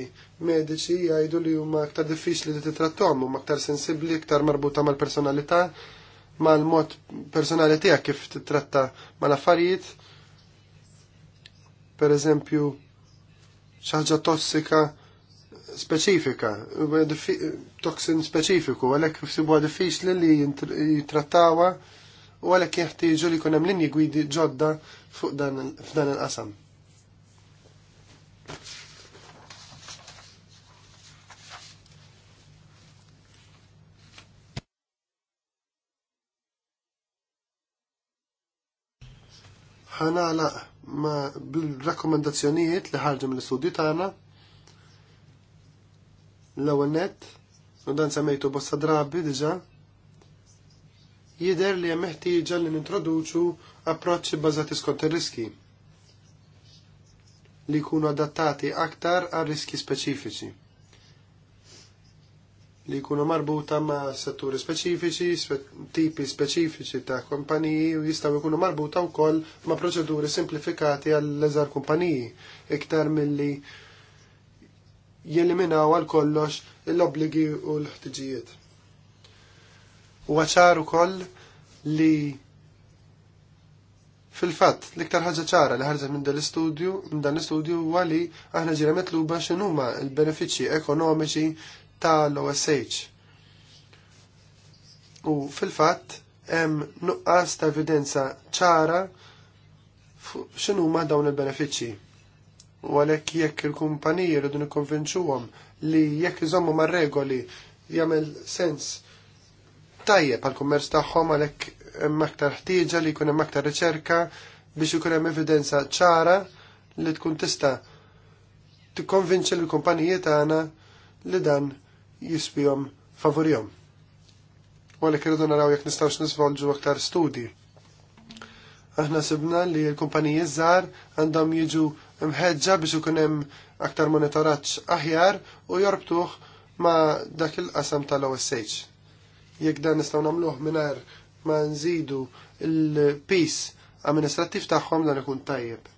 mediċi jgħidu li huma aktar diffiċli li titrattom, huma aktar sensibbli, aktar marbuta mal-personalità, mal-mod personali tiegħek kif titratta mal-affarijiet. Per eżempju, xaġa tossika speċifika, toxin speċifiku, għalhekk fsibuha diffiċli li jitrattawa u għalhekk jeħtieġu li jkun hemm linji gwidi ġodda fuq dan il-qasam. ħanala bil-rakkomandazzjonijiet li ħarġu mill-istudju tagħna l-ewwel nett u dan semmejtu bosta drabi diġà jidher li hemm ħtieġa li nintroduċu approċċi bbażati skont ir-riski li jkunu adattati aktar għal riski speċifiċi li jkunu marbuta ma' setturi speċifiċi, tipi speċifiċi ta' kompaniji u jistaw jkunu marbuta wkoll ma' proċeduri simplifikati għall leżar kumpaniji, iktar milli jeliminaw għal kollox l-obligi u l-ħtiġijiet. U għaċar ukoll li Fil-fatt, l-iktar ħaġa ċara li ħarġet minn istudju minn dan l-istudju huwa li aħna ġira metluba x'inhuma l-benefiċċji ekonomiċi tal-OSH. U fil-fatt hemm nuqqas ta' evidenza ċara x'inhuma dawn il-benefiċċji. U għalhekk jekk il-kumpaniji rridu nikkonvinċuhom li jekk iżommu mar-regoli jagħmel sens tajjeb għal kummerz tagħhom għalhekk hemm aktar ħtieġa li jkun hemm aktar riċerka biex ikun hemm evidenza ċara li tkun tista' tikkonvinċi l-kumpaniji tagħna li dan jisbihom favorihom. U għalek irridu naraw jekk nistgħux nisvolġu aktar studji. Aħna sibna li l-kumpaniji żgħar għandhom jiġu mħeġġa biex ikun hemm aktar monitoraċ aħjar u jorbtuh ma' dak il-qasam tal-OSH. Jekk dan nistgħu nagħmluh mingħajr ma nżidu l-pis amministrattiv tagħhom dan ikun tajjeb.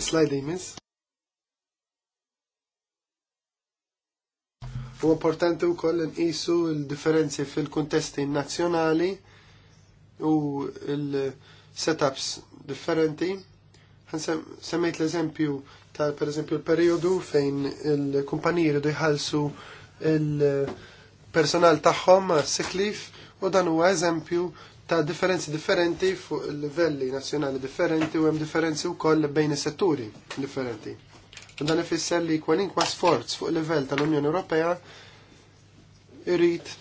Slide jmiss. U importanti u koll nqisu l-differenzi fil-kontesti nazzjonali u l-setups differenti. Semmejt l-eżempju ta' per eżempju l-periodu fejn il-kumpaniji ridu jħalsu il-personal tagħhom siklif u dan huwa eżempju ta' differenzi differenti fuq livelli nazzjonali differenti u hemm differenzi wkoll bejn is-setturi differenti. U dan ifisser li kwalinkwa sforz fuq livell tal-Unjoni Ewropea irid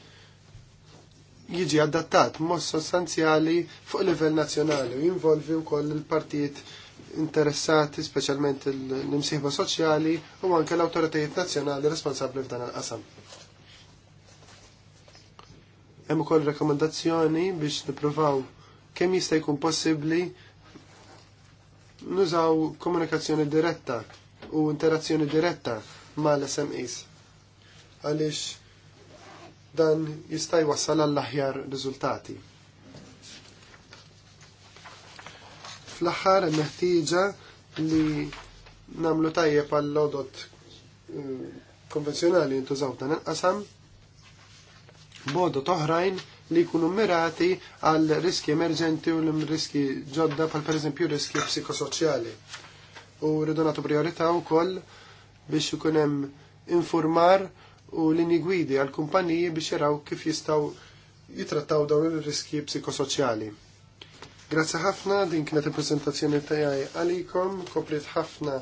jiġi adattat mod sostanzjali fuq livell nazzjonali u jinvolvi wkoll il-partijiet interessati, speċjalment l-imsieħba soċjali u anke l-awtoritajiet nazzjonali responsabbli f'dan il-qasam hemm ukoll rakkomandazzjoni biex nippruvaw kemm jista' jkun possibbli nużaw komunikazzjoni diretta u interazzjoni diretta mal-SMEs għaliex dan jista' jwassal għall-aħjar riżultati. Fl-aħħar meħtieġa li namlu tajjeb għall-lodot eh, konvenzjonali intużaw dan il-qasam b'modot oħrajn li jkunu mirati għal riski emerġenti u l-riski ġodda bħal pereżempju riski psikosoċjali. U rridu nagħtu priorità wkoll biex ikun hemm infurmar u linji gwidi għal kumpaniji biex jaraw kif jistgħu jitrattaw dawn ir-riski psikosoċjali. Grazzi ħafna, din kienet il-prezentazzjoni tiegħi għalikom, kopriet ħafna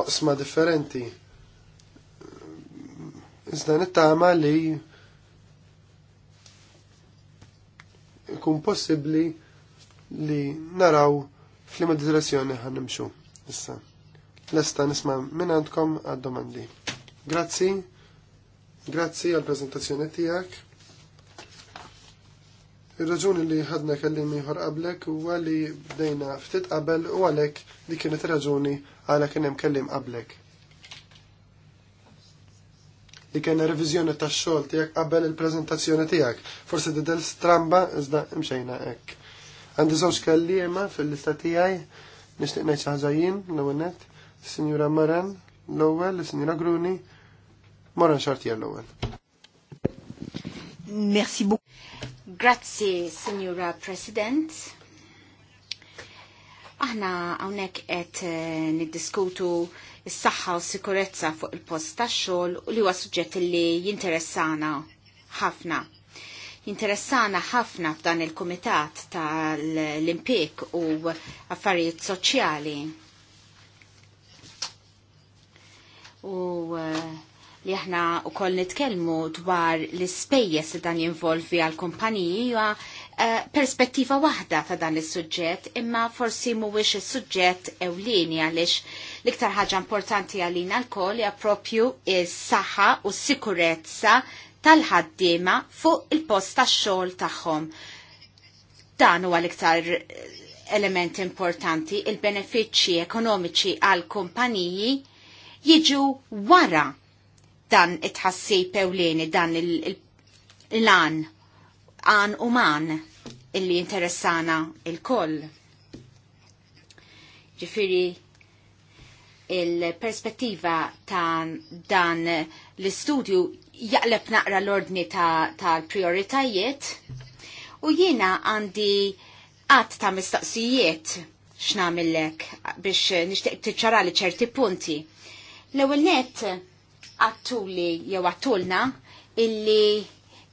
oqsma differenti Iżda nittama li ikun possibbli li naraw fl direzzjoni ħannimxu nimxu. Issa. Lesta nisma minn għandkom għad-domandi. Grazzi, grazzi għal-prezentazzjoni tijak. Il-raġuni li ħadna kellim ieħor qablek huwa li bdejna ftit qabel u għalhekk li kienet raġuni għala kien hemm kellim qablek li kena revizjoni ta' xol tijak qabbel il-prezentazzjoni tijak. Forse di del stramba, iżda imxajna ek. Għandi zoċ jema fil-lista tijaj, nishtiq najċ ħazajin, l-għunet, signora Maran, l-għuel, signora Gruni, Maran xartija l-għuel. Merci beaucoup. Grazie, signora President. Aħna għonek et eh, niddiskutu is-saħħa u sikurezza fuq il-post tax-xogħol u li huwa suġġett li jinteressana ħafna. Jinteressana ħafna f'dan il-Kumitat tal-Impik u Affarijiet Soċjali. U eh, li aħna u koll nitkelmu dwar l-spejjes li dan jinvolvi għal kumpaniji eh, perspettiva waħda ta' dan is suġġett imma forsi mhuwiex is suġġett ewlini għaliex L-iktar ħaġa importanti għalina l-koll hija s-saħħa u s-sikurezza tal-ħaddiema fuq il-post tax-xogħol tagħhom. Dan huwa l-iktar element importanti, il-benefiċċji ekonomiċi għal kumpaniji jiġu wara dan it-ħassib ewleni, dan il-lan, għan u man illi interessana il-koll. Ġifiri, il-perspettiva ta' dan l-istudju jaqleb naqra l-ordni tal-prioritajiet u jiena għandi għat ta' mistaqsijiet x'namillek biex nixtieq li ċerti punti. L-ewwel net għattuli jew għattulna illi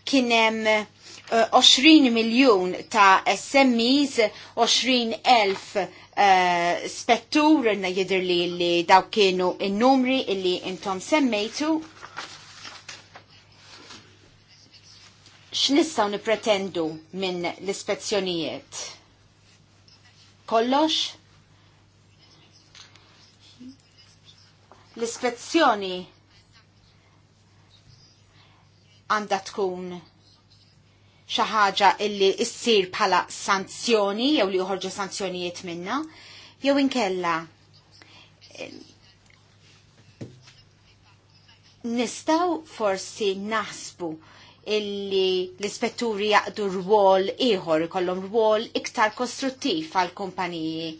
kienem eh, 20 miljon ta' SMEs, 20 elf Eh, spettur rna jidir li li daw kienu il-numri illi intom semmejtu. X'nistgħu nipretendu minn l-ispezzjonijiet? Kollox? L-ispezzjoni għandha tkun xi ħaġa illi ssir bħala sanzjoni jew li joħorġu sanzjonijiet minna, jew inkella nistaw forsi naħsbu illi l-ispetturi jaqdu rwol iħor, kollom rwol iktar kostruttiv għal kumpaniji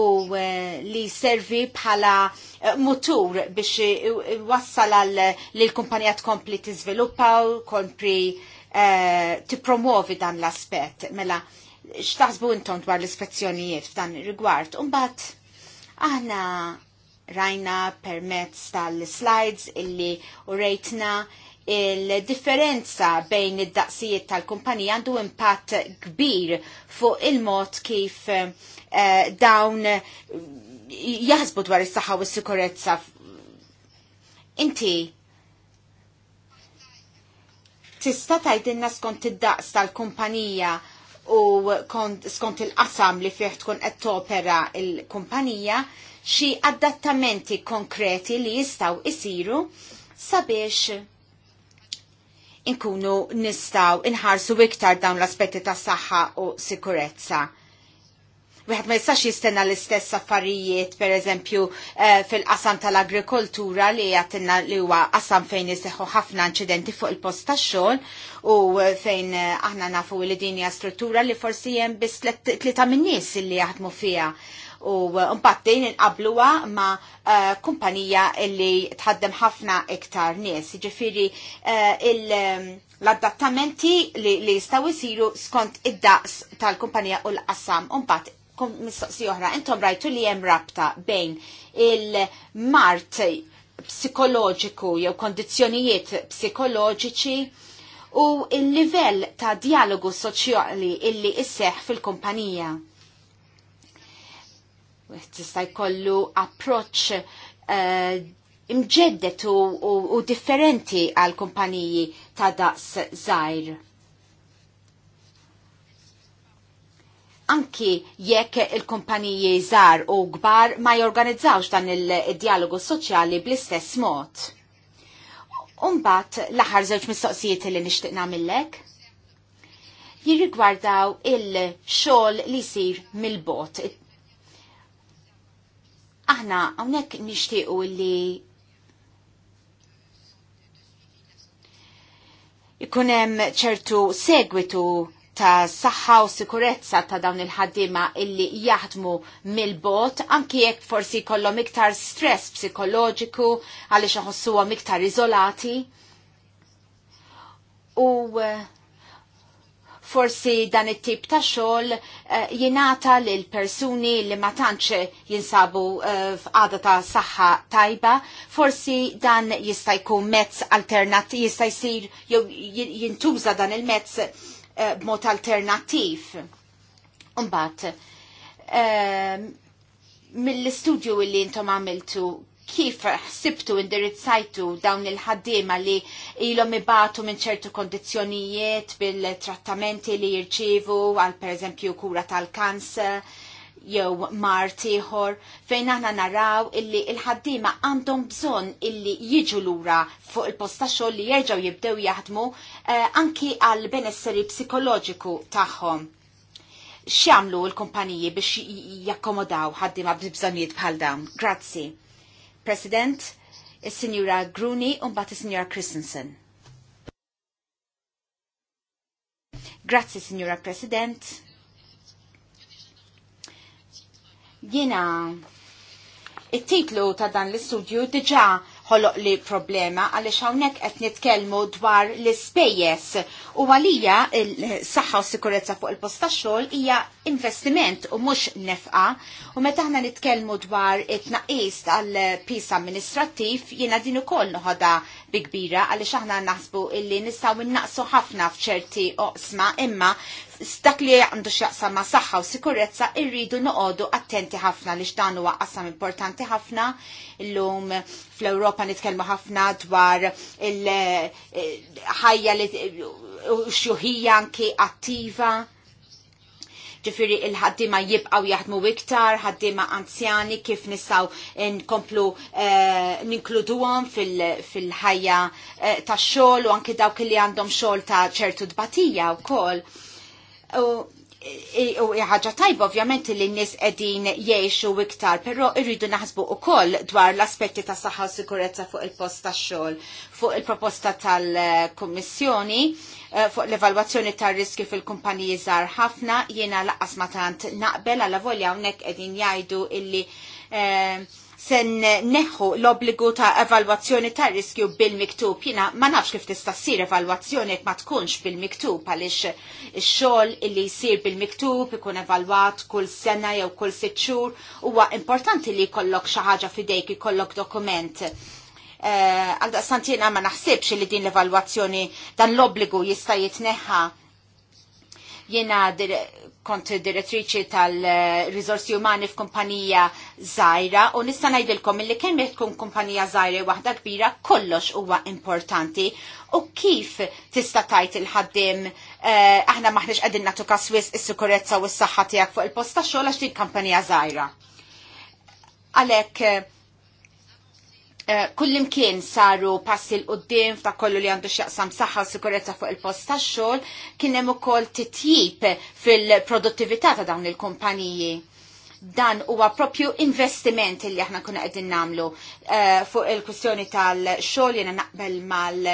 u eh, li servi bħala eh, motur biex eh, wassal għal li l-kumpanija tkompli tiżviluppaw, kompri Eh, tippromovi dan l-aspett mela x'taħsbu intom dwar l-ispezzjonijiet f'dan ir-rigward. Imbagħad aħna rajna permezz tal-slides illi u rejtna il-differenza bejn id-daqsijiet tal-kumpanija għandu impatt kbir fuq il-mod kif eh, dawn jaħsbu dwar is-saħħa u s-sikurezza. Inti Tista tajdinna skont id-daqs tal-kumpanija u skont il-qasam li fih tkun qed topera il-kumpanija xi adattamenti konkreti li jistgħu isiru sabiex inkunu nistaw inħarsu iktar dawn l-aspetti ta' saħħa u sikurezza. Wieħed ma jistax jistenna l-istess affarijiet, per eżempju, eh, fil-qasam tal-agrikoltura li għatinna li huwa qasam fejn jiseħħu ħafna inċidenti fuq il-post tax-xogħol u fejn eh, aħna nafu li din hija struttura li forsi hemm biss tlieta min-nies li jaħdmu fiha u eh, mbagħad din inqabluha ma kumpanija li tħaddem ħafna iktar nies. Ġifieri il l-adattamenti li, jistaw jistgħu jsiru skont id-daqs tal-kumpanija u l-qassam Unbat mistoqsi oħra, intom rajtu li hemm rabta bejn il-mart psikoloġiku jew kondizzjonijiet psikoloġiċi u il-livell ta' dialogu soċjali illi isseħ fil-kumpanija. Tista' jkollu approċċ uh, eh, imġeddet u, u, u differenti għal kumpaniji ta' daqs zaħir. anki jekk il-kumpaniji żgħar u kbar ma jorganizzawx dan il-dialogu soċjali bl-istess mod. Umbat l-aħħar żewġ mistoqsijiet li nixtieq nagħmilek jirrigwardaw il-xogħol li jsir mill-bot. Aħna hawnhekk nixtiequ li ikun hemm ċertu segwitu ta' saħħa u sikurezza ta' dawn il-ħaddima illi jaħdmu mill-bot, anki jekk forsi kollhom iktar stress psikoloġiku għaliex iħossuhom iktar iżolati. U eh, forsi dan it-tip ta' xogħol eh, jingħata lil persuni li ma tantx jinsabu eh, f'qada ta' saħħa tajba, forsi dan jista' jkun mezz alternat jista' jsir jintuża dan il-mezz Eh, b'mod alternattiv. Umbat, ehm, mill-istudju li intom għamiltu kif ħsibtu indirizzajtu dawn il-ħaddiema li ilhom ibatu minn ċertu kondizzjonijiet bil-trattamenti li jirċievu għal pereżempju kura tal-kanser, jew mar ieħor fejn aħna naraw illi il-ħaddiema għandhom bżonn illi jiġu lura fuq il posta xogħol li jerġgħu jibdew jaħdmu eh, anki għal benesseri psikoloġiku tagħhom. X'jagħmlu l-kumpaniji biex jakkomodaw ħaddiema b'bżonnijiet bħal dawn? Grazzi. President, is-Sinjura Gruni u mbagħad is-Sinjura Christensen. Grazzi, Signora President. Jina, it-titlu ta' dan l-istudju diġa ħoloq li problema għaliex hawnhekk qed nitkellmu dwar l-ispejjeż u għalija l-saħħa u sikurezza fuq il-post tax-xogħol hija investiment u mhux nefqa u meta aħna nitkellmu dwar it-tnaqqis tal-pis amministrattiv jiena din ukoll noħodha bi kbira għaliex aħna naħsbu illi nistgħu innaqsu ħafna f'ċerti oqsma imma stak li għandu xjaqsam ma' saħħa u sikurezza irridu noqogħdu attenti ħafna li x'dan huwa qasam importanti ħafna illum fl-Ewropa nitkellmu ħafna dwar il-ħajja eh, li xjuħija anki attiva ġifiri il-ħaddima jibqaw jaħdmu iktar, ħaddima anzjani kif nistaw nkomplu eh, ninkluduhom fil-ħajja eh, tax ta' xogħol u anki dawk li għandhom xogħol ta' ċertu dbatija wkoll u ħaġa tajba ovvjament li n-nis edin jiexu iktar, pero irridu naħsbu u koll dwar l-aspetti ta' saħħa u sikurezza fuq il-post xol, fuq il-proposta tal-Kommissjoni, eh, fuq l-evalwazzjoni ta' riski fil-kumpaniji żgħar ħafna, jiena laqqas ma tant naqbel għal volja hawnhekk qegħdin jgħidu illi eh, sen neħu l-obbligu ta' evalwazzjoni ta' riskju bil-miktub. Jina ma nafx kif tista' ssir evalwazzjoni ma tkunx bil-miktub għaliex ix-xogħol illi jsir bil-miktub ikun evalwat kull sena jew kull sitt xhur huwa importanti li jkollok xi ħaġa f'idejk ikollok dokument eh, Għaldaqstant uh, ma naħsibx li din l-evalwazzjoni dan l-obbligu jista' jitneħħa Jena kont direttriċi tal-rizorsi umani f'kumpanija zaħira u nista' ngħidilkom li kemm jekk tkun kumpanija zaħira waħda kbira kollox huwa importanti u kif tista' tajt il-ħaddim eh, aħna maħniex qegħdin nagħtu kaswis is-sikurezza u s-saħħa tiegħek fuq il posta xogħol għax din kumpanija zaħira. Għalhekk eh, Eh, kullimkien saru passi l-qoddim ta' kollu li għandu xaqsam saħħa u sikurezza fuq il-post ta' xogħol kien hemm ukoll titjib fil-produttività ta' dawn il-kumpaniji. Dan huwa propju investiment li aħna kuna qegħdin nagħmlu uh, fuq il-kwistjoni tal-xogħol jiena naqbel mal-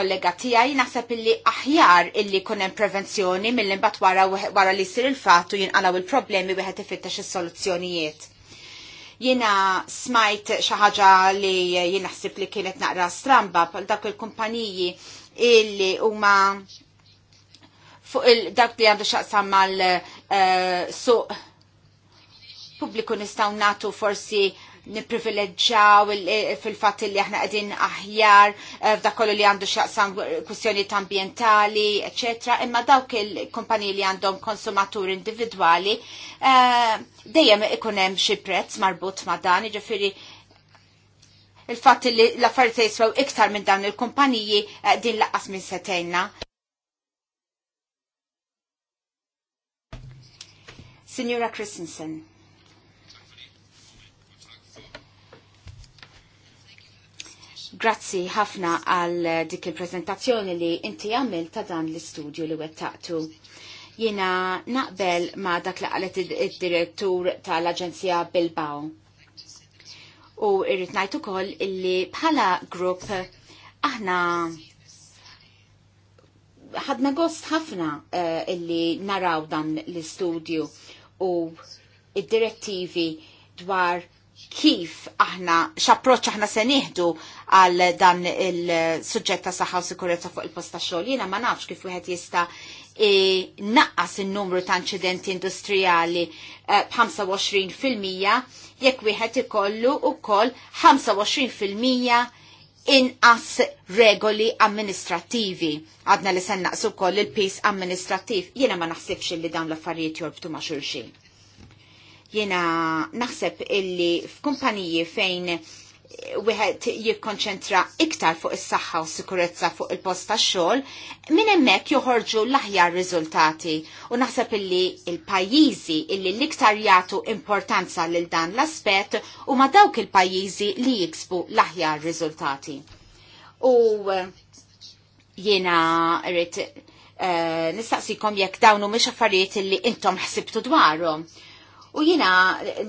kollega tiegħi naħseb illi aħjar illi kun hemm prevenzjoni mill-imbagħad wara li jsir il-fatt u jinqalgħu il-problemi wieħed ifittex is-soluzzjonijiet Jiena smajt xi ħaġa li jina ħsib li kienet naqra stramba pal dak il-kumpaniji illi huma fuq il dak li għandu xaqsam mal-suq eh, uh, so, pubbliku nistaw natu forsi niprivileġġaw eh, fil-fatt li aħna qegħdin aħjar eh, f'dakollu li għandu x'jaqsam kwistjonijiet ambjentali, eccetera. imma dawk il-kumpaniji li għandhom konsumaturi individwali eh, dejjem ikun hemm xi prezz marbut ma' dan, jiġifieri il-fatt li l-affarijiet jiswew iktar minn dawn il-kumpaniji din laqqas minn setejna. Signora Christensen. Grazzi ħafna għal dik il-prezentazzjoni li inti għamil ta' dan l-istudju li wettaqtu. Jina naqbel ma' dak li għalet id-direttur tal-Aġenzija Bilbao. U irrit najtu kol illi bħala grupp aħna ħadna gost ħafna uh, illi naraw dan l-istudju u id-direttivi dwar kif aħna x'approċċ aħna se nieħdu għal dan il sujġet ta' saħħa u sikurezza fuq il-post ta' xogħol. Jiena ma nafx kif wieħed jista' e, naqqas in-numru ta' inċidenti industrijali eh, b'25 fil-mija jekk wieħed ikollu wkoll 25 fil-mija inqas regoli amministrativi. Għadna li sen naqsu koll il-pis amministrativ. Jiena ma naħsibx li dawn l-affarijiet jorbtu ma' xulxin. Jiena naħseb illi f'kumpaniji fejn wieħed jikkonċentra iktar fuq is-saħħa u sikurezza fuq il-post tax-xogħol, minn hemmhekk joħorġu l-aħjar riżultati u naħseb illi il-pajjiżi illi l-iktar jagħtu importanza lil dan l-aspett huma dawk il-pajjiżi li jiksbu l-aħjar riżultati. U eh, jiena rrid eh, nistaqsikom jekk dawn mhumiex affarijiet illi intom ħsibtu dwarhom U jina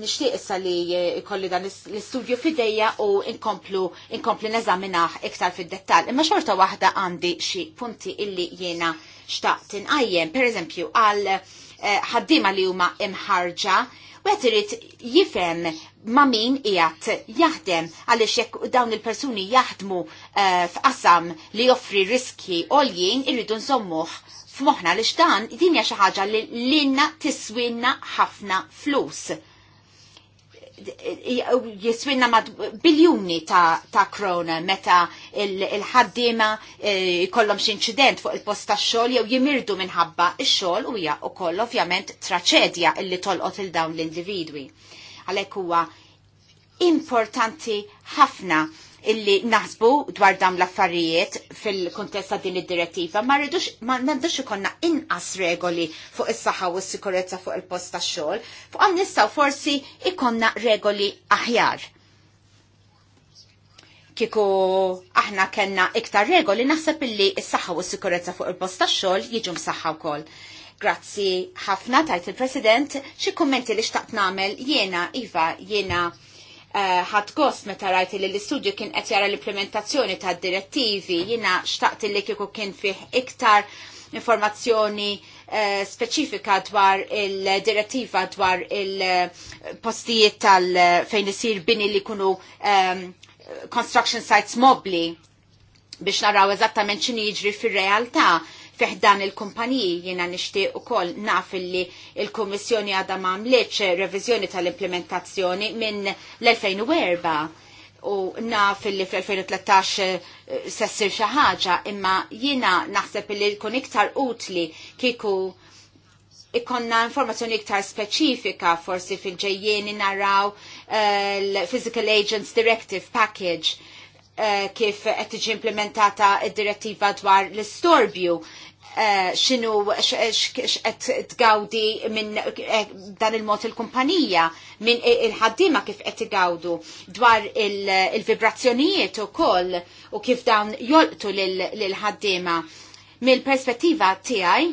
nishtiq issa li kolli dan l-istudju fideja u inkomplu inkomplu neżaminaħ iktar fid-dettal. Imma xorta waħda għandi xi punti illi jiena xtaqt inqajjem, per eżempju, għal eh, ħaddima li huma imħarġa u irid jifhem ma' min qiegħed jaħdem għaliex jekk dawn il-persuni jaħdmu eh, f'qasam li joffri riski għoljien irridu nżommuh f'moħna li x'dan din hija xi ħaġa li lilna tiswinna ħafna flus. Jiswinna mad biljuni ta', ta krona meta il ħaddiema il eh, jkollhom xi inċident fuq il-post tax-xogħol jew jimirdu minħabba x-xogħol u hija wkoll ovvjament traċedja illi tolqot il dawn l-individwi. Għalhekk huwa importanti ħafna illi naħsbu dwar dawn l-affarijiet fil-kontesta din id-direttiva ma rridux ma nandux ikonna inqas regoli fuq is-saħħa u s-sikurezza fuq il-post tax-xogħol, fuq għam nistgħu forsi ikonna regoli aħjar. Kiku aħna kellna iktar regoli naħseb illi s-saħħa u s-sikurezza fuq il-post tax-xogħol jiġu msaħħa wkoll. Grazzi ħafna tajt il-President, xi kummenti li xtaqt nagħmel jiena iva jiena Eh, ħad gost meta rajti li l-istudju kien qed jara l-implementazzjoni ta' direttivi jiena xtaqt li kieku kien fih iktar informazzjoni eh, speċifika dwar il-direttiva dwar il-postijiet tal fejn isir bini li kunu ehm, construction sites mobli biex naraw eżattament x'inhi jiġri fir-realtà fiħdan il-kumpaniji jiena nixtieq ukoll naf li il-Kummissjoni għadha ma għamlitx reviżjoni tal-implementazzjoni minn l-2004 u naf li fl-2013 eh, sessir xi ħaġa imma jiena naħseb li kun iktar utli kieku ikonna informazzjoni iktar speċifika forsi fil-ġejjeni naraw eh, l-Physical Agents Directive Package eh, kif qed tiġi implementata id direttiva dwar l storbju Eh, xinu xqed tgawdi minn eh, dan il-mod il-kumpanija minn il-ħaddima kif qed tgawdu dwar il-vibrazzjonijiet ukoll u kif dawn jolqtu lill ħaddima Mill-perspettiva tiegħi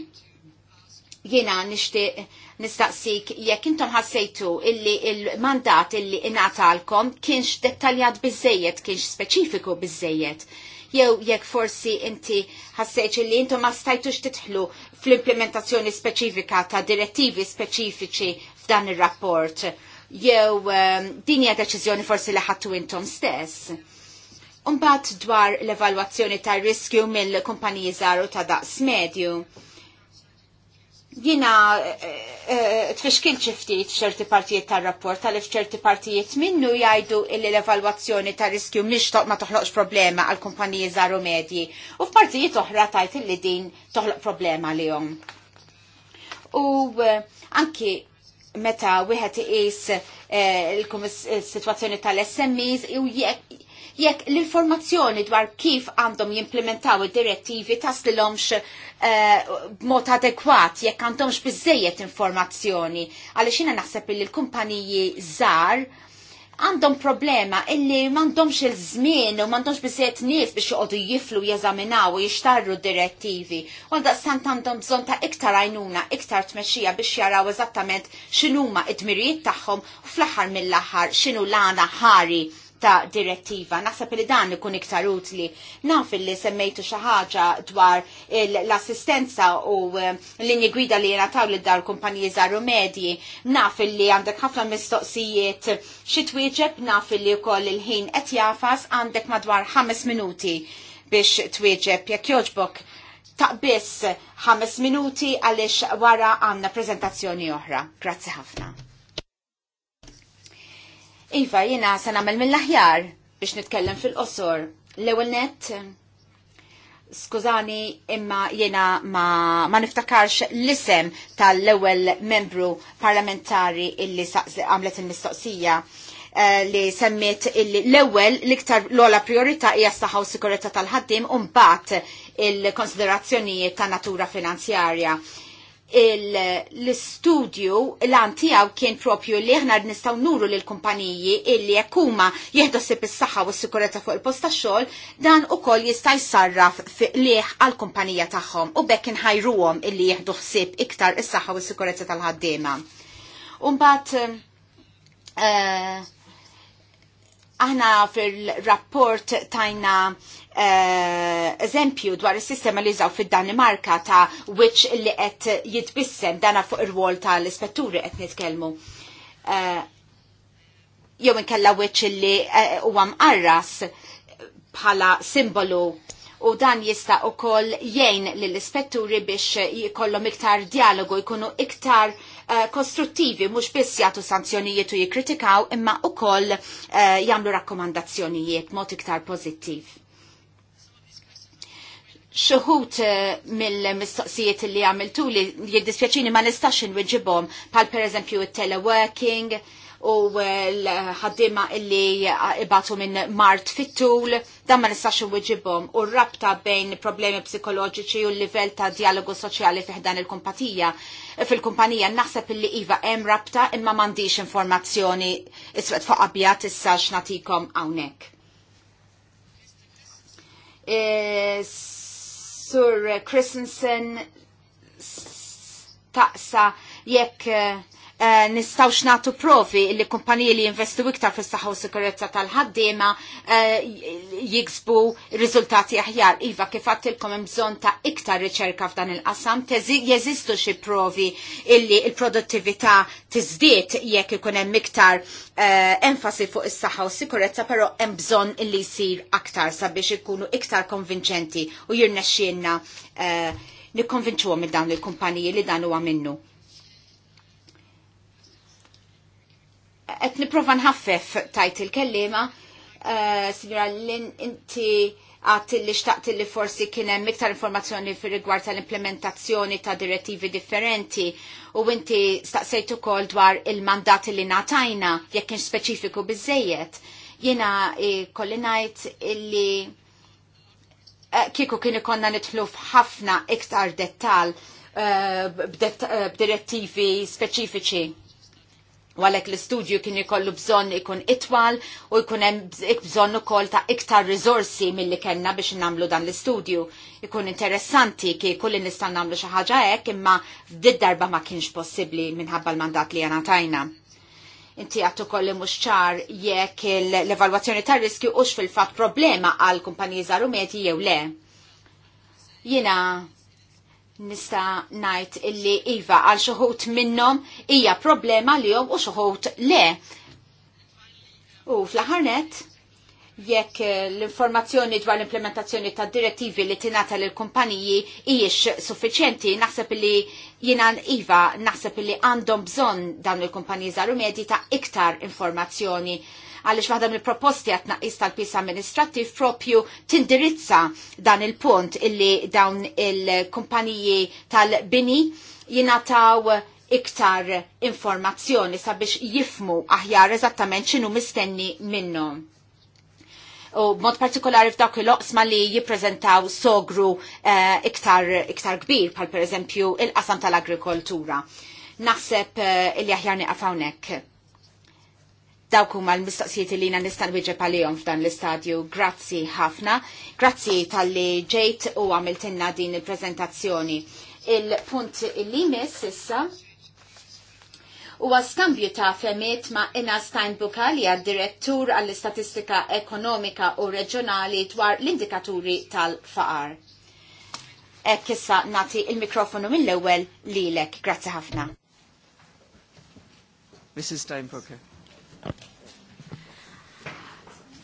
jiena nixtieq nistaqsik jekk intom ħassejtu illi il-mandat illi ingħatalkom kienx dettaljat biżejjed, kienx speċifiku biżejjed jew jekk forsi inti ħassejt li intom ma stajtux titħlu fl-implementazzjoni speċifika ta' direttivi speċifiċi f'dan ir-rapport jew um, din hija deċiżjoni forsi li ħadtu intom stess. Umbat dwar l-evalwazzjoni tar riskju mill-kumpaniji żaru ta' daqs medju jina eh, eh, tfixkil ċiftit f'ċerti partijiet tar-rapport, tal f'ċerti partijiet minnu jgħidu illi l-evalwazzjoni ta' riskju toq ma toħloqx problema għal kumpaniji żaru medji, u f'partijiet oħra tajt illi din toħloq problema jom. U eh, anki meta wieħed iqis il-sitwazzjoni tal-SMEs u jekk jekk l-informazzjoni dwar kif għandhom jimplementaw id-direttivi taslilhomx eh, b'mod adekwat jekk għandhomx bizzejiet informazzjoni għaliex jiena naħseb li l-kumpaniji żgħar għandhom problema illi mandomx il-żmien u mandomx bizzejiet nies biex joqogħdu jiflu jeżaminaw u jixtarru direttivi. U għandha sant għandhom bżonn ta' iktar għajnuna, iktar tmexxija biex jaraw eżattament x'inhuma id-dmirijiet tagħhom u fl-aħħar mill-aħħar x'inhu l-għana ħari ta' direttiva. Naħseb li dan ikun iktar utli. Naf li semmejtu xi ħaġa dwar l-assistenza u l-linji eh, gwida li jenataw li dar kumpaniji żaru medji. Naf li għandek ħafna mistoqsijiet xi twieġeb, naf li koll il-ħin qed jafas għandek madwar ħames minuti biex twieġeb jekk jogħġbok biss ħames minuti għaliex wara għandna prezentazzjoni oħra. Grazzi ħafna. Iva, jina se namel mill-aħjar biex nitkellem fil-qosor. L-ewel net, skużani imma jena ma, ma niftakarx l-isem tal-ewel membru parlamentari illi għamlet il-mistoqsija eh, li semmiet l-ewel l-iktar l-ola priorita hija s-saħħa sikurezza tal-ħaddim u mbagħad il-konsiderazzjonijiet ta' natura finanzjarja l studio l-antijaw kien propju li ħna nistaw nuru l-kumpaniji illi jekkuma jihdu sib is-saħħa u s-sikurezza fuq il posta tax-xogħol dan ukoll jista' jsarraf liħ għall-kumpanija tagħhom u bekk inħajruhom illi jieħdu ħsieb iktar is-saħħa u s-sikurezza tal-ħaddiema. Umbat uh, eh, aħna fil-rapport tajna Eh, eżempju dwar is-sistema li jżaw fid-Danimarka ta' which li qed jitbissem dana fuq ir-wol tal-ispetturi qed nitkellmu. Eh, jew inkella which li eh, huwa mqarras bħala simbolu u dan jista' ukoll jgħin lill-ispetturi biex jkollhom iktar dialogu jkunu iktar kostruttivi mhux biss jagħtu sanzjonijiet u jikkritikaw imma wkoll uh, jagħmlu rakkomandazzjonijiet mod iktar pozittiv xoħut eh, mill-mistoqsijiet li għamiltu li jiddispjaċini ma nistax inwiġibhom pal per eżempju il-teleworking u eh, l-ħaddima illi ibatu minn mart fit-tul, dan ma nistax inwiġibhom u rabta bejn problemi psikoloġiċi u l-livell ta' dialogu soċjali fiħdan il-kumpatija. Fil-kumpanija naħseb illi iva hemm rabta imma m'għandix informazzjoni iswet fuq abjat issa natikom hawnhekk. Eh, Sur Christensen taqsa jekk eh, Eh, nistawx natu provi li kumpaniji li investu iktar fis saħħa u sikurezza tal-ħaddiema eh, jiksbu riżultati aħjar. Iva kif għattilkom hemm bżonn ta' iktar riċerka f'dan il-qasam, jeżistu xi provi illi il-produttività tizdiet jekk ikun hemm iktar eh, enfasi fuq is-saħħa u sikurezza, però hemm bżonn illi jsir aktar sabiex ikunu iktar konvinċenti u jirnexxielna nikkonvinċuhom il-dawn il-kumpaniji li dan huwa minnu. qed nipprova nħaffef tajt il-kellima, uh, Signora Lin, inti għat li xtaqt li forsi kien hemm iktar informazzjoni fir rigward tal-implementazzjoni ta' direttivi differenti u inti staqsejt ukoll dwar il-mandat li natajna jekk kienx speċifiku biżejjed. Jiena eh, kolli ngħid illi eh, kieku kien ikonna nitħluf f'ħafna iktar dettal uh, b'direttivi speċifiċi U għalek l-istudju kien ikollu bżonn ikun itwal u jkun hemm bżonn ukoll ta' iktar riżorsi milli kellna biex nagħmlu dan l-istudju. Ikun interessanti kieku li nista' nagħmlu xi ħaġa hekk imma f'did darba ma kienx possibbli minħabba l-mandat li għana tajna. Inti għattu kolli mux ċar jekk l-evalwazzjoni tar riskju ux fil-fat problema għal kumpaniji żaru medji jew le. Jina nista najt illi Iva għal xoħut minnom hija problema li jom u xoħut le. U fl-ħarnet, jekk l-informazzjoni dwar l-implementazzjoni ta' direttivi li tinata l kumpaniji hijiex suffiċenti, naħseb li jinan Iva naħseb li għandhom bżon dan il-kumpaniji zaru medji ta' iktar informazzjoni għaliex waħda mill-proposti għatna naqis tal-pis amministrattiv propju tindirizza dan il-punt illi dawn il-kumpaniji tal-bini jinataw iktar informazzjoni sabiex jifmu aħjar eżattament x'inhu mistenni minnhom u mod partikolari f'dawk il-oqsma li jippreżentaw sogru eh, iktar, iktar kbir, pal per eżempju il-qasam tal-agrikoltura. Naħseb uh, eh, il-jahjarni għafawnek. Dawk huma l-mistoqsijiet li jina nista' nwieġeb għalihom f'dan l-istadju. Grazzi ħafna. Grazzi tal-li ġejt u għamiltinna din il prezentazzjoni Il-punt li miss issa u għaskambju ta' femiet ma' Inna Steinbuka li direttur għall-istatistika ekonomika u reġjonali dwar l-indikaturi tal-faqar. Ek issa nati il-mikrofonu mill ewwel lilek. Grazzi ħafna. Mrs. Steinbuka.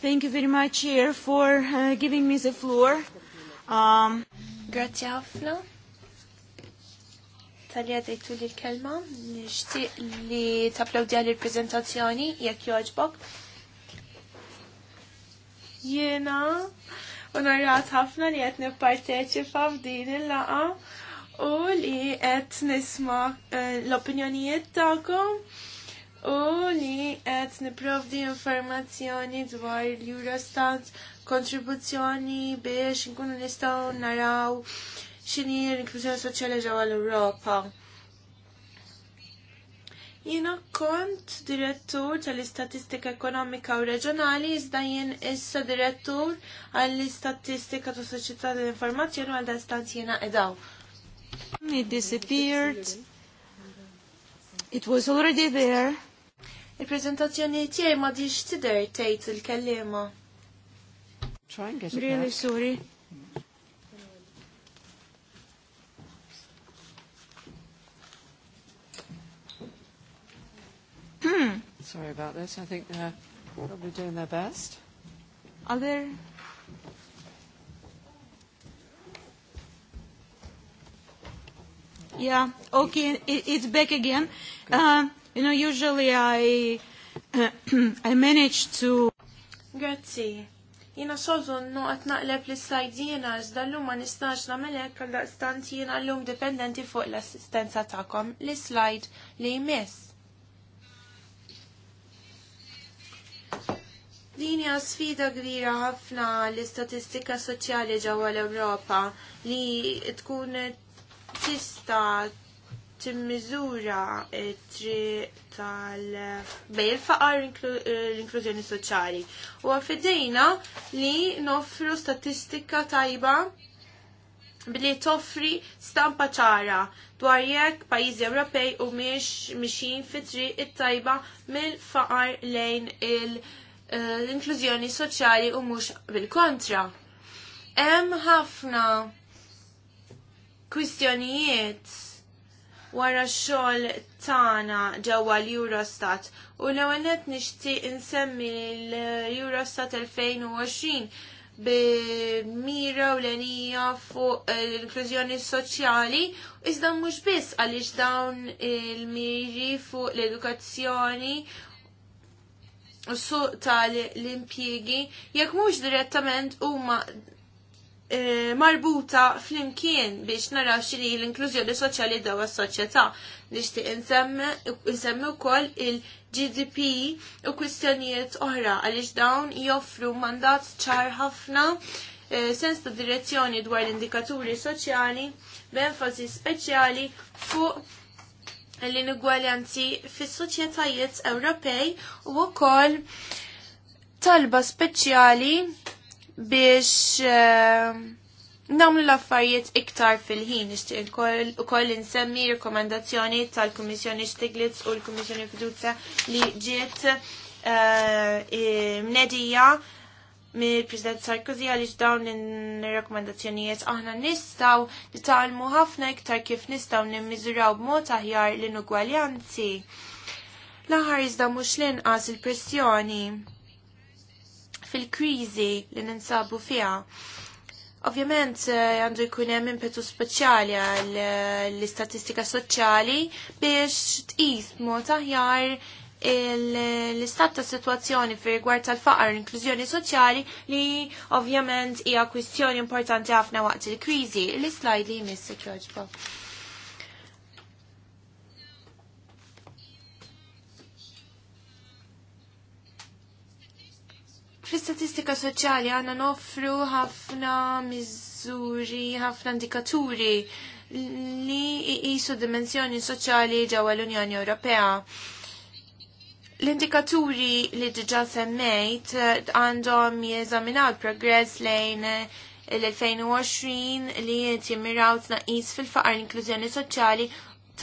Thank you very much, here for uh, giving me the floor. Um, Grazie ħafna. Talja dejtu li l-kelma, nishti li taplawdja li l-prezentazzjoni, jek joġbok. Jena, onorat ħafna li jett nipparteċipa f'din il-laqa u li jett nisma eh, l-opinjonijiet ta'kom u li qed niprovdi informazzjoni dwar l-Eurostat kontribuzzjoni biex nkunu nistgħu naraw x'inhi l-inklużjoni soċjali ġewwa l-Ewropa. Jiena kont direttur tal-Istatistika Ekonomika u Reġjonali iżda jien issa direttur għall-Istatistika tas Soċjetà tal-Informazzjoni għal dan stant jiena edaw. It disappeared. It was already there Il-prezentazzjoni tiegħi ma diġ tidher tgħid il-kellima. Really sorry. Hmm. Sorry about this. I think they're probably doing their best. Are there Yeah, okay, it's back again. Uh, You know, usually I, I manage to... Grazzi. Jina soltu noqgħod naqleb l-slajd jiena iżda llum ma nistax nagħmel hekk għal daqstant jiena llum dipendenti fuq l-assistenza tagħkom l-slajd li jmiss. Din sfida kbira ħafna l-istatistika soċjali ġewwa l-Ewropa li tkun tista' timmiżura tri tal bej il-faqar eh, l-inklużjoni soċjali. U għafidejna li noffru statistika tajba billi toffri stampa ċara dwar jekk pajjiżi Ewropej u miex mixin fitri it-tajba mill-faqar lejn eh, l-inklużjoni soċjali u mhux bil-kontra. Hemm ħafna kwistjonijiet wara xogħol tagħna ġewwa l-Eurostat u l għanet qed nixtieq insemmi l-Eurostat 2020 bi mira u l-enija fuq l-inklużjoni soċjali iżda mhux biss għaliex dawn il-miri fuq l-edukazzjoni u su tal-impjiegi jekk mhux direttament huma E, marbuta flimkien biex naraw xiri l-inklużjoni soċjali daw għas-soċjetà. Nixtieq insemmi wkoll il-GDP u kwistjonijiet oħra għaliex dawn joffru mandat ċar ħafna e, sens ta' direzzjoni dwar l-indikaturi soċjali b'enfasi speċjali fuq l-inugwaljanzi fis-soċjetajiet Ewropej u wkoll talba speċjali biex uh, namlu l-affarijiet iktar fil-ħin, nishtiq ukoll insemmi rekomendazzjoni tal-Kummissjoni Stiglitz u l-Kummissjoni Fiduza li ġiet uh, mnedija mill-President Sarkozy għaliex dawn il-rekomendazzjonijiet aħna nistaw nitalmu ħafna iktar kif nistaw nimmiżuraw b'mod aħjar l-inugwaljanzi. L-aħar iżda mhux l-inqas il-pressjoni fil-krizi li ninsabu fija. Ovvjament eh, għandu jkun hemm impetu speċjali eh, l-istatistika soċjali biex tqis mod aħjar l-istat ta' situazzjoni fi rigward tal-faqar l-inklużjoni soċjali li ovvjament hija kwistjoni importanti ħafna waqt il-kriżi. L-islajd li jmiss ikjoġba. Fl-istatistika soċjali għanna noffru ħafna miżuri, ħafna indikaturi li jisu dimensjoni soċjali ġewwa l-Unjoni Ewropea. L-indikaturi li diġa semmejt għandhom jeżaminaw progress lejn l-2020 li jiet jimmiraw tnaqis fil-faqar l-inklużjoni soċjali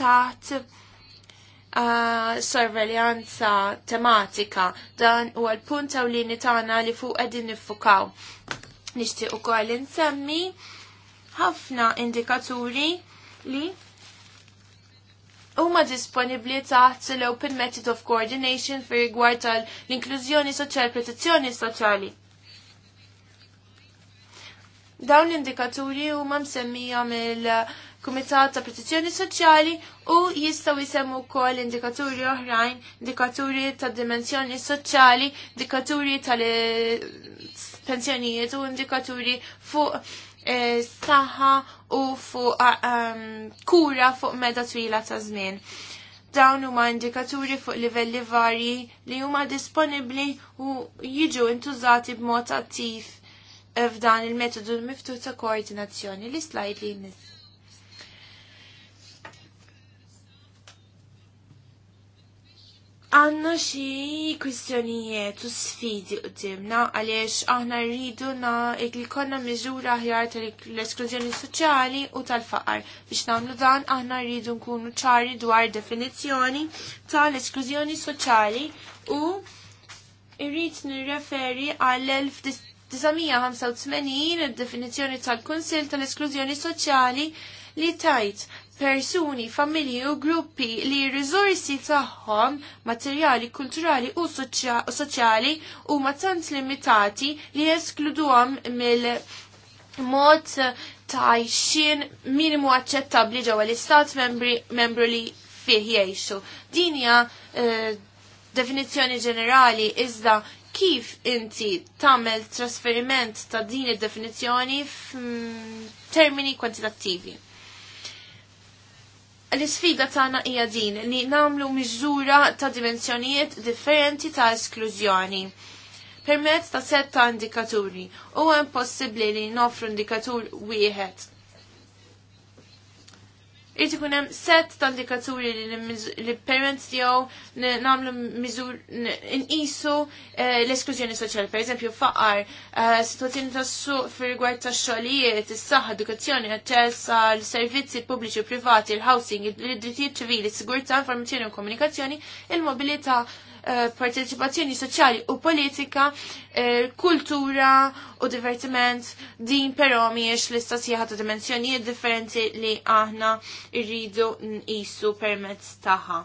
taħt uh, sorveljanza tematika dan u għal-punt u li nitana li fuq għedin nifukaw. Nishti u koll nsemmi ħafna indikaturi li huma disponibli taħt l-Open Method of Coordination fi rigward tal-inklużjoni soċjali, protezzjoni soċjali. Dawn l-indikaturi huma msemmija mill- uh, Kumitat ta' Protezzjoni Soċjali u jistaw jisemmu kol indikaturi oħrajn, indikaturi ta' dimensjoni soċjali, indikaturi tal-pensjonijiet u indikaturi fuq e, saħħa u fuq um, kura fuq meda twila ta' żmien. Dawn huma indikaturi fuq livelli varji li huma disponibbli u jiġu intużati b'mod attiv eh, f'dan il-metodu miftuħ ta' koordinazzjoni li slajd li jmiss. għanna xi kwistjonijiet u sfidi timna għaliex aħna rridu na li konna miżura aħjar tal-esklużjoni soċjali u tal-faqar. Biex nagħmlu dan aħna rridu nkunu ċari dwar definizzjoni tal-esklużjoni soċjali u irrid nirreferi għall 1985 id-definizzjoni tal-Kunsill tal-esklużjoni soċjali li tajt persuni, familji u gruppi li r-rizorsi tagħhom materjali, kulturali u soċjali huma tant limitati li jeskluduhom mill-mod ta' xin minimu aċċettabbli ġewwa l-istat membru li fih jgħixu. Dinja uh, eh, definizzjoni ġenerali iżda kif inti tagħmel trasferiment ta' din id-definizzjoni f'termini kwantitattivi l-isfida tagħna hija din li nagħmlu miżura ta' dimensjonijiet differenti ta' esklużjoni permezz ta' setta indikaturi u impossibbli li nofru indikatur wieħed Iti kunem set tal dikaturi li parents tijaw namlu mizur in isu l-esklużjoni soċjali. Per eżempju, faqar, situazzjoni ta' suq fil-rigward ta' xolijiet, s-saħħa, edukazzjoni, ċessa, l servizzi pubbliċi u privati, il-housing, il-drittijiet ċivili, s-sigurta, informazzjoni u komunikazzjoni, il-mobilita' Eh, parteċipazzjoni soċjali u politika, eh, kultura u divertiment, din però miex l sieħa ta' dimensjonijiet differenti li aħna irridu nqisu permezz tagħha.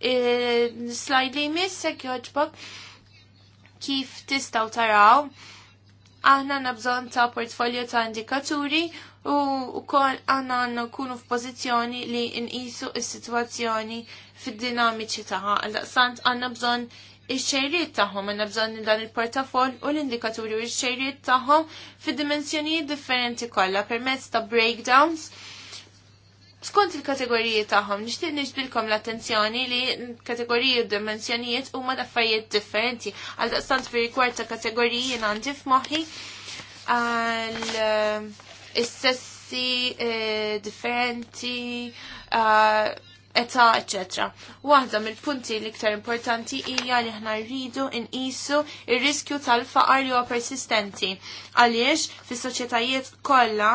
Slide li jmiss, sekk joġbok, kif tistaw taraw, aħna nabżon ta' portfolio ta' indikaturi u wkoll aħna għandna nkunu f'pożizzjoni li nqisu s-sitwazzjoni fid-dinamiċi tagħha. Għaldaqsant għandna bżonn ix-xejriet tagħhom, għandna bżonn dan il-portafol u l-indikaturi u x-xejriet tagħhom fid-dimensjonijiet differenti kollha permezz ta' breakdowns skont il-kategoriji tagħhom nixtieq niġbilkom l-attenzjoni li kategoriji u dimensjonijiet huma daffarijiet differenti għal daqstant fi rigward ta' kategoriji għandi f'moħħi għal eh, istessi eh, differenti eh, età etc. Waħda mill-punti l-iktar importanti hija li ħna rridu nqisu ir-riskju tal-faqar li huwa persistenti għaliex fis-soċjetajiet kollha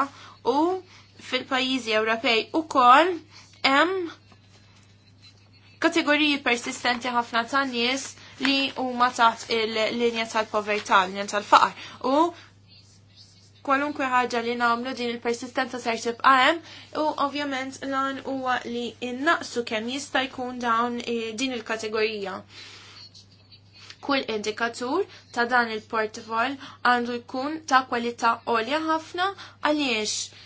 u fil-pajjiżi Ewropej kol hemm kategoriji persistenti ħafna ta' nies li huma taħt il-linja tal-povertà, linja tal-faqar. U kwalunkwe ħaġa li nagħmlu din il-persistenza ser tibqa' hemm u ovvjament lan huwa li innaqsu kemm jista' jkun dawn eh, din il-kategorija. Kull indikatur ta' dan il-portfol għandu jkun ta' kwalità għolja ħafna għaliex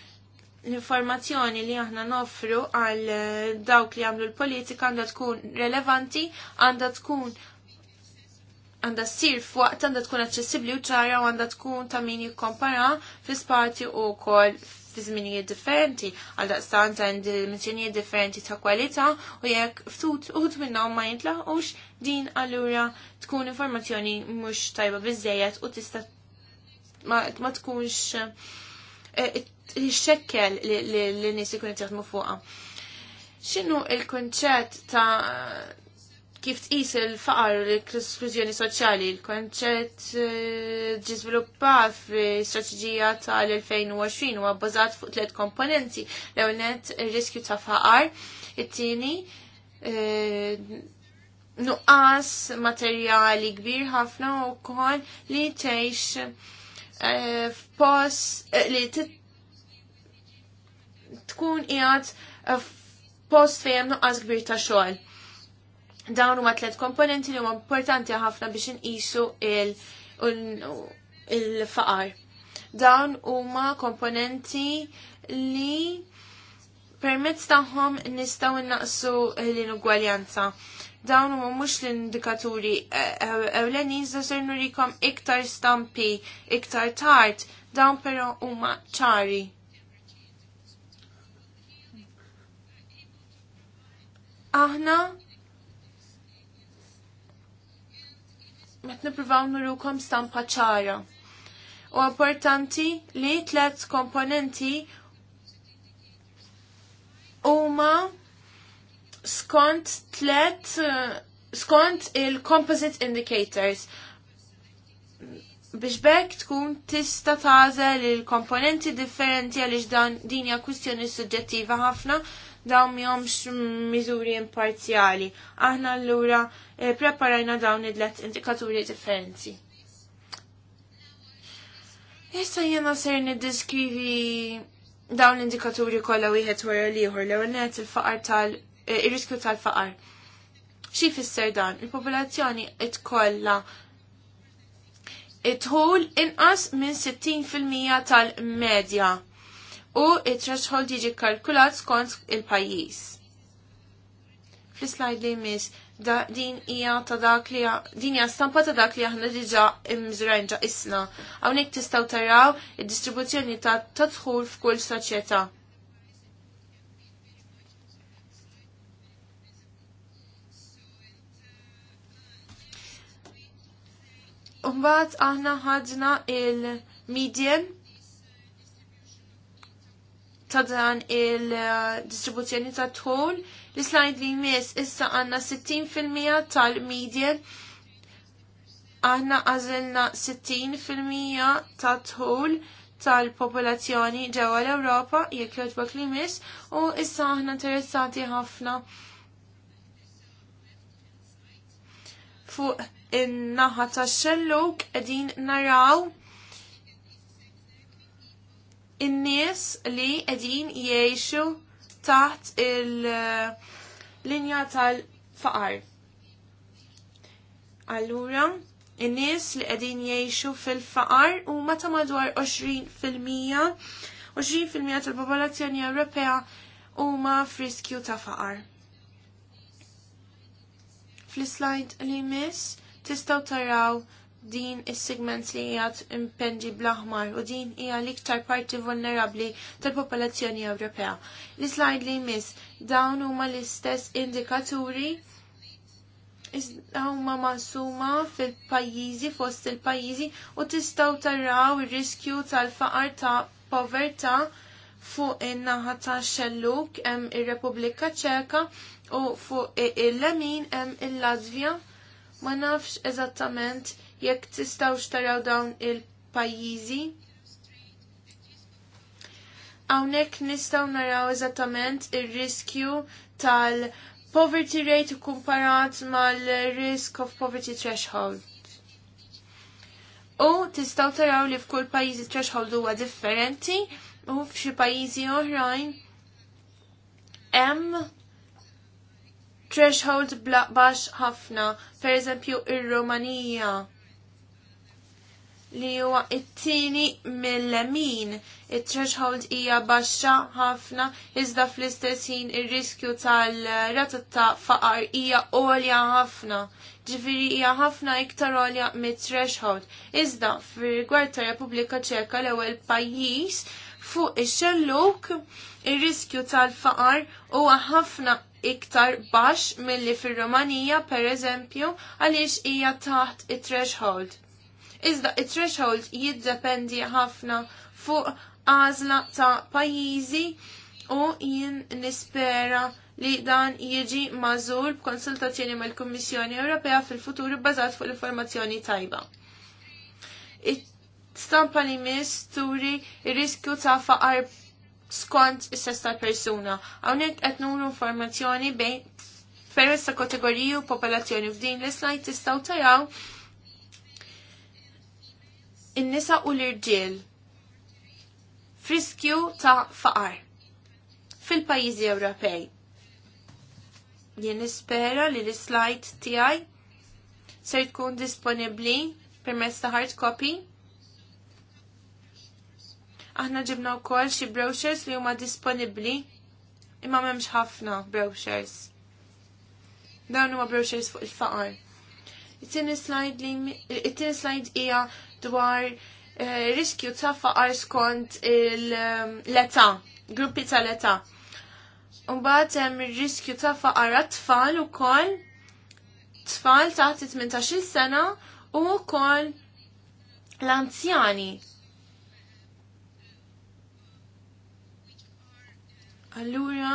l-informazzjoni li aħna noffru għal eh, dawk li għamlu l-politika għandha tkun relevanti, għandha tkun għandha ssir waqt għandha tkun aċċessibbli u ċara u għandha tkun ta' min jikkompara fi spati u kol fi żminijiet differenti għal daqstant għand zminijiet differenti ta' kwalità u jekk ftut uħut minnhom ma jintlaqux din allura tkun informazzjoni mhux tajba bizzejet u tista' ma, tkunx eh, xekkel li nisi nis ikun fuqa. Xinu il konċet ta' kif tqis il-faqar l-esklużjoni soċjali, il-konċett eh, ġi żviluppat fl tal-2020 u bbażat fuq tliet komponenti l net ir-riskju ta' faqar, it-tieni eh, nuqqas materjali kbir ħafna u kol li tgħix eh, f'post li t tkun qiegħed eh, post fejem nuqqas kbir ta' xogħol. Dawn huma tliet komponenti li huma importanti ħafna biex inqisu il-faqar. Dawn huma komponenti li permezz tagħhom nistgħu innaqsu l-inugwaljanza dawn huma mhux l-indikaturi eh, ewlenin iżda ser nurikom iktar stampi, iktar tard, dawn però huma ċari. aħna qed nippruvaw nurukom stampa ċara. U importanti li tliet komponenti huma skont tlet skont il-composite indicators biex bekk tkun tista tażel il-komponenti differenti għaliex dan din hija kwistjoni suġġettiva ħafna dawn miħomx miżuri imparzjali. Aħna allura eh, preparajna dawn id-let indikaturi differenti. Issa jena ser niddiskrivi dawn l-indikaturi kollha wieħed wara liħor l net il-faqar tal eh, ir-riskju tal-faqar. Xi fisser dan? Il-popolazzjoni tkollha it-tħul inqas minn 60% tal-medja u it-threshold jiġi kalkulat skont il-pajjiż. Fl-slide li jmiss din hija ta' dak li din hija stampa ta' dak li aħna diġà imżrajn ġa isna. Hawnhekk tistgħu taraw id-distribuzzjoni ta' tadħul f'kull soċjetà. Umbat aħna ħadna il medium ta' dan il-distribuzzjoni ta' tħol. L-slajd li jmiss issa għanna 60% tal-median aħna għazilna 60% ta' tħol tal-popolazzjoni ġewwa l-Ewropa jekk jogħġbok li jmiss, u issa aħna interessati ħafna fuq in-naħa tax-xelluk qegħdin naraw in-nies li qegħdin jgħixu taħt il-linja tal-faqar. Allura, in-nies li edin jiexu fil-faqar huma ta' madwar 20 fil-mija 20 fil-mija tal-popolazzjoni Ewropea huma friskju ta' faqar. Fl-slide li miss tistgħu taraw din is-segment li jgħat impendi blaħmar u din hija l-iktar parti vulnerabli tal-popolazzjoni Ewropea. L-slide li jmiss dawn huma l-istess indikaturi huma masuma fil-pajjiżi fost il-pajjiżi u tistgħu taraw ir-riskju tal-faqar ta' povertà fuq in-naħa ta' xelluk hemm ir-Repubblika Ċeka u fuq il-lemin hemm il-Latvja ma nafx eżattament jekk tistawx taraw dawn il-pajjiżi. Hawnhekk nistgħu naraw eżattament ir-riskju tal-poverty rate kumparat mal-risk of poverty threshold. U tistaw taraw li f'kull pajjiżi threshold huwa differenti u f'xi pajjiżi oħrajn hemm threshold baxx ħafna, pereżempju ir-Romanija li huwa it-tieni mill-lemin. It-threshold hija baxxa ħafna iżda fl-istess ħin ir-riskju tal-rata ta' faqar hija għolja ħafna. Ġifieri hija ħafna iktar għolja mit-threshold. Iżda fir-rigward ta' Repubblika Ċeka l-ewwel pajjiż fuq ix-xelluk ir-riskju tal-faqar huwa ħafna iktar baxx milli fir-Romanija pereżempju għaliex hija taħt it-threshold. Iżda it-threshold jiddependi ħafna fuq għażla ta' pajjiżi u jien nispera li dan jiġi mażur b'konsultazzjoni mal-Kummissjoni Ewropea fil-futur bbażat fuq l-informazzjoni tajba. Stampa li miss turi riskju ta' faqar skont s sesta persuna Hawnhekk qed nuru informazzjoni bejn peress ta' kategoriji u popolazzjoni f'din l-slajd tistgħu taraw in-nisa u l-irġiel friskju ta' faqar fil-pajjiżi Ewropej. Jien nispera li l-slide tiegħi ser tkun disponibbli permezz ta' hard copy. Aħna ġibna wkoll xi brochures li huma disponibbli imma m'hemmx ħafna brochures. Dawn huma brochures fuq il-faqar. It-tieni slide li it-tieni slide hija dwar eh, riskju ta' faqar skont ehm, l-età, gruppi tal-età. Umbagħad hemm riskju ta' faqar tfal tfal ukoll tfal taħt 18 sena u wkoll l-anzjani. Allura,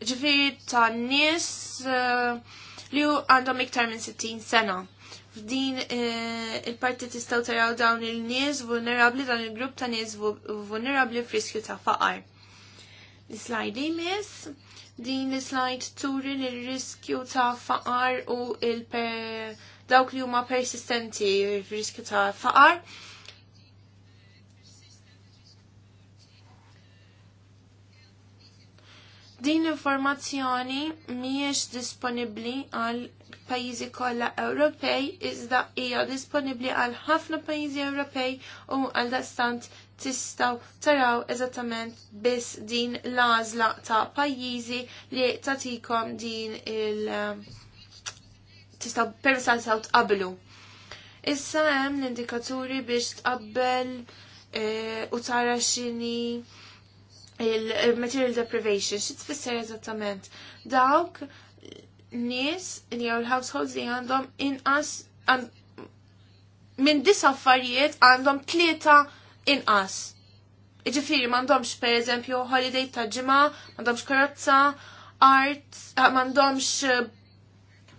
ġifiri ta' nis eh, li għandhom iktar minn 60 sena din eh, il-parti tistaw taraw dawn il-nies vulnerabli dan il-grupp ta' nies vulnerabli friskju ta' faqar. L-slide imis, din l-slide turi l-riskju ta' faqar u il dawk li huma persistenti riskju ta' faqar Din l-informazzjoni mhijiex disponibbli għal pajjiżi kollha Ewropej iżda hija disponibbli għal ħafna pajjiżi Ewropej u għal dastant tistaw taraw eżattament biss din l-għażla ta' pajjiżi li tatikom din il- um, tistaw permessa tistaw tqablu. Issa hemm l-indikaturi biex tqabbel eh, u tara xini il-material deprivation, xie tfisser eżattament? Dawk nies li jew households li għandhom inqas minn dis affarijiet għandhom tlieta inqas. Iġifiri, mandomx per eżempju holiday ta' ġima, mandomx karozza, art, ah, mandomx eh,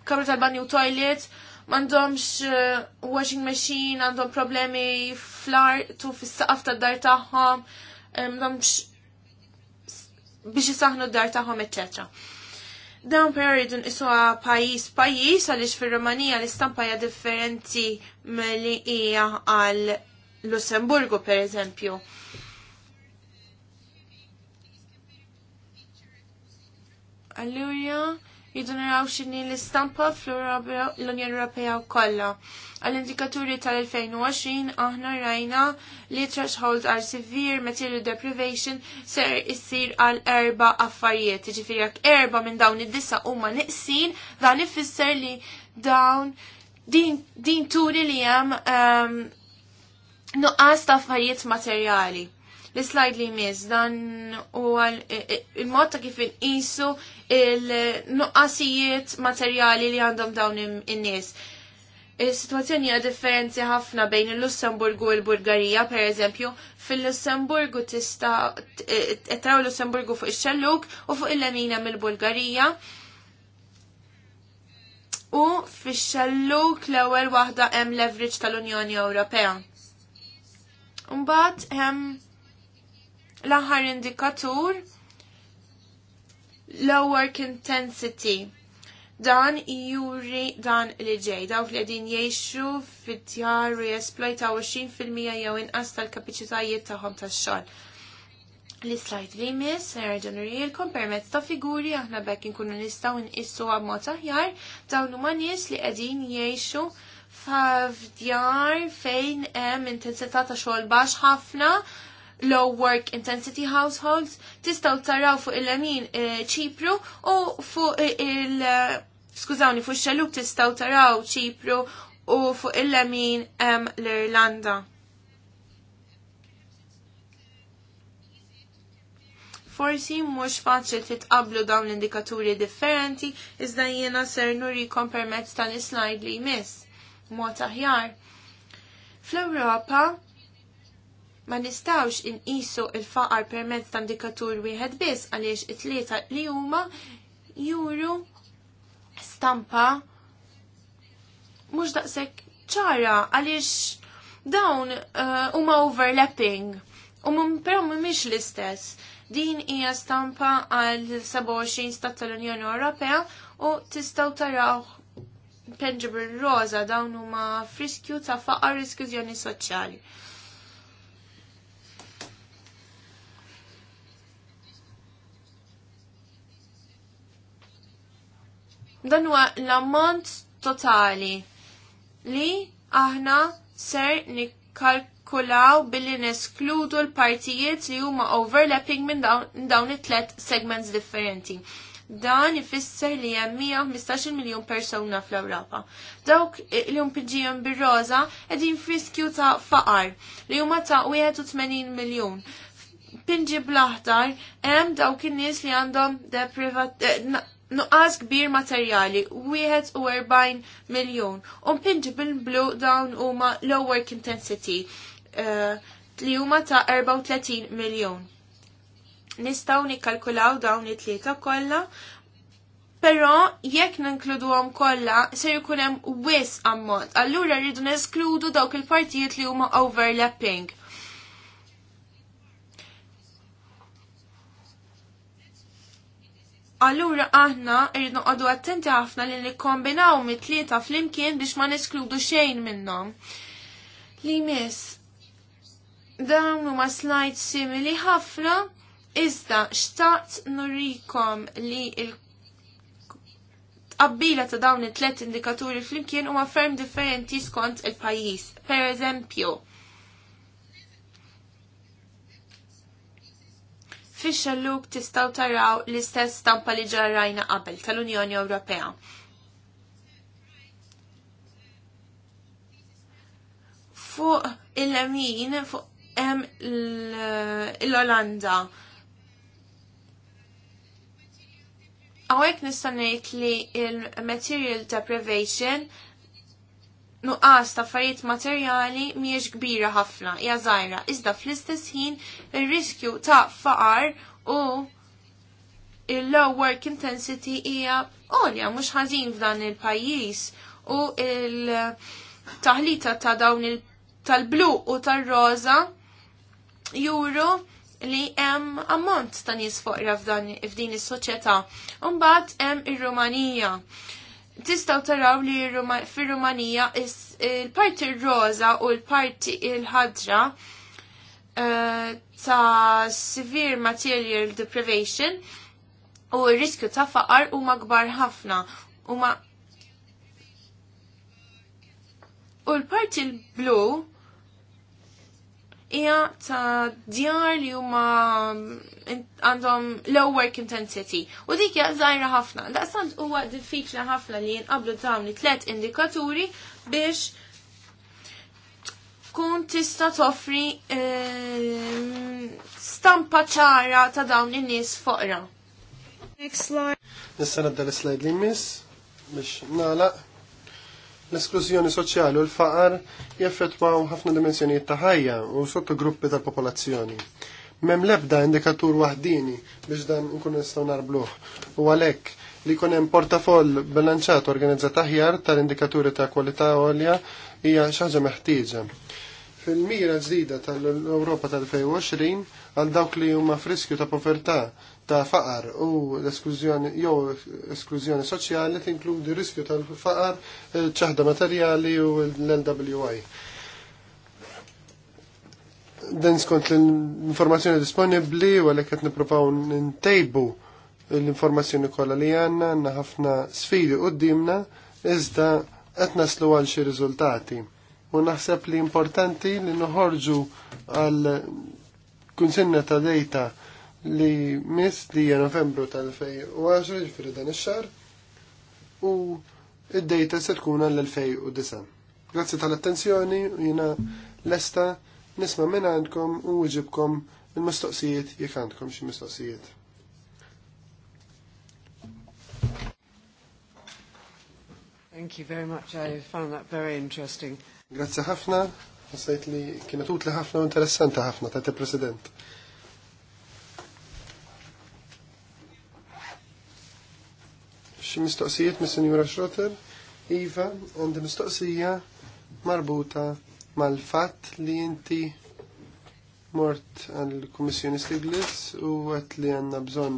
kamra tal-banju toilet, mandomx eh, washing machine, għandhom problemi fl-art u fis-saqaf tad-dar tagħhom, eh, mandomx biex jisaħnu d-dar tagħhom etc. Dawn però rridu nqisuha pajjiż pajjiż għaliex fir-Rumanija l-istampa hija differenti milli hija għal Lussemburgu pereżempju. Allura jidunaraw xinni l-istampa fl-Unjoni Ewropea u kollha. Għall-indikaturi tal-2020 aħna rajna li threshold għal severe material deprivation ser issir għal erba affarijiet. Ġifiri jekk erba minn dawn id-disa huma niqsin, dan ifisser li dawn din, din turi li hemm um, nuqqas ta' affarijiet materjali L-slide li jmiss dan u e, e, il-mod ta' kif inqisu il-nuqqasijiet materjali li għandhom dawn in-nies. Is-sitwazzjoni hija differenzi ħafna bejn il-Lussemburgu u l-Bulgarija, per eżempju, fil-Lussemburgu tista' e, traw lussemburgu fuq ix-xelluk u fuq il-lemina mill-Bulgarija. U fix-xelluk l-ewwel waħda hemm leverage tal-Unjoni Ewropea. Mbagħad hemm l-aħħar indikatur lower intensity dan juri dan li ġej. Dawk li għedin jiexu fit-tjar u jesplojtaw 20% jew inqas tal-kapaċitajiet tagħhom tax-xogħol. L-slide li miss, nerġan rilkom permezz ta' figuri aħna bekk nkunu nistgħu nqissu mod aħjar dawn huma nies li qegħdin jgħixu f'djar fejn hemm intensità ta' xogħol baxx ħafna low work intensity households, tistaw taraw fuq il-lemin eh, ċipru u fuq eh, il- eh, skużawni, fuq xaluk tistaw taraw ċipru u fuq il-lemin l-Irlanda. forsi mhux faċli titqablu dawn l-indikaturi differenti iżda jiena ser nuri permezz tal-slide li jmiss. Mod aħjar. Fl-Ewropa Ma nistawx inqisu il-faqar permezz ta' indikatur wieħed biss għaliex it-tlieta li huma juru stampa mhux daqshekk ċara għaliex dawn eh, huma uh, overlapping u um, però mhumiex l-istess. Din hija stampa għal 27 stat tal-Unjoni Ewropea u tistgħu taraw tangible rosa dawn huma friskju ta' faqar iskużjoni soċjali. Dan huwa l-ammont totali li aħna ser nikkalkulaw billi neskludu l-partijiet li huma overlapping minn dawn, dawn it-tlet segments differenti. Dan ifisser li hemm 115 miljun persuna fl-Ewropa. Dawk li hum piġijhom bir-roża qegħdin friskju ta' faqar li huma ta' 81 miljun. Pinġi aħtar hemm dawk in-nies li għandhom eh, nuqqas kbir materjali, 41 miljon. Un bil Blue dawn huma low work intensity uh, li huma ta' 34 miljon. Nistaw nikkalkulaw dawn it-tlieta kollha, però jekk ninkluduhom kollha se jkun hemm wisq ammont. Allura rridu neskludu dawk il-partijiet li huma overlapping. Allura aħna irrid noqogħdu attenti ħafna li nikkombinaw mit-tlieta flimkien biex ma neskludu xejn minnhom. Li miss, dawn huma slides simili ħafna, iżda xtaqt nurikom li il qabbila ta' dawn it-tlet indikaturi flimkien huma ferm differenti skont il-pajjiż. Per eżempju, Fix-xelluk tistgħu taraw l-istess stampa li ġarrajna qabel tal-Unjoni Ewropea. Fuq il-lemin, fuq hemm l-Olanda. Għawek nistanejt li il-material deprivation nuqqas ta' affarijiet materjali miex kbira ħafna, hija żgħira, iżda fl-istess ħin ir-riskju ta' faqar u il-low work intensity hija għolja mhux ħażin f'dan il-pajjiż u il-taħlita ta' dawn il tal-blu u tal roza juru li hemm ammont ta' nies foqra f'din is-soċjetà. Imbagħad hemm ir-Rumanija tistaw taraw li fir-Rumanija il-parti roza u l-parti il-ħadra eh, ta' severe material deprivation u r-riskju ta' faqar u magbar ħafna u ma' u l-parti l-blu hija ta' djar li huma mm, għandhom low work intensity. U dik hija żgħira ħafna. Daqstant huwa diffiċli ħafna li jinqablu dawn it-tlet indikaturi biex tkun tista' toffri ehm, stampa ċara ta' dawn in-nies foqra. Nista' nadda l-slide li miss biex nagħlaq L-esklużjoni soċjali u l-faqar jaffetwaw ħafna dimensjonijiet ta' ħajja u sotto gruppi tal-popolazzjoni. Mem lebda indikatur wahdini biex dan nkun nistgħu narbluh. U għalhekk li jkun hemm portafoll bilanċat organizzat aħjar tal-indikaturi ta' kwalità għolja hija xi ħaġa meħtieġa. Fil-mira ġdida tal-Ewropa tal-2020 għal dawk li huma friskju ta' povertà ta' faqar u l-esklużjoni jew esklużjoni soċjali tinkludi riskju tal-faqar, ċaħda materjali u l-LWI. Dan skont l-informazzjoni disponibbli u għalhekk qed nippruvaw ntejbu l-informazzjoni kollha li għandna għandna ħafna sfidi qudiemna iżda qed naslu għal xi riżultati. U naħseb li importanti li noħorġu għal kunsinna ta' data li mis li hija Novembru tal-2010 ġifieri dan ix xar u id-dejta se tkun għall-2009. Grazzi tal-attenzjoni u jiena lesta nisma' minn għandkom u uġibkom il-mistoqsijiet jekk għandkom xi mistoqsijiet. Thank you very much. I found that very interesting. Grazzi ħafna. Għasajt li kienet utli ħafna u interessanti ħafna ta' president. xi mistoqsijiet mis-Sinjura Schrotter, Iva, għandi mistoqsija marbuta mal-fatt li inti mort għall-Kummissjoni Stiglitz u għat li għanna bżon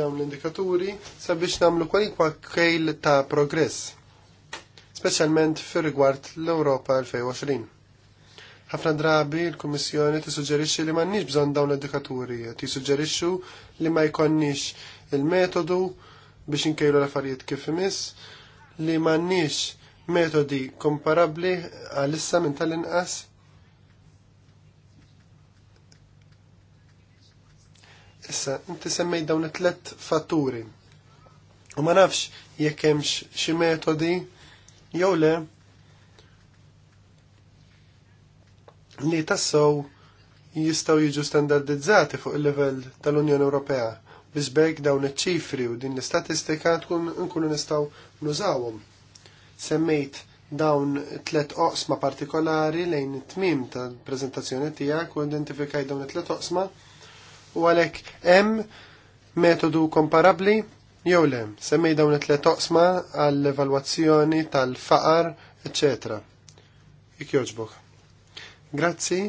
dawn l-indikaturi sabiex namlu kwalikwa kejl ta' progress, specialment fir rigward l-Europa 2020. ħafna drabi l-Kummissjoni tissuġġerixxi li m'għandniex bżonn dawn l-indikaturi, tissuġġerixxu li ma jkollniex il metodu biex inkejlu l-affarijiet kif imiss li m'għandniex metodi komparabbli għalissa minn tal-inqas Issa, inti semmejt dawn it-tlet fatturi. U ma nafx jekk hemmx xi metodi jew le li tassew jistgħu jiġu standardizzati fuq il-livell tal-Unjoni Ewropea biex dawn iċ-ċifri u din l-istatistika tkun nkunu nistgħu nużawhom. Semmejt dawn tlet oqsma partikolari lejn it-tmim tal prezentazzjoni tiegħek u identifikaj dawn it-tlet oqsma u għalhekk hemm metodu komparabli jew le, semmej dawn it-tlet oqsma għall-evalwazzjoni tal-faqar, ecc. Ik joġbok. Grazzi.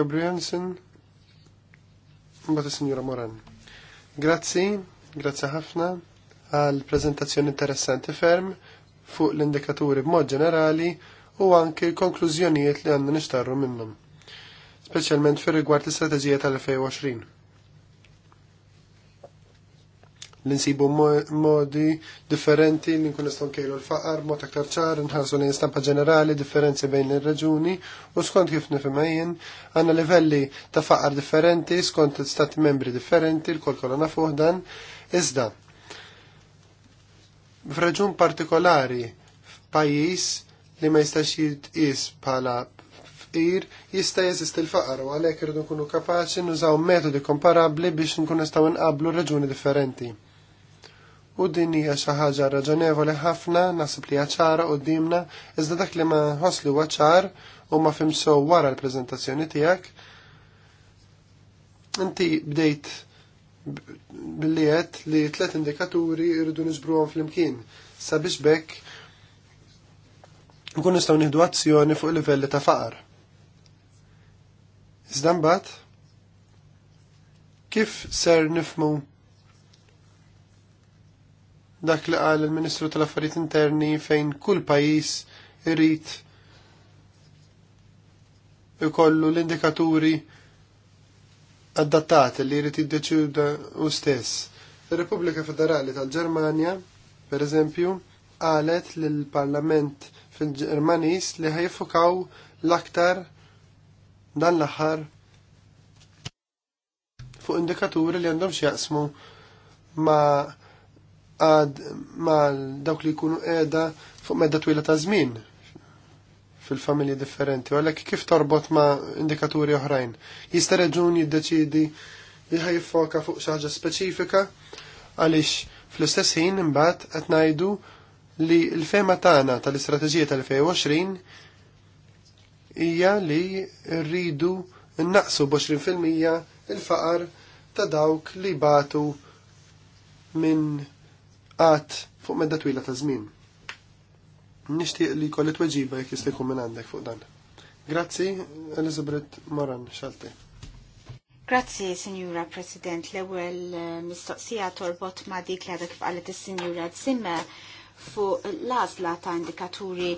Jansen. Mbata signora Moran. Grazzi, grazzi ħafna għal prezentazzjoni interessanti ferm fuq l-indikaturi b'mod ġenerali u anke l-konklużjonijiet li għandna nixtarru minnhom, speċjalment fir rigward l-istrateġija tal-2020 li nsibu modi differenti li nkun nistgħu nkejlu l-faqar, mod aktar ċar, nħarsu lejn stampa ġenerali, differenzi bejn ir-raġuni u skont kif nifhimha jien għandna livelli ta' faqar differenti skont stati membri differenti l-kol kolonna fuq dan iżda. F'raġun partikolari f'pajjiż li ma jistax jitqis bħala fqir jista' jeżist il-faqar u għalhekk irdu nkunu kapaċi nużaw metodi komparabbli biex nkunu nistgħu nqablu raġuni differenti u din hija xi ħaġa raġonevoli ħafna naħseb li hija ċara qudiemna iżda dak li ma ħoslu huwa ċar u ma fimsew wara l-preżentazzjoni tiegħek. Inti bdejt billi qed li tliet indikaturi jridu niġbruhom flimkien sabiex bekk nkun nistgħu nieħdu azzjoni fuq livelli ta' faqar. Iżda mbagħad kif ser nifmu dak li qal il-Ministru tal-Affarijiet Interni fejn kull pajjiż irid ikollu l-indikaturi adattati li jrid jiddeċuda u stess. Ir-Repubblika Federali tal-Ġermanja, per eżempju, qalet lill parlament fil-Ġermanis li ħajfukaw l-aktar dan l-aħħar fuq indikaturi li għandhom x'jaqsmu ma' għad mal dawk li jkunu qiegħda fuq medda twila ta' żmien fil-familji differenti, għalhekk kif torbot ma' indikaturi oħrajn. Jista' reġun jiddeċidi li ħajfoka fuq xi ħaġa speċifika għaliex fl-istess ħin imbagħad qed ngħidu li l-fema tagħna tal-istrateġija tal-2020 hija li rridu nnaqsu b'20% il-faqar ta' dawk li batu minn għat fuq medda twila ta' żmien. Nixtieq li kollet weġiba jekk jista' jkun minn għandek fuq dan. Grazzi, Elizabeth Moran, xalti. Grazzi, Signora President. L-ewel eh, mistoqsija torbot ma dik li għadak fqalet il-Signora Zimmer fuq l ta' indikaturi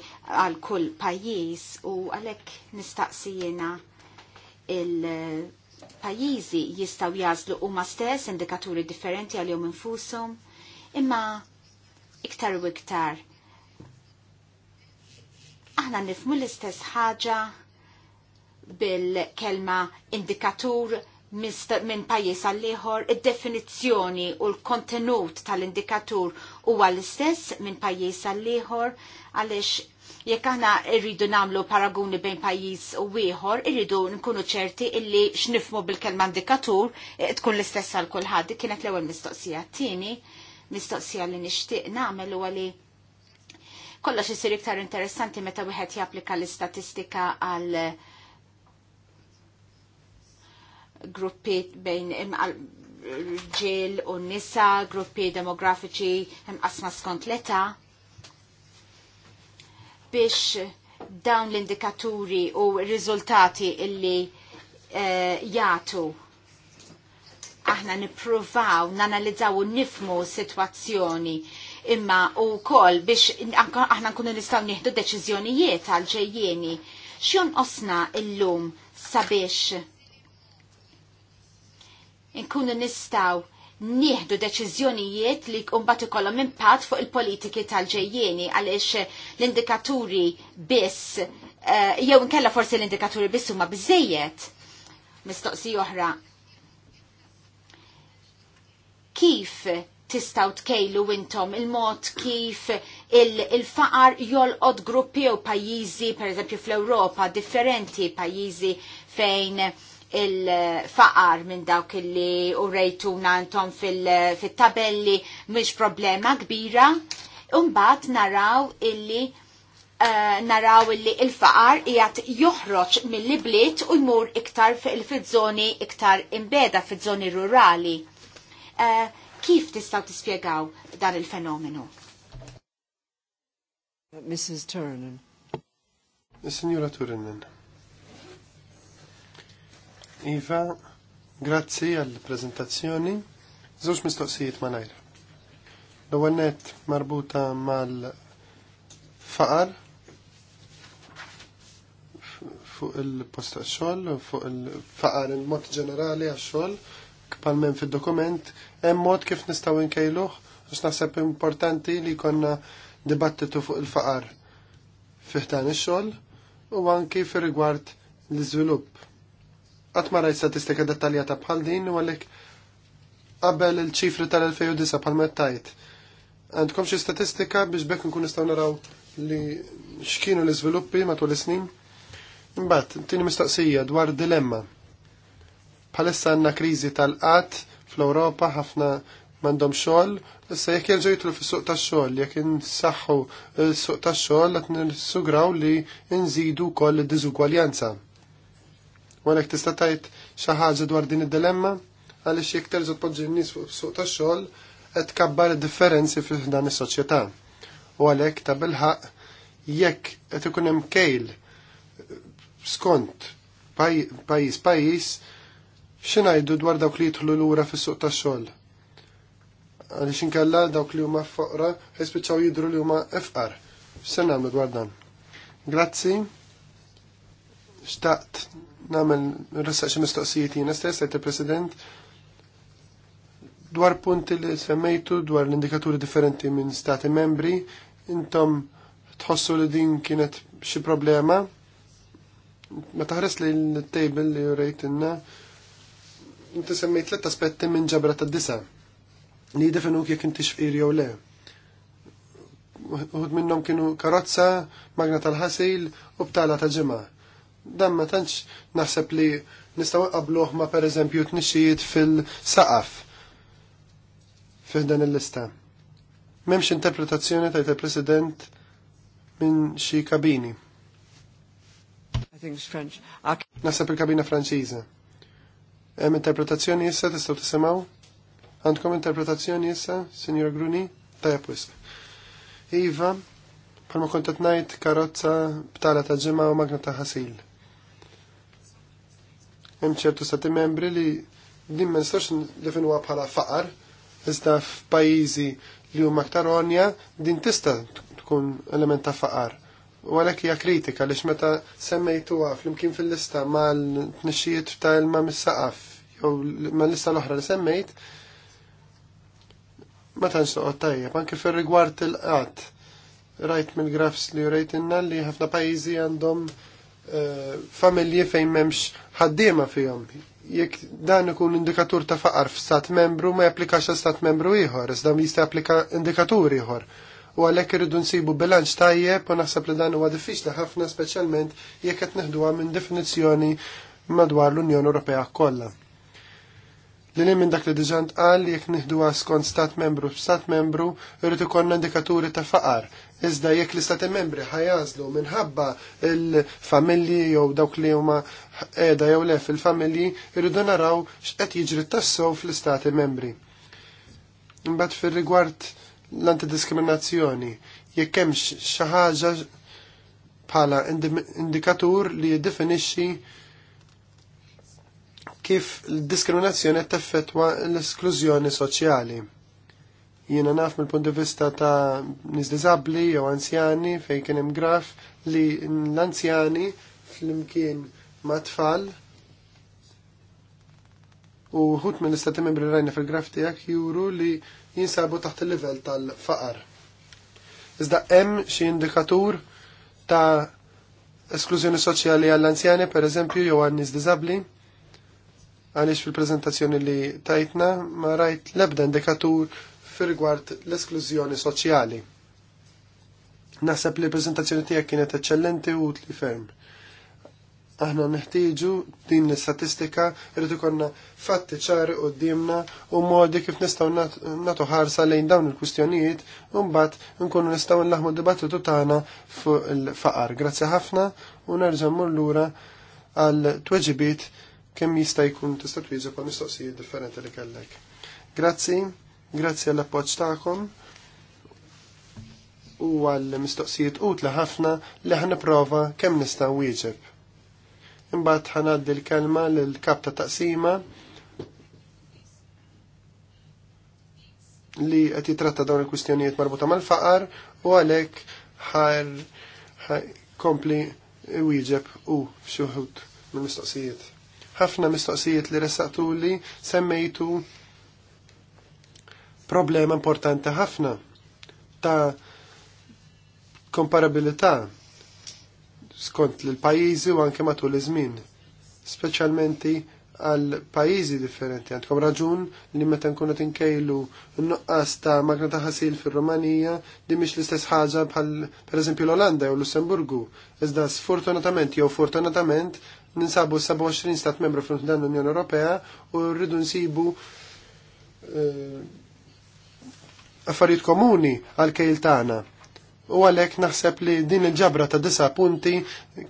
għal kull pajis u għalek nistaqsijena il-pajizi jistaw jazlu u ma stess indikaturi differenti għal jom infusum imma iktar u iktar aħna nifmu l-istess ħaġa bil-kelma indikatur minn pajis għall-ieħor, id-definizzjoni u l-kontenut tal-indikatur huwa l-istess minn pajis għall-ieħor, għaliex jekk aħna rridu nagħmlu paraguni bejn pajjiż u ieħor, irridu nkunu ċerti illi x'nifmu bil-kelma indikatur eh, tkun l-istess għal kulħadd. Kienet l-ewwel mistoqsija. Tieni, mistoqsija li nixtieq nagħmel huwa li kollox isir iktar interessanti meta wieħed japplika l-istatistika għal gruppi bejn ġil u nisa, gruppi demografiċi imqasma skont l-età biex dawn l-indikaturi u r-riżultati illi eh, jagħtu aħna nippruvaw nanalizzaw u nifmu situazzjoni imma u kol biex aħna nkunu nistaw nieħdu deċiżjonijiet għal ġejjieni. Xjon osna illum sabiex nkunu nistaw nieħdu deċiżjonijiet li kumbat ikollhom impatt fuq il-politiki tal-ġejjieni għaliex l-indikaturi biss eh, jew nkella forsi l-indikaturi biss huma biżejjed mistoqsi oħra kif tistaw tkejlu intom il-mod kif il-faqar il jolqod gruppi u pajjiżi, per eżempju fl-Europa, differenti pajjiżi fejn il-faqar minn dawk li u rejtuna intom fil-tabelli fil mhix problema kbira. Umbat naraw illi uh, naraw illi il-faqar jgħat joħroġ mill-libliet u jmur iktar fil-zoni iktar imbeda, fil-zoni rurali Eh, kif tistaw tispiegaw dar il-fenomenu? Mrs. Turinen. Signora Turinen. Iva, grazzi għal prezentazzjoni Zoċ mistoqsijiet ma najra. L-għannet marbuta mal-faqar fuq il-posta xol, fuq il-faqar il mot ġenerali għax xol, kpalmen fil-dokument, hemm mod kif nistgħu nkejluh għax naħseb importanti li jkollna dibattitu fuq il-faqar fih dan ix-xogħol u anki fir-rigward l-iżvilupp. Qatt ma rajt statistika dettaljata bħal din u għalhekk qabel il-ċifri tal-2009 bħal mettajt. Għandkom xi statistika biex bekk nkun nistgħu naraw li x'kienu l-iżviluppi matul is-snin? Imbagħad, tieni mistoqsija dwar dilemma. Bħalissa għandna kriżi tal-qatt fl-Ewropa ħafna mandom xogħol, issa jekk jerġgħu jitlu fis-suq tax-xogħol, jekk insaħħu s-suq tax-xogħol qed nissugraw li nżidu wkoll id-diżugwaljanza. Walek tista' tgħid xi ħaġa dwar din id-dilemma għaliex jekk t tpoġġi n nis fuq is-suq tax-xogħol qed kabbar id-differenzi fih dan is-soċjetà. U għalhekk ta' bilħaq jekk qed ikun hemm kejl skont pajjiż pajjiż X'ingħidu dwar dawk li jidħlu lura fis-suq tax-xogħol? Għaliex inkella dawk li huma foqra ħispiċċaw jidhru li huma fqar. X'se nagħmlu dwar dan? Grazzi. Xtaqt nagħmel ressaq xi mistoqsijiet jiena stess għajt il-President dwar punti li semmejtu dwar l-indikaturi differenti minn stati membri, intom tħossu li din kienet xi problema. Ma taħres li l-table li jurejt inna inti semmejt tliet aspetti minn ġabra ta' disa li jidefinu kif inti xfqir jew le. Uħud minnhom kienu karozza, magna tal-ħasil u btala ta' ġimgħa. Dan ma tantx naħseb li nistgħu qabluh ma' pereżempju tnixxijiet fil-saqaf F'dan il-lista. M'hemmx interpretazzjoni tajt il-President minn xi kabini. I think it's French. Naħseb il-kabina Franċiża. Hemm interpretazzjoni issa tistgħu tisimgħu? Għandkom interpretazzjoni issa, Sinjor Gruni? Tajab wisq. Iva, bħalma kont qed ngħid karozza btala ta' ġimgħa u magna ta' ħasil. Hemm ċertu stati membri li din ma nistax nifinuha bħala faqar, iżda f'pajjiżi li huma aktar onja din tista' tkun element ta' faqar. U għalhekk hija kritika lix meta semmejtuha flimkien fil-lista mal-tnixxijiet ta' ilma mis-saqaf u mal-lista l-oħra li semmejt, ma tantx noqgħod tajjeb, anke fir-rigward il-qatt. Rajt mill-grafs li rajt inna li ħafna pajjiżi għandhom eh, familji fejn m'hemmx ħaddiema fihom. Jekk dan ikun indikatur ta' faqar f'stat membru ma japplikax għal stat membru ieħor, iżda jista' japplika indikatur ieħor. U għalhekk irridu nsibu bilanċ tajjeb u naħseb li dan huwa diffiċli ħafna speċjalment jekk qed neħduha minn definizzjoni madwar l-Unjoni Ewropea kollha. Nini minn dak li diġant għal li jekk nieħdu skont stat membru f-stat membru irrid konna indikaturi ta' faqar. Iżda jekk l-istati membri ħajażlu minħabba il-familji jew dawk li huma qiegħda jew le fil-familji irridu naraw x'qed jiġri tassow fl-istati membri. Imbagħad fir-rigward l-antidiskriminazzjoni, jekk hemm xi ħaġa bħala indikatur li jiddefinixxi kif l-diskriminazzjoni qed teffettwa l-esklużjoni soċjali. Jiena naf mill-punt di vista ta' nies diżabbli jew anzjani fejn kien hemm graf li l-anzjani fl-imkien ma' tfal u ħut l istati membri rajna fil-graf tiegħek juru li jinsabu taħt il-livell tal-faqar. Iżda hemm xi indikatur ta' esklużjoni soċjali għall-anzjani, per eżempju, jew għan nis diżabbli? għaliex fil-prezentazzjoni li tajtna ma rajt lebda indikatur fil l-esklużjoni soċjali. Naħseb li l-prezentazzjoni tiegħek kienet eċċellenti u tli ferm. Aħna neħtieġu din l-istatistika irrid konna fatti ċari dimna u modi kif nistgħu nagħtu ħarsa lejn dawn il-kwistjonijiet u mbagħad nkunu nistgħu nlaħmu dibattitu tagħna fuq il-faqar. Grazzi ħafna u nerġa' mmur lura għal tweġibiet kemm jista' jkun tista' twieġeb għal mistoqsijiet differenti li kellek. Grazzi, grazzi għall appoġġ tagħkom u għall mistoqsijiet utla ħafna li ħan prova kemm nista' wieġeb. Imbagħad ħanaddi l-kelma lil kap ta' taqsima li qed jitratta dawn il-kwistjonijiet marbuta mal-faqar u għalhekk ħar kompli wieġeb u f'xi mill-mistoqsijiet ħafna mistoqsijiet li ressaqtuli semmejtu problema importanti ħafna ta' komparabilità skont l-pajizi u anke matul iż-żmien, speċjalmenti għal pajizi differenti. Għandkom raġun li meta nkunu tinkejlu n-nuqqas ta' magna ta' ħasil fil-Romanija li mhix l-istess ħaġa bħal pereżempju l-Olanda jew Lussemburgu. Iżda sfortunatament jew fortunatament ninsabu 27 stat membru fl dan l-Unjoni Ewropea u rridu nsibu eh, affarijiet komuni għal kejl tagħna. U għalhekk naħseb li din il-ġabra ta' disa punti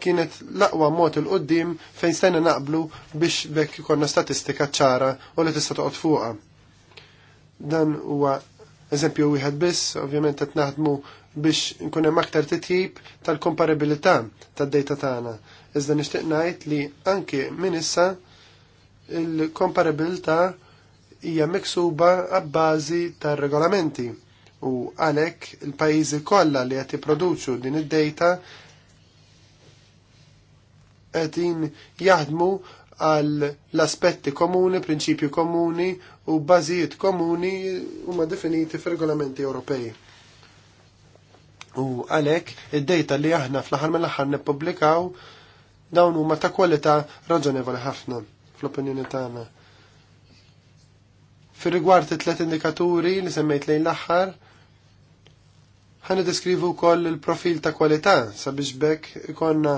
kienet l-aqwa mod il-qoddim fejn stajna naqblu biex bekk ikonna statistika ċara u li tista' toqgħod fuqha. Dan huwa eżempju wieħed biss, ovvjament qed naħdmu biex nkun hemm aktar titjib tal-komparabilità tad-dejta tagħna iżda nixtieq ngħid li anke minn issa il-komparabilità hija miksuba għabbażi tar-regolamenti u għalhekk il-pajjiżi kollha li qed jipproduċu din id-dejta qegħdin jaħdmu għal l-aspetti komuni, prinċipju komuni u bażijiet komuni huma definiti fir-regolamenti Ewropej. U għalhekk id-dejta li aħna fl-aħħar mill-aħħar nippubblikaw dawn huma ta' kwalità raġonevoli ħafna fl-opinjoni tagħna. Fir-rigward it tliet indikaturi li semmejt lejn l-aħħar, ħan deskrivu wkoll il-profil ta' kwalità sabiex bekk ikonna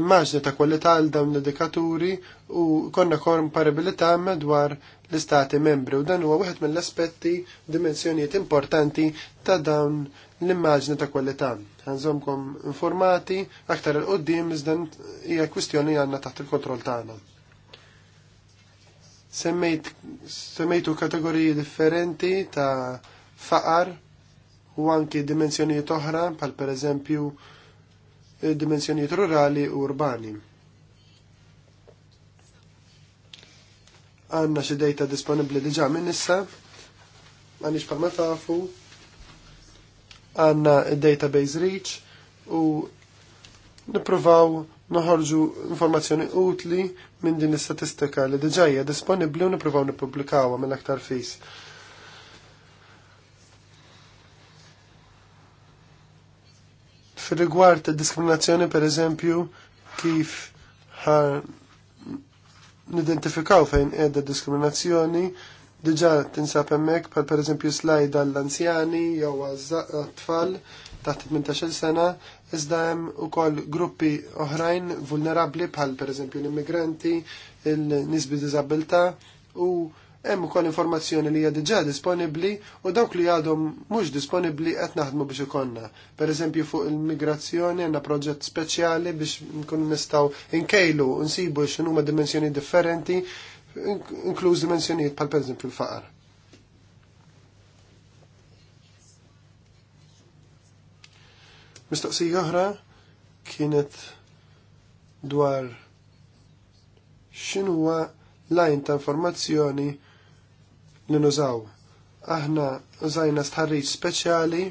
immaġni ta' kwalità għal dawn l-indikaturi u konna komparabilità madwar l-istati membri u dan huwa wieħed mill-aspetti dimensjonijiet importanti ta' dawn l-immaġni ta' kwalità. Nżomkom informati, aktar il-qoddim iżden hija kwistjoni għandna taħt il-kontroll tagħna. Semmejt, semmejtu kategoriji differenti ta' faqar u anki dimensjonijiet oħra per pereżempju eh, dimensjonijiet rurali u urbani. Għanna xi dejta disponibbli diġà minn issa, għandix bħalma tafu għanna database reach u nipruvaw noħorġu informazzjoni utli minn din l-istatistika li diġajja disponibli u nipruvaw nipublikawa mill aktar fis. Fil-rigward diskriminazzjoni per eżempju kif ħar nidentifikaw fejn edha diskriminazzjoni Diġa tinsab hemmhekk per pereżempju slajd għall-anzjani jew għall tfal taħt 18 sena, iżda hemm ukoll gruppi oħrajn vulnerabbli bħal pereżempju l-immigranti, il-nisbi diżabilità u hemm ukoll informazzjoni li hija diġà disponibbli u dawk li għadhom mhux disponibbli qed naħdmu biex Per Pereżempju fuq il-migrazzjoni għandna proġett speċjali biex nkunu nistgħu nkejlu nsibu x'inhuma dimensjoni differenti inkluż dimensjonijiet pal pereżempju l-faqar. Mistoqsija oħra kienet dwar x'inhuwa lajn ta' informazzjoni li nużaw. Aħna użajna stħarriġ speċjali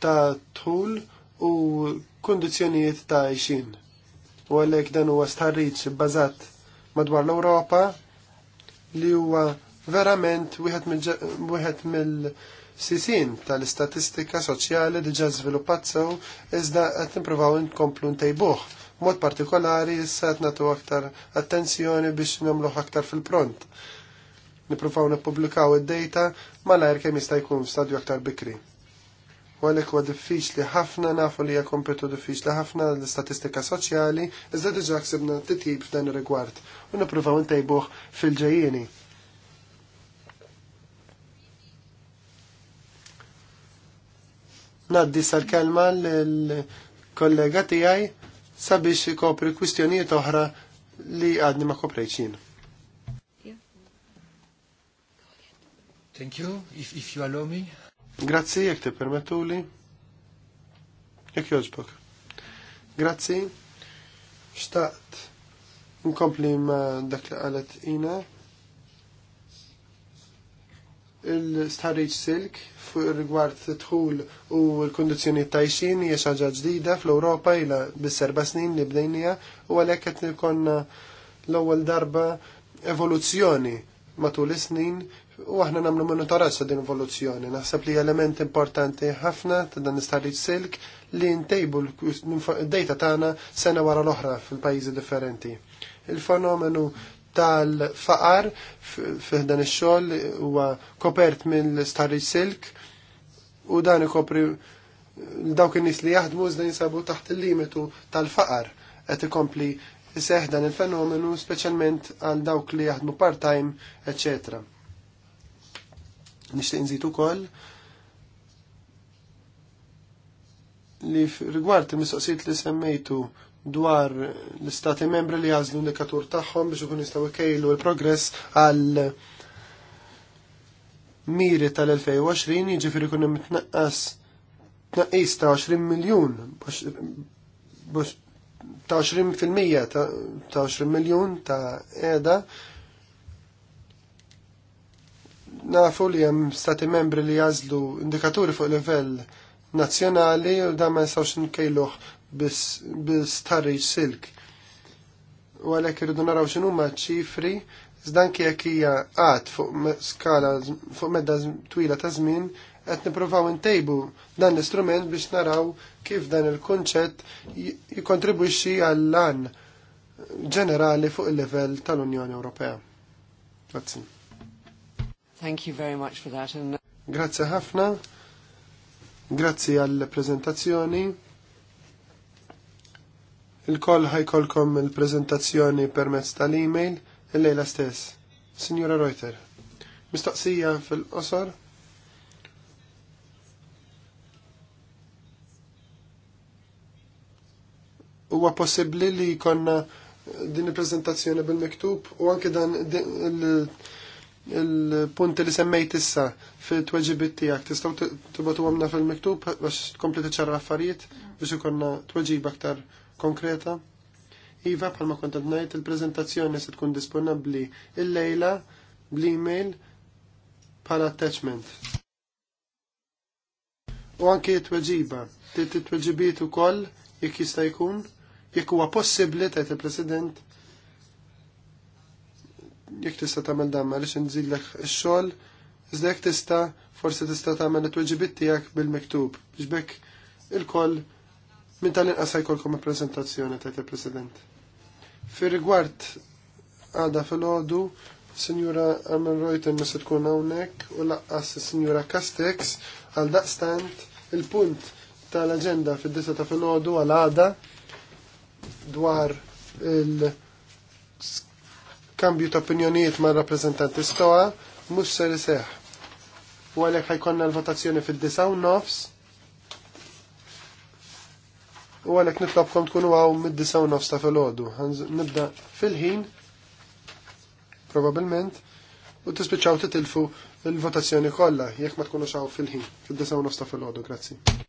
ta' tul u kondizjonijiet ta' għajxin u għalhekk dan huwa stħarriġ bbażat madwar l-Ewropa li huwa verament wieħed mill-sisin tal-istatistika soċjali diġa żviluppat sew iżda qed nippruvaw inkomplu ntejbuh. Mod partikolari issa qed nagħtu aktar attenzjoni biex nagħmluh aktar fil-pront. Nippruvaw nippubblikaw id-data malajr kemm jista' jkun f'stadju aktar bikri u għalhekk huwa diffiċli ħafna nafu li hija kompetu diffiċli ħafna l-istatistika soċjali, iżda diġà ksibna titjib f'dan ir-rigward u nippruvaw intejbuh fil-ġejjieni. Naddi sal-kelma l-kollega tiegħi sabiex ikopri kwistjonijiet oħra li għadni ma koprejċin. Thank you, if, if you allow me. Grazzi, jek ti permettuli. Jek joġbok. Grazzi. Xtaqt. Nkompli ma dak li għalet ina. Il-starriċ silk fuq rigward t-tħul u l-kondizjoni tajxin hija ġdida fl-Ewropa ila bis-serba snin li bdejnija u għalhekk qed ikonna l-ewwel darba evoluzzjoni matul is-snin u aħna nagħmlu minnu ta' din evoluzzjoni. Naħseb li element importanti ħafna ta' dan istarriġ silk li ntejbu d-dejta tagħna sena wara l-oħra fil-pajjiżi differenti. Il-fenomenu tal-faqar fiħdan ix-xogħol huwa kopert mill starriċ silk u dan ikopri dawk in-nies li jaħdmu iżda jinsabu taħt il-limitu tal-faqar qed ikompli seħdan il-fenomenu speċjalment għal dawk li jaħdmu part-time, eccetera. Nixtieq nżid ukoll li rigward il-mistoqsijiet li semmejtu dwar l-istati membri li jazlu indikatur tagħhom biex ikun jistgħu jkejlu l-progress għal miri tal-2020 jiġifieri kun hemm tnaqqas tnaqqis ta' 20 miljun ta' 20% ta' 20 miljun ta' qiegħda nafu li hemm stati membri li jażlu indikaturi fuq level nazzjonali u da ma jistgħux nkejluħ bis-tarriġ silk. U għalhekk irridu naraw x'inhuma ċifri Zdanki jekk hija għad fuq skala fuq medda twila ta' żmien qed nippruvaw intejbu dan l-istrument biex naraw kif dan il-kunċett jikontribuixi għall-lan ġenerali fuq il-livell tal-Unjoni Ewropea. Grazie. Thank you very much for that. And... Uh, Grazie ħafna. Grazzi għall-prezentazzjoni. Il-koll ħajkolkom il-prezentazzjoni permezz tal-email il-lejla stess. Signora Reuter, mistoqsija fil-qosor? Huwa possibbli li jkollna din il-prezentazzjoni bil-miktub u anke dan il- il-punti li semmejt issa fil-tweġibit tijak, tistaw tibatu għamna fil-miktub biex tkompli ċarra affarijiet biex ikonna tweġib aktar konkreta. Iva, bħalma kontent najt, il-prezentazzjoni se tkun disponibli il-lejla bl-email bħala attachment. U anki tweġiba, t-tweġibiet u koll jek jista' jkun, jekk huwa possibbli tajt il-President jekk tista' tagħmel dan għaliex inżillek ix-xogħol, iżda jekk tista' forsi tista' tagħmel it-tweġibiet tiegħek bil-miktub ġbek il-koll minn tal-inqas jkollkom il-preżentazzjoni tajt il-President. Fir-rigward għada fil-ħodu, Sinjura Amen Reuter ma tkun hawnhekk u laqqas is-Sinjura Castex għal daqstant il-punt tal-aġenda fid-disa ta' filgħodu għal għada dwar il- kambju ta' opinjonijiet ma' rappresentanti stoa mux ser seħ. U għalek ħajkonna l-votazzjoni fil-disa u nofs. U għalek nitlobkom tkunu għaw mid-disa nofs ta' fil-ħodu. Nibda fil-ħin, probabilment, u tispiċaw titilfu il-votazzjoni kollha jekk ma tkunu għaw fil-ħin, fil-disa nofs ta' fil-ħodu. Grazzi.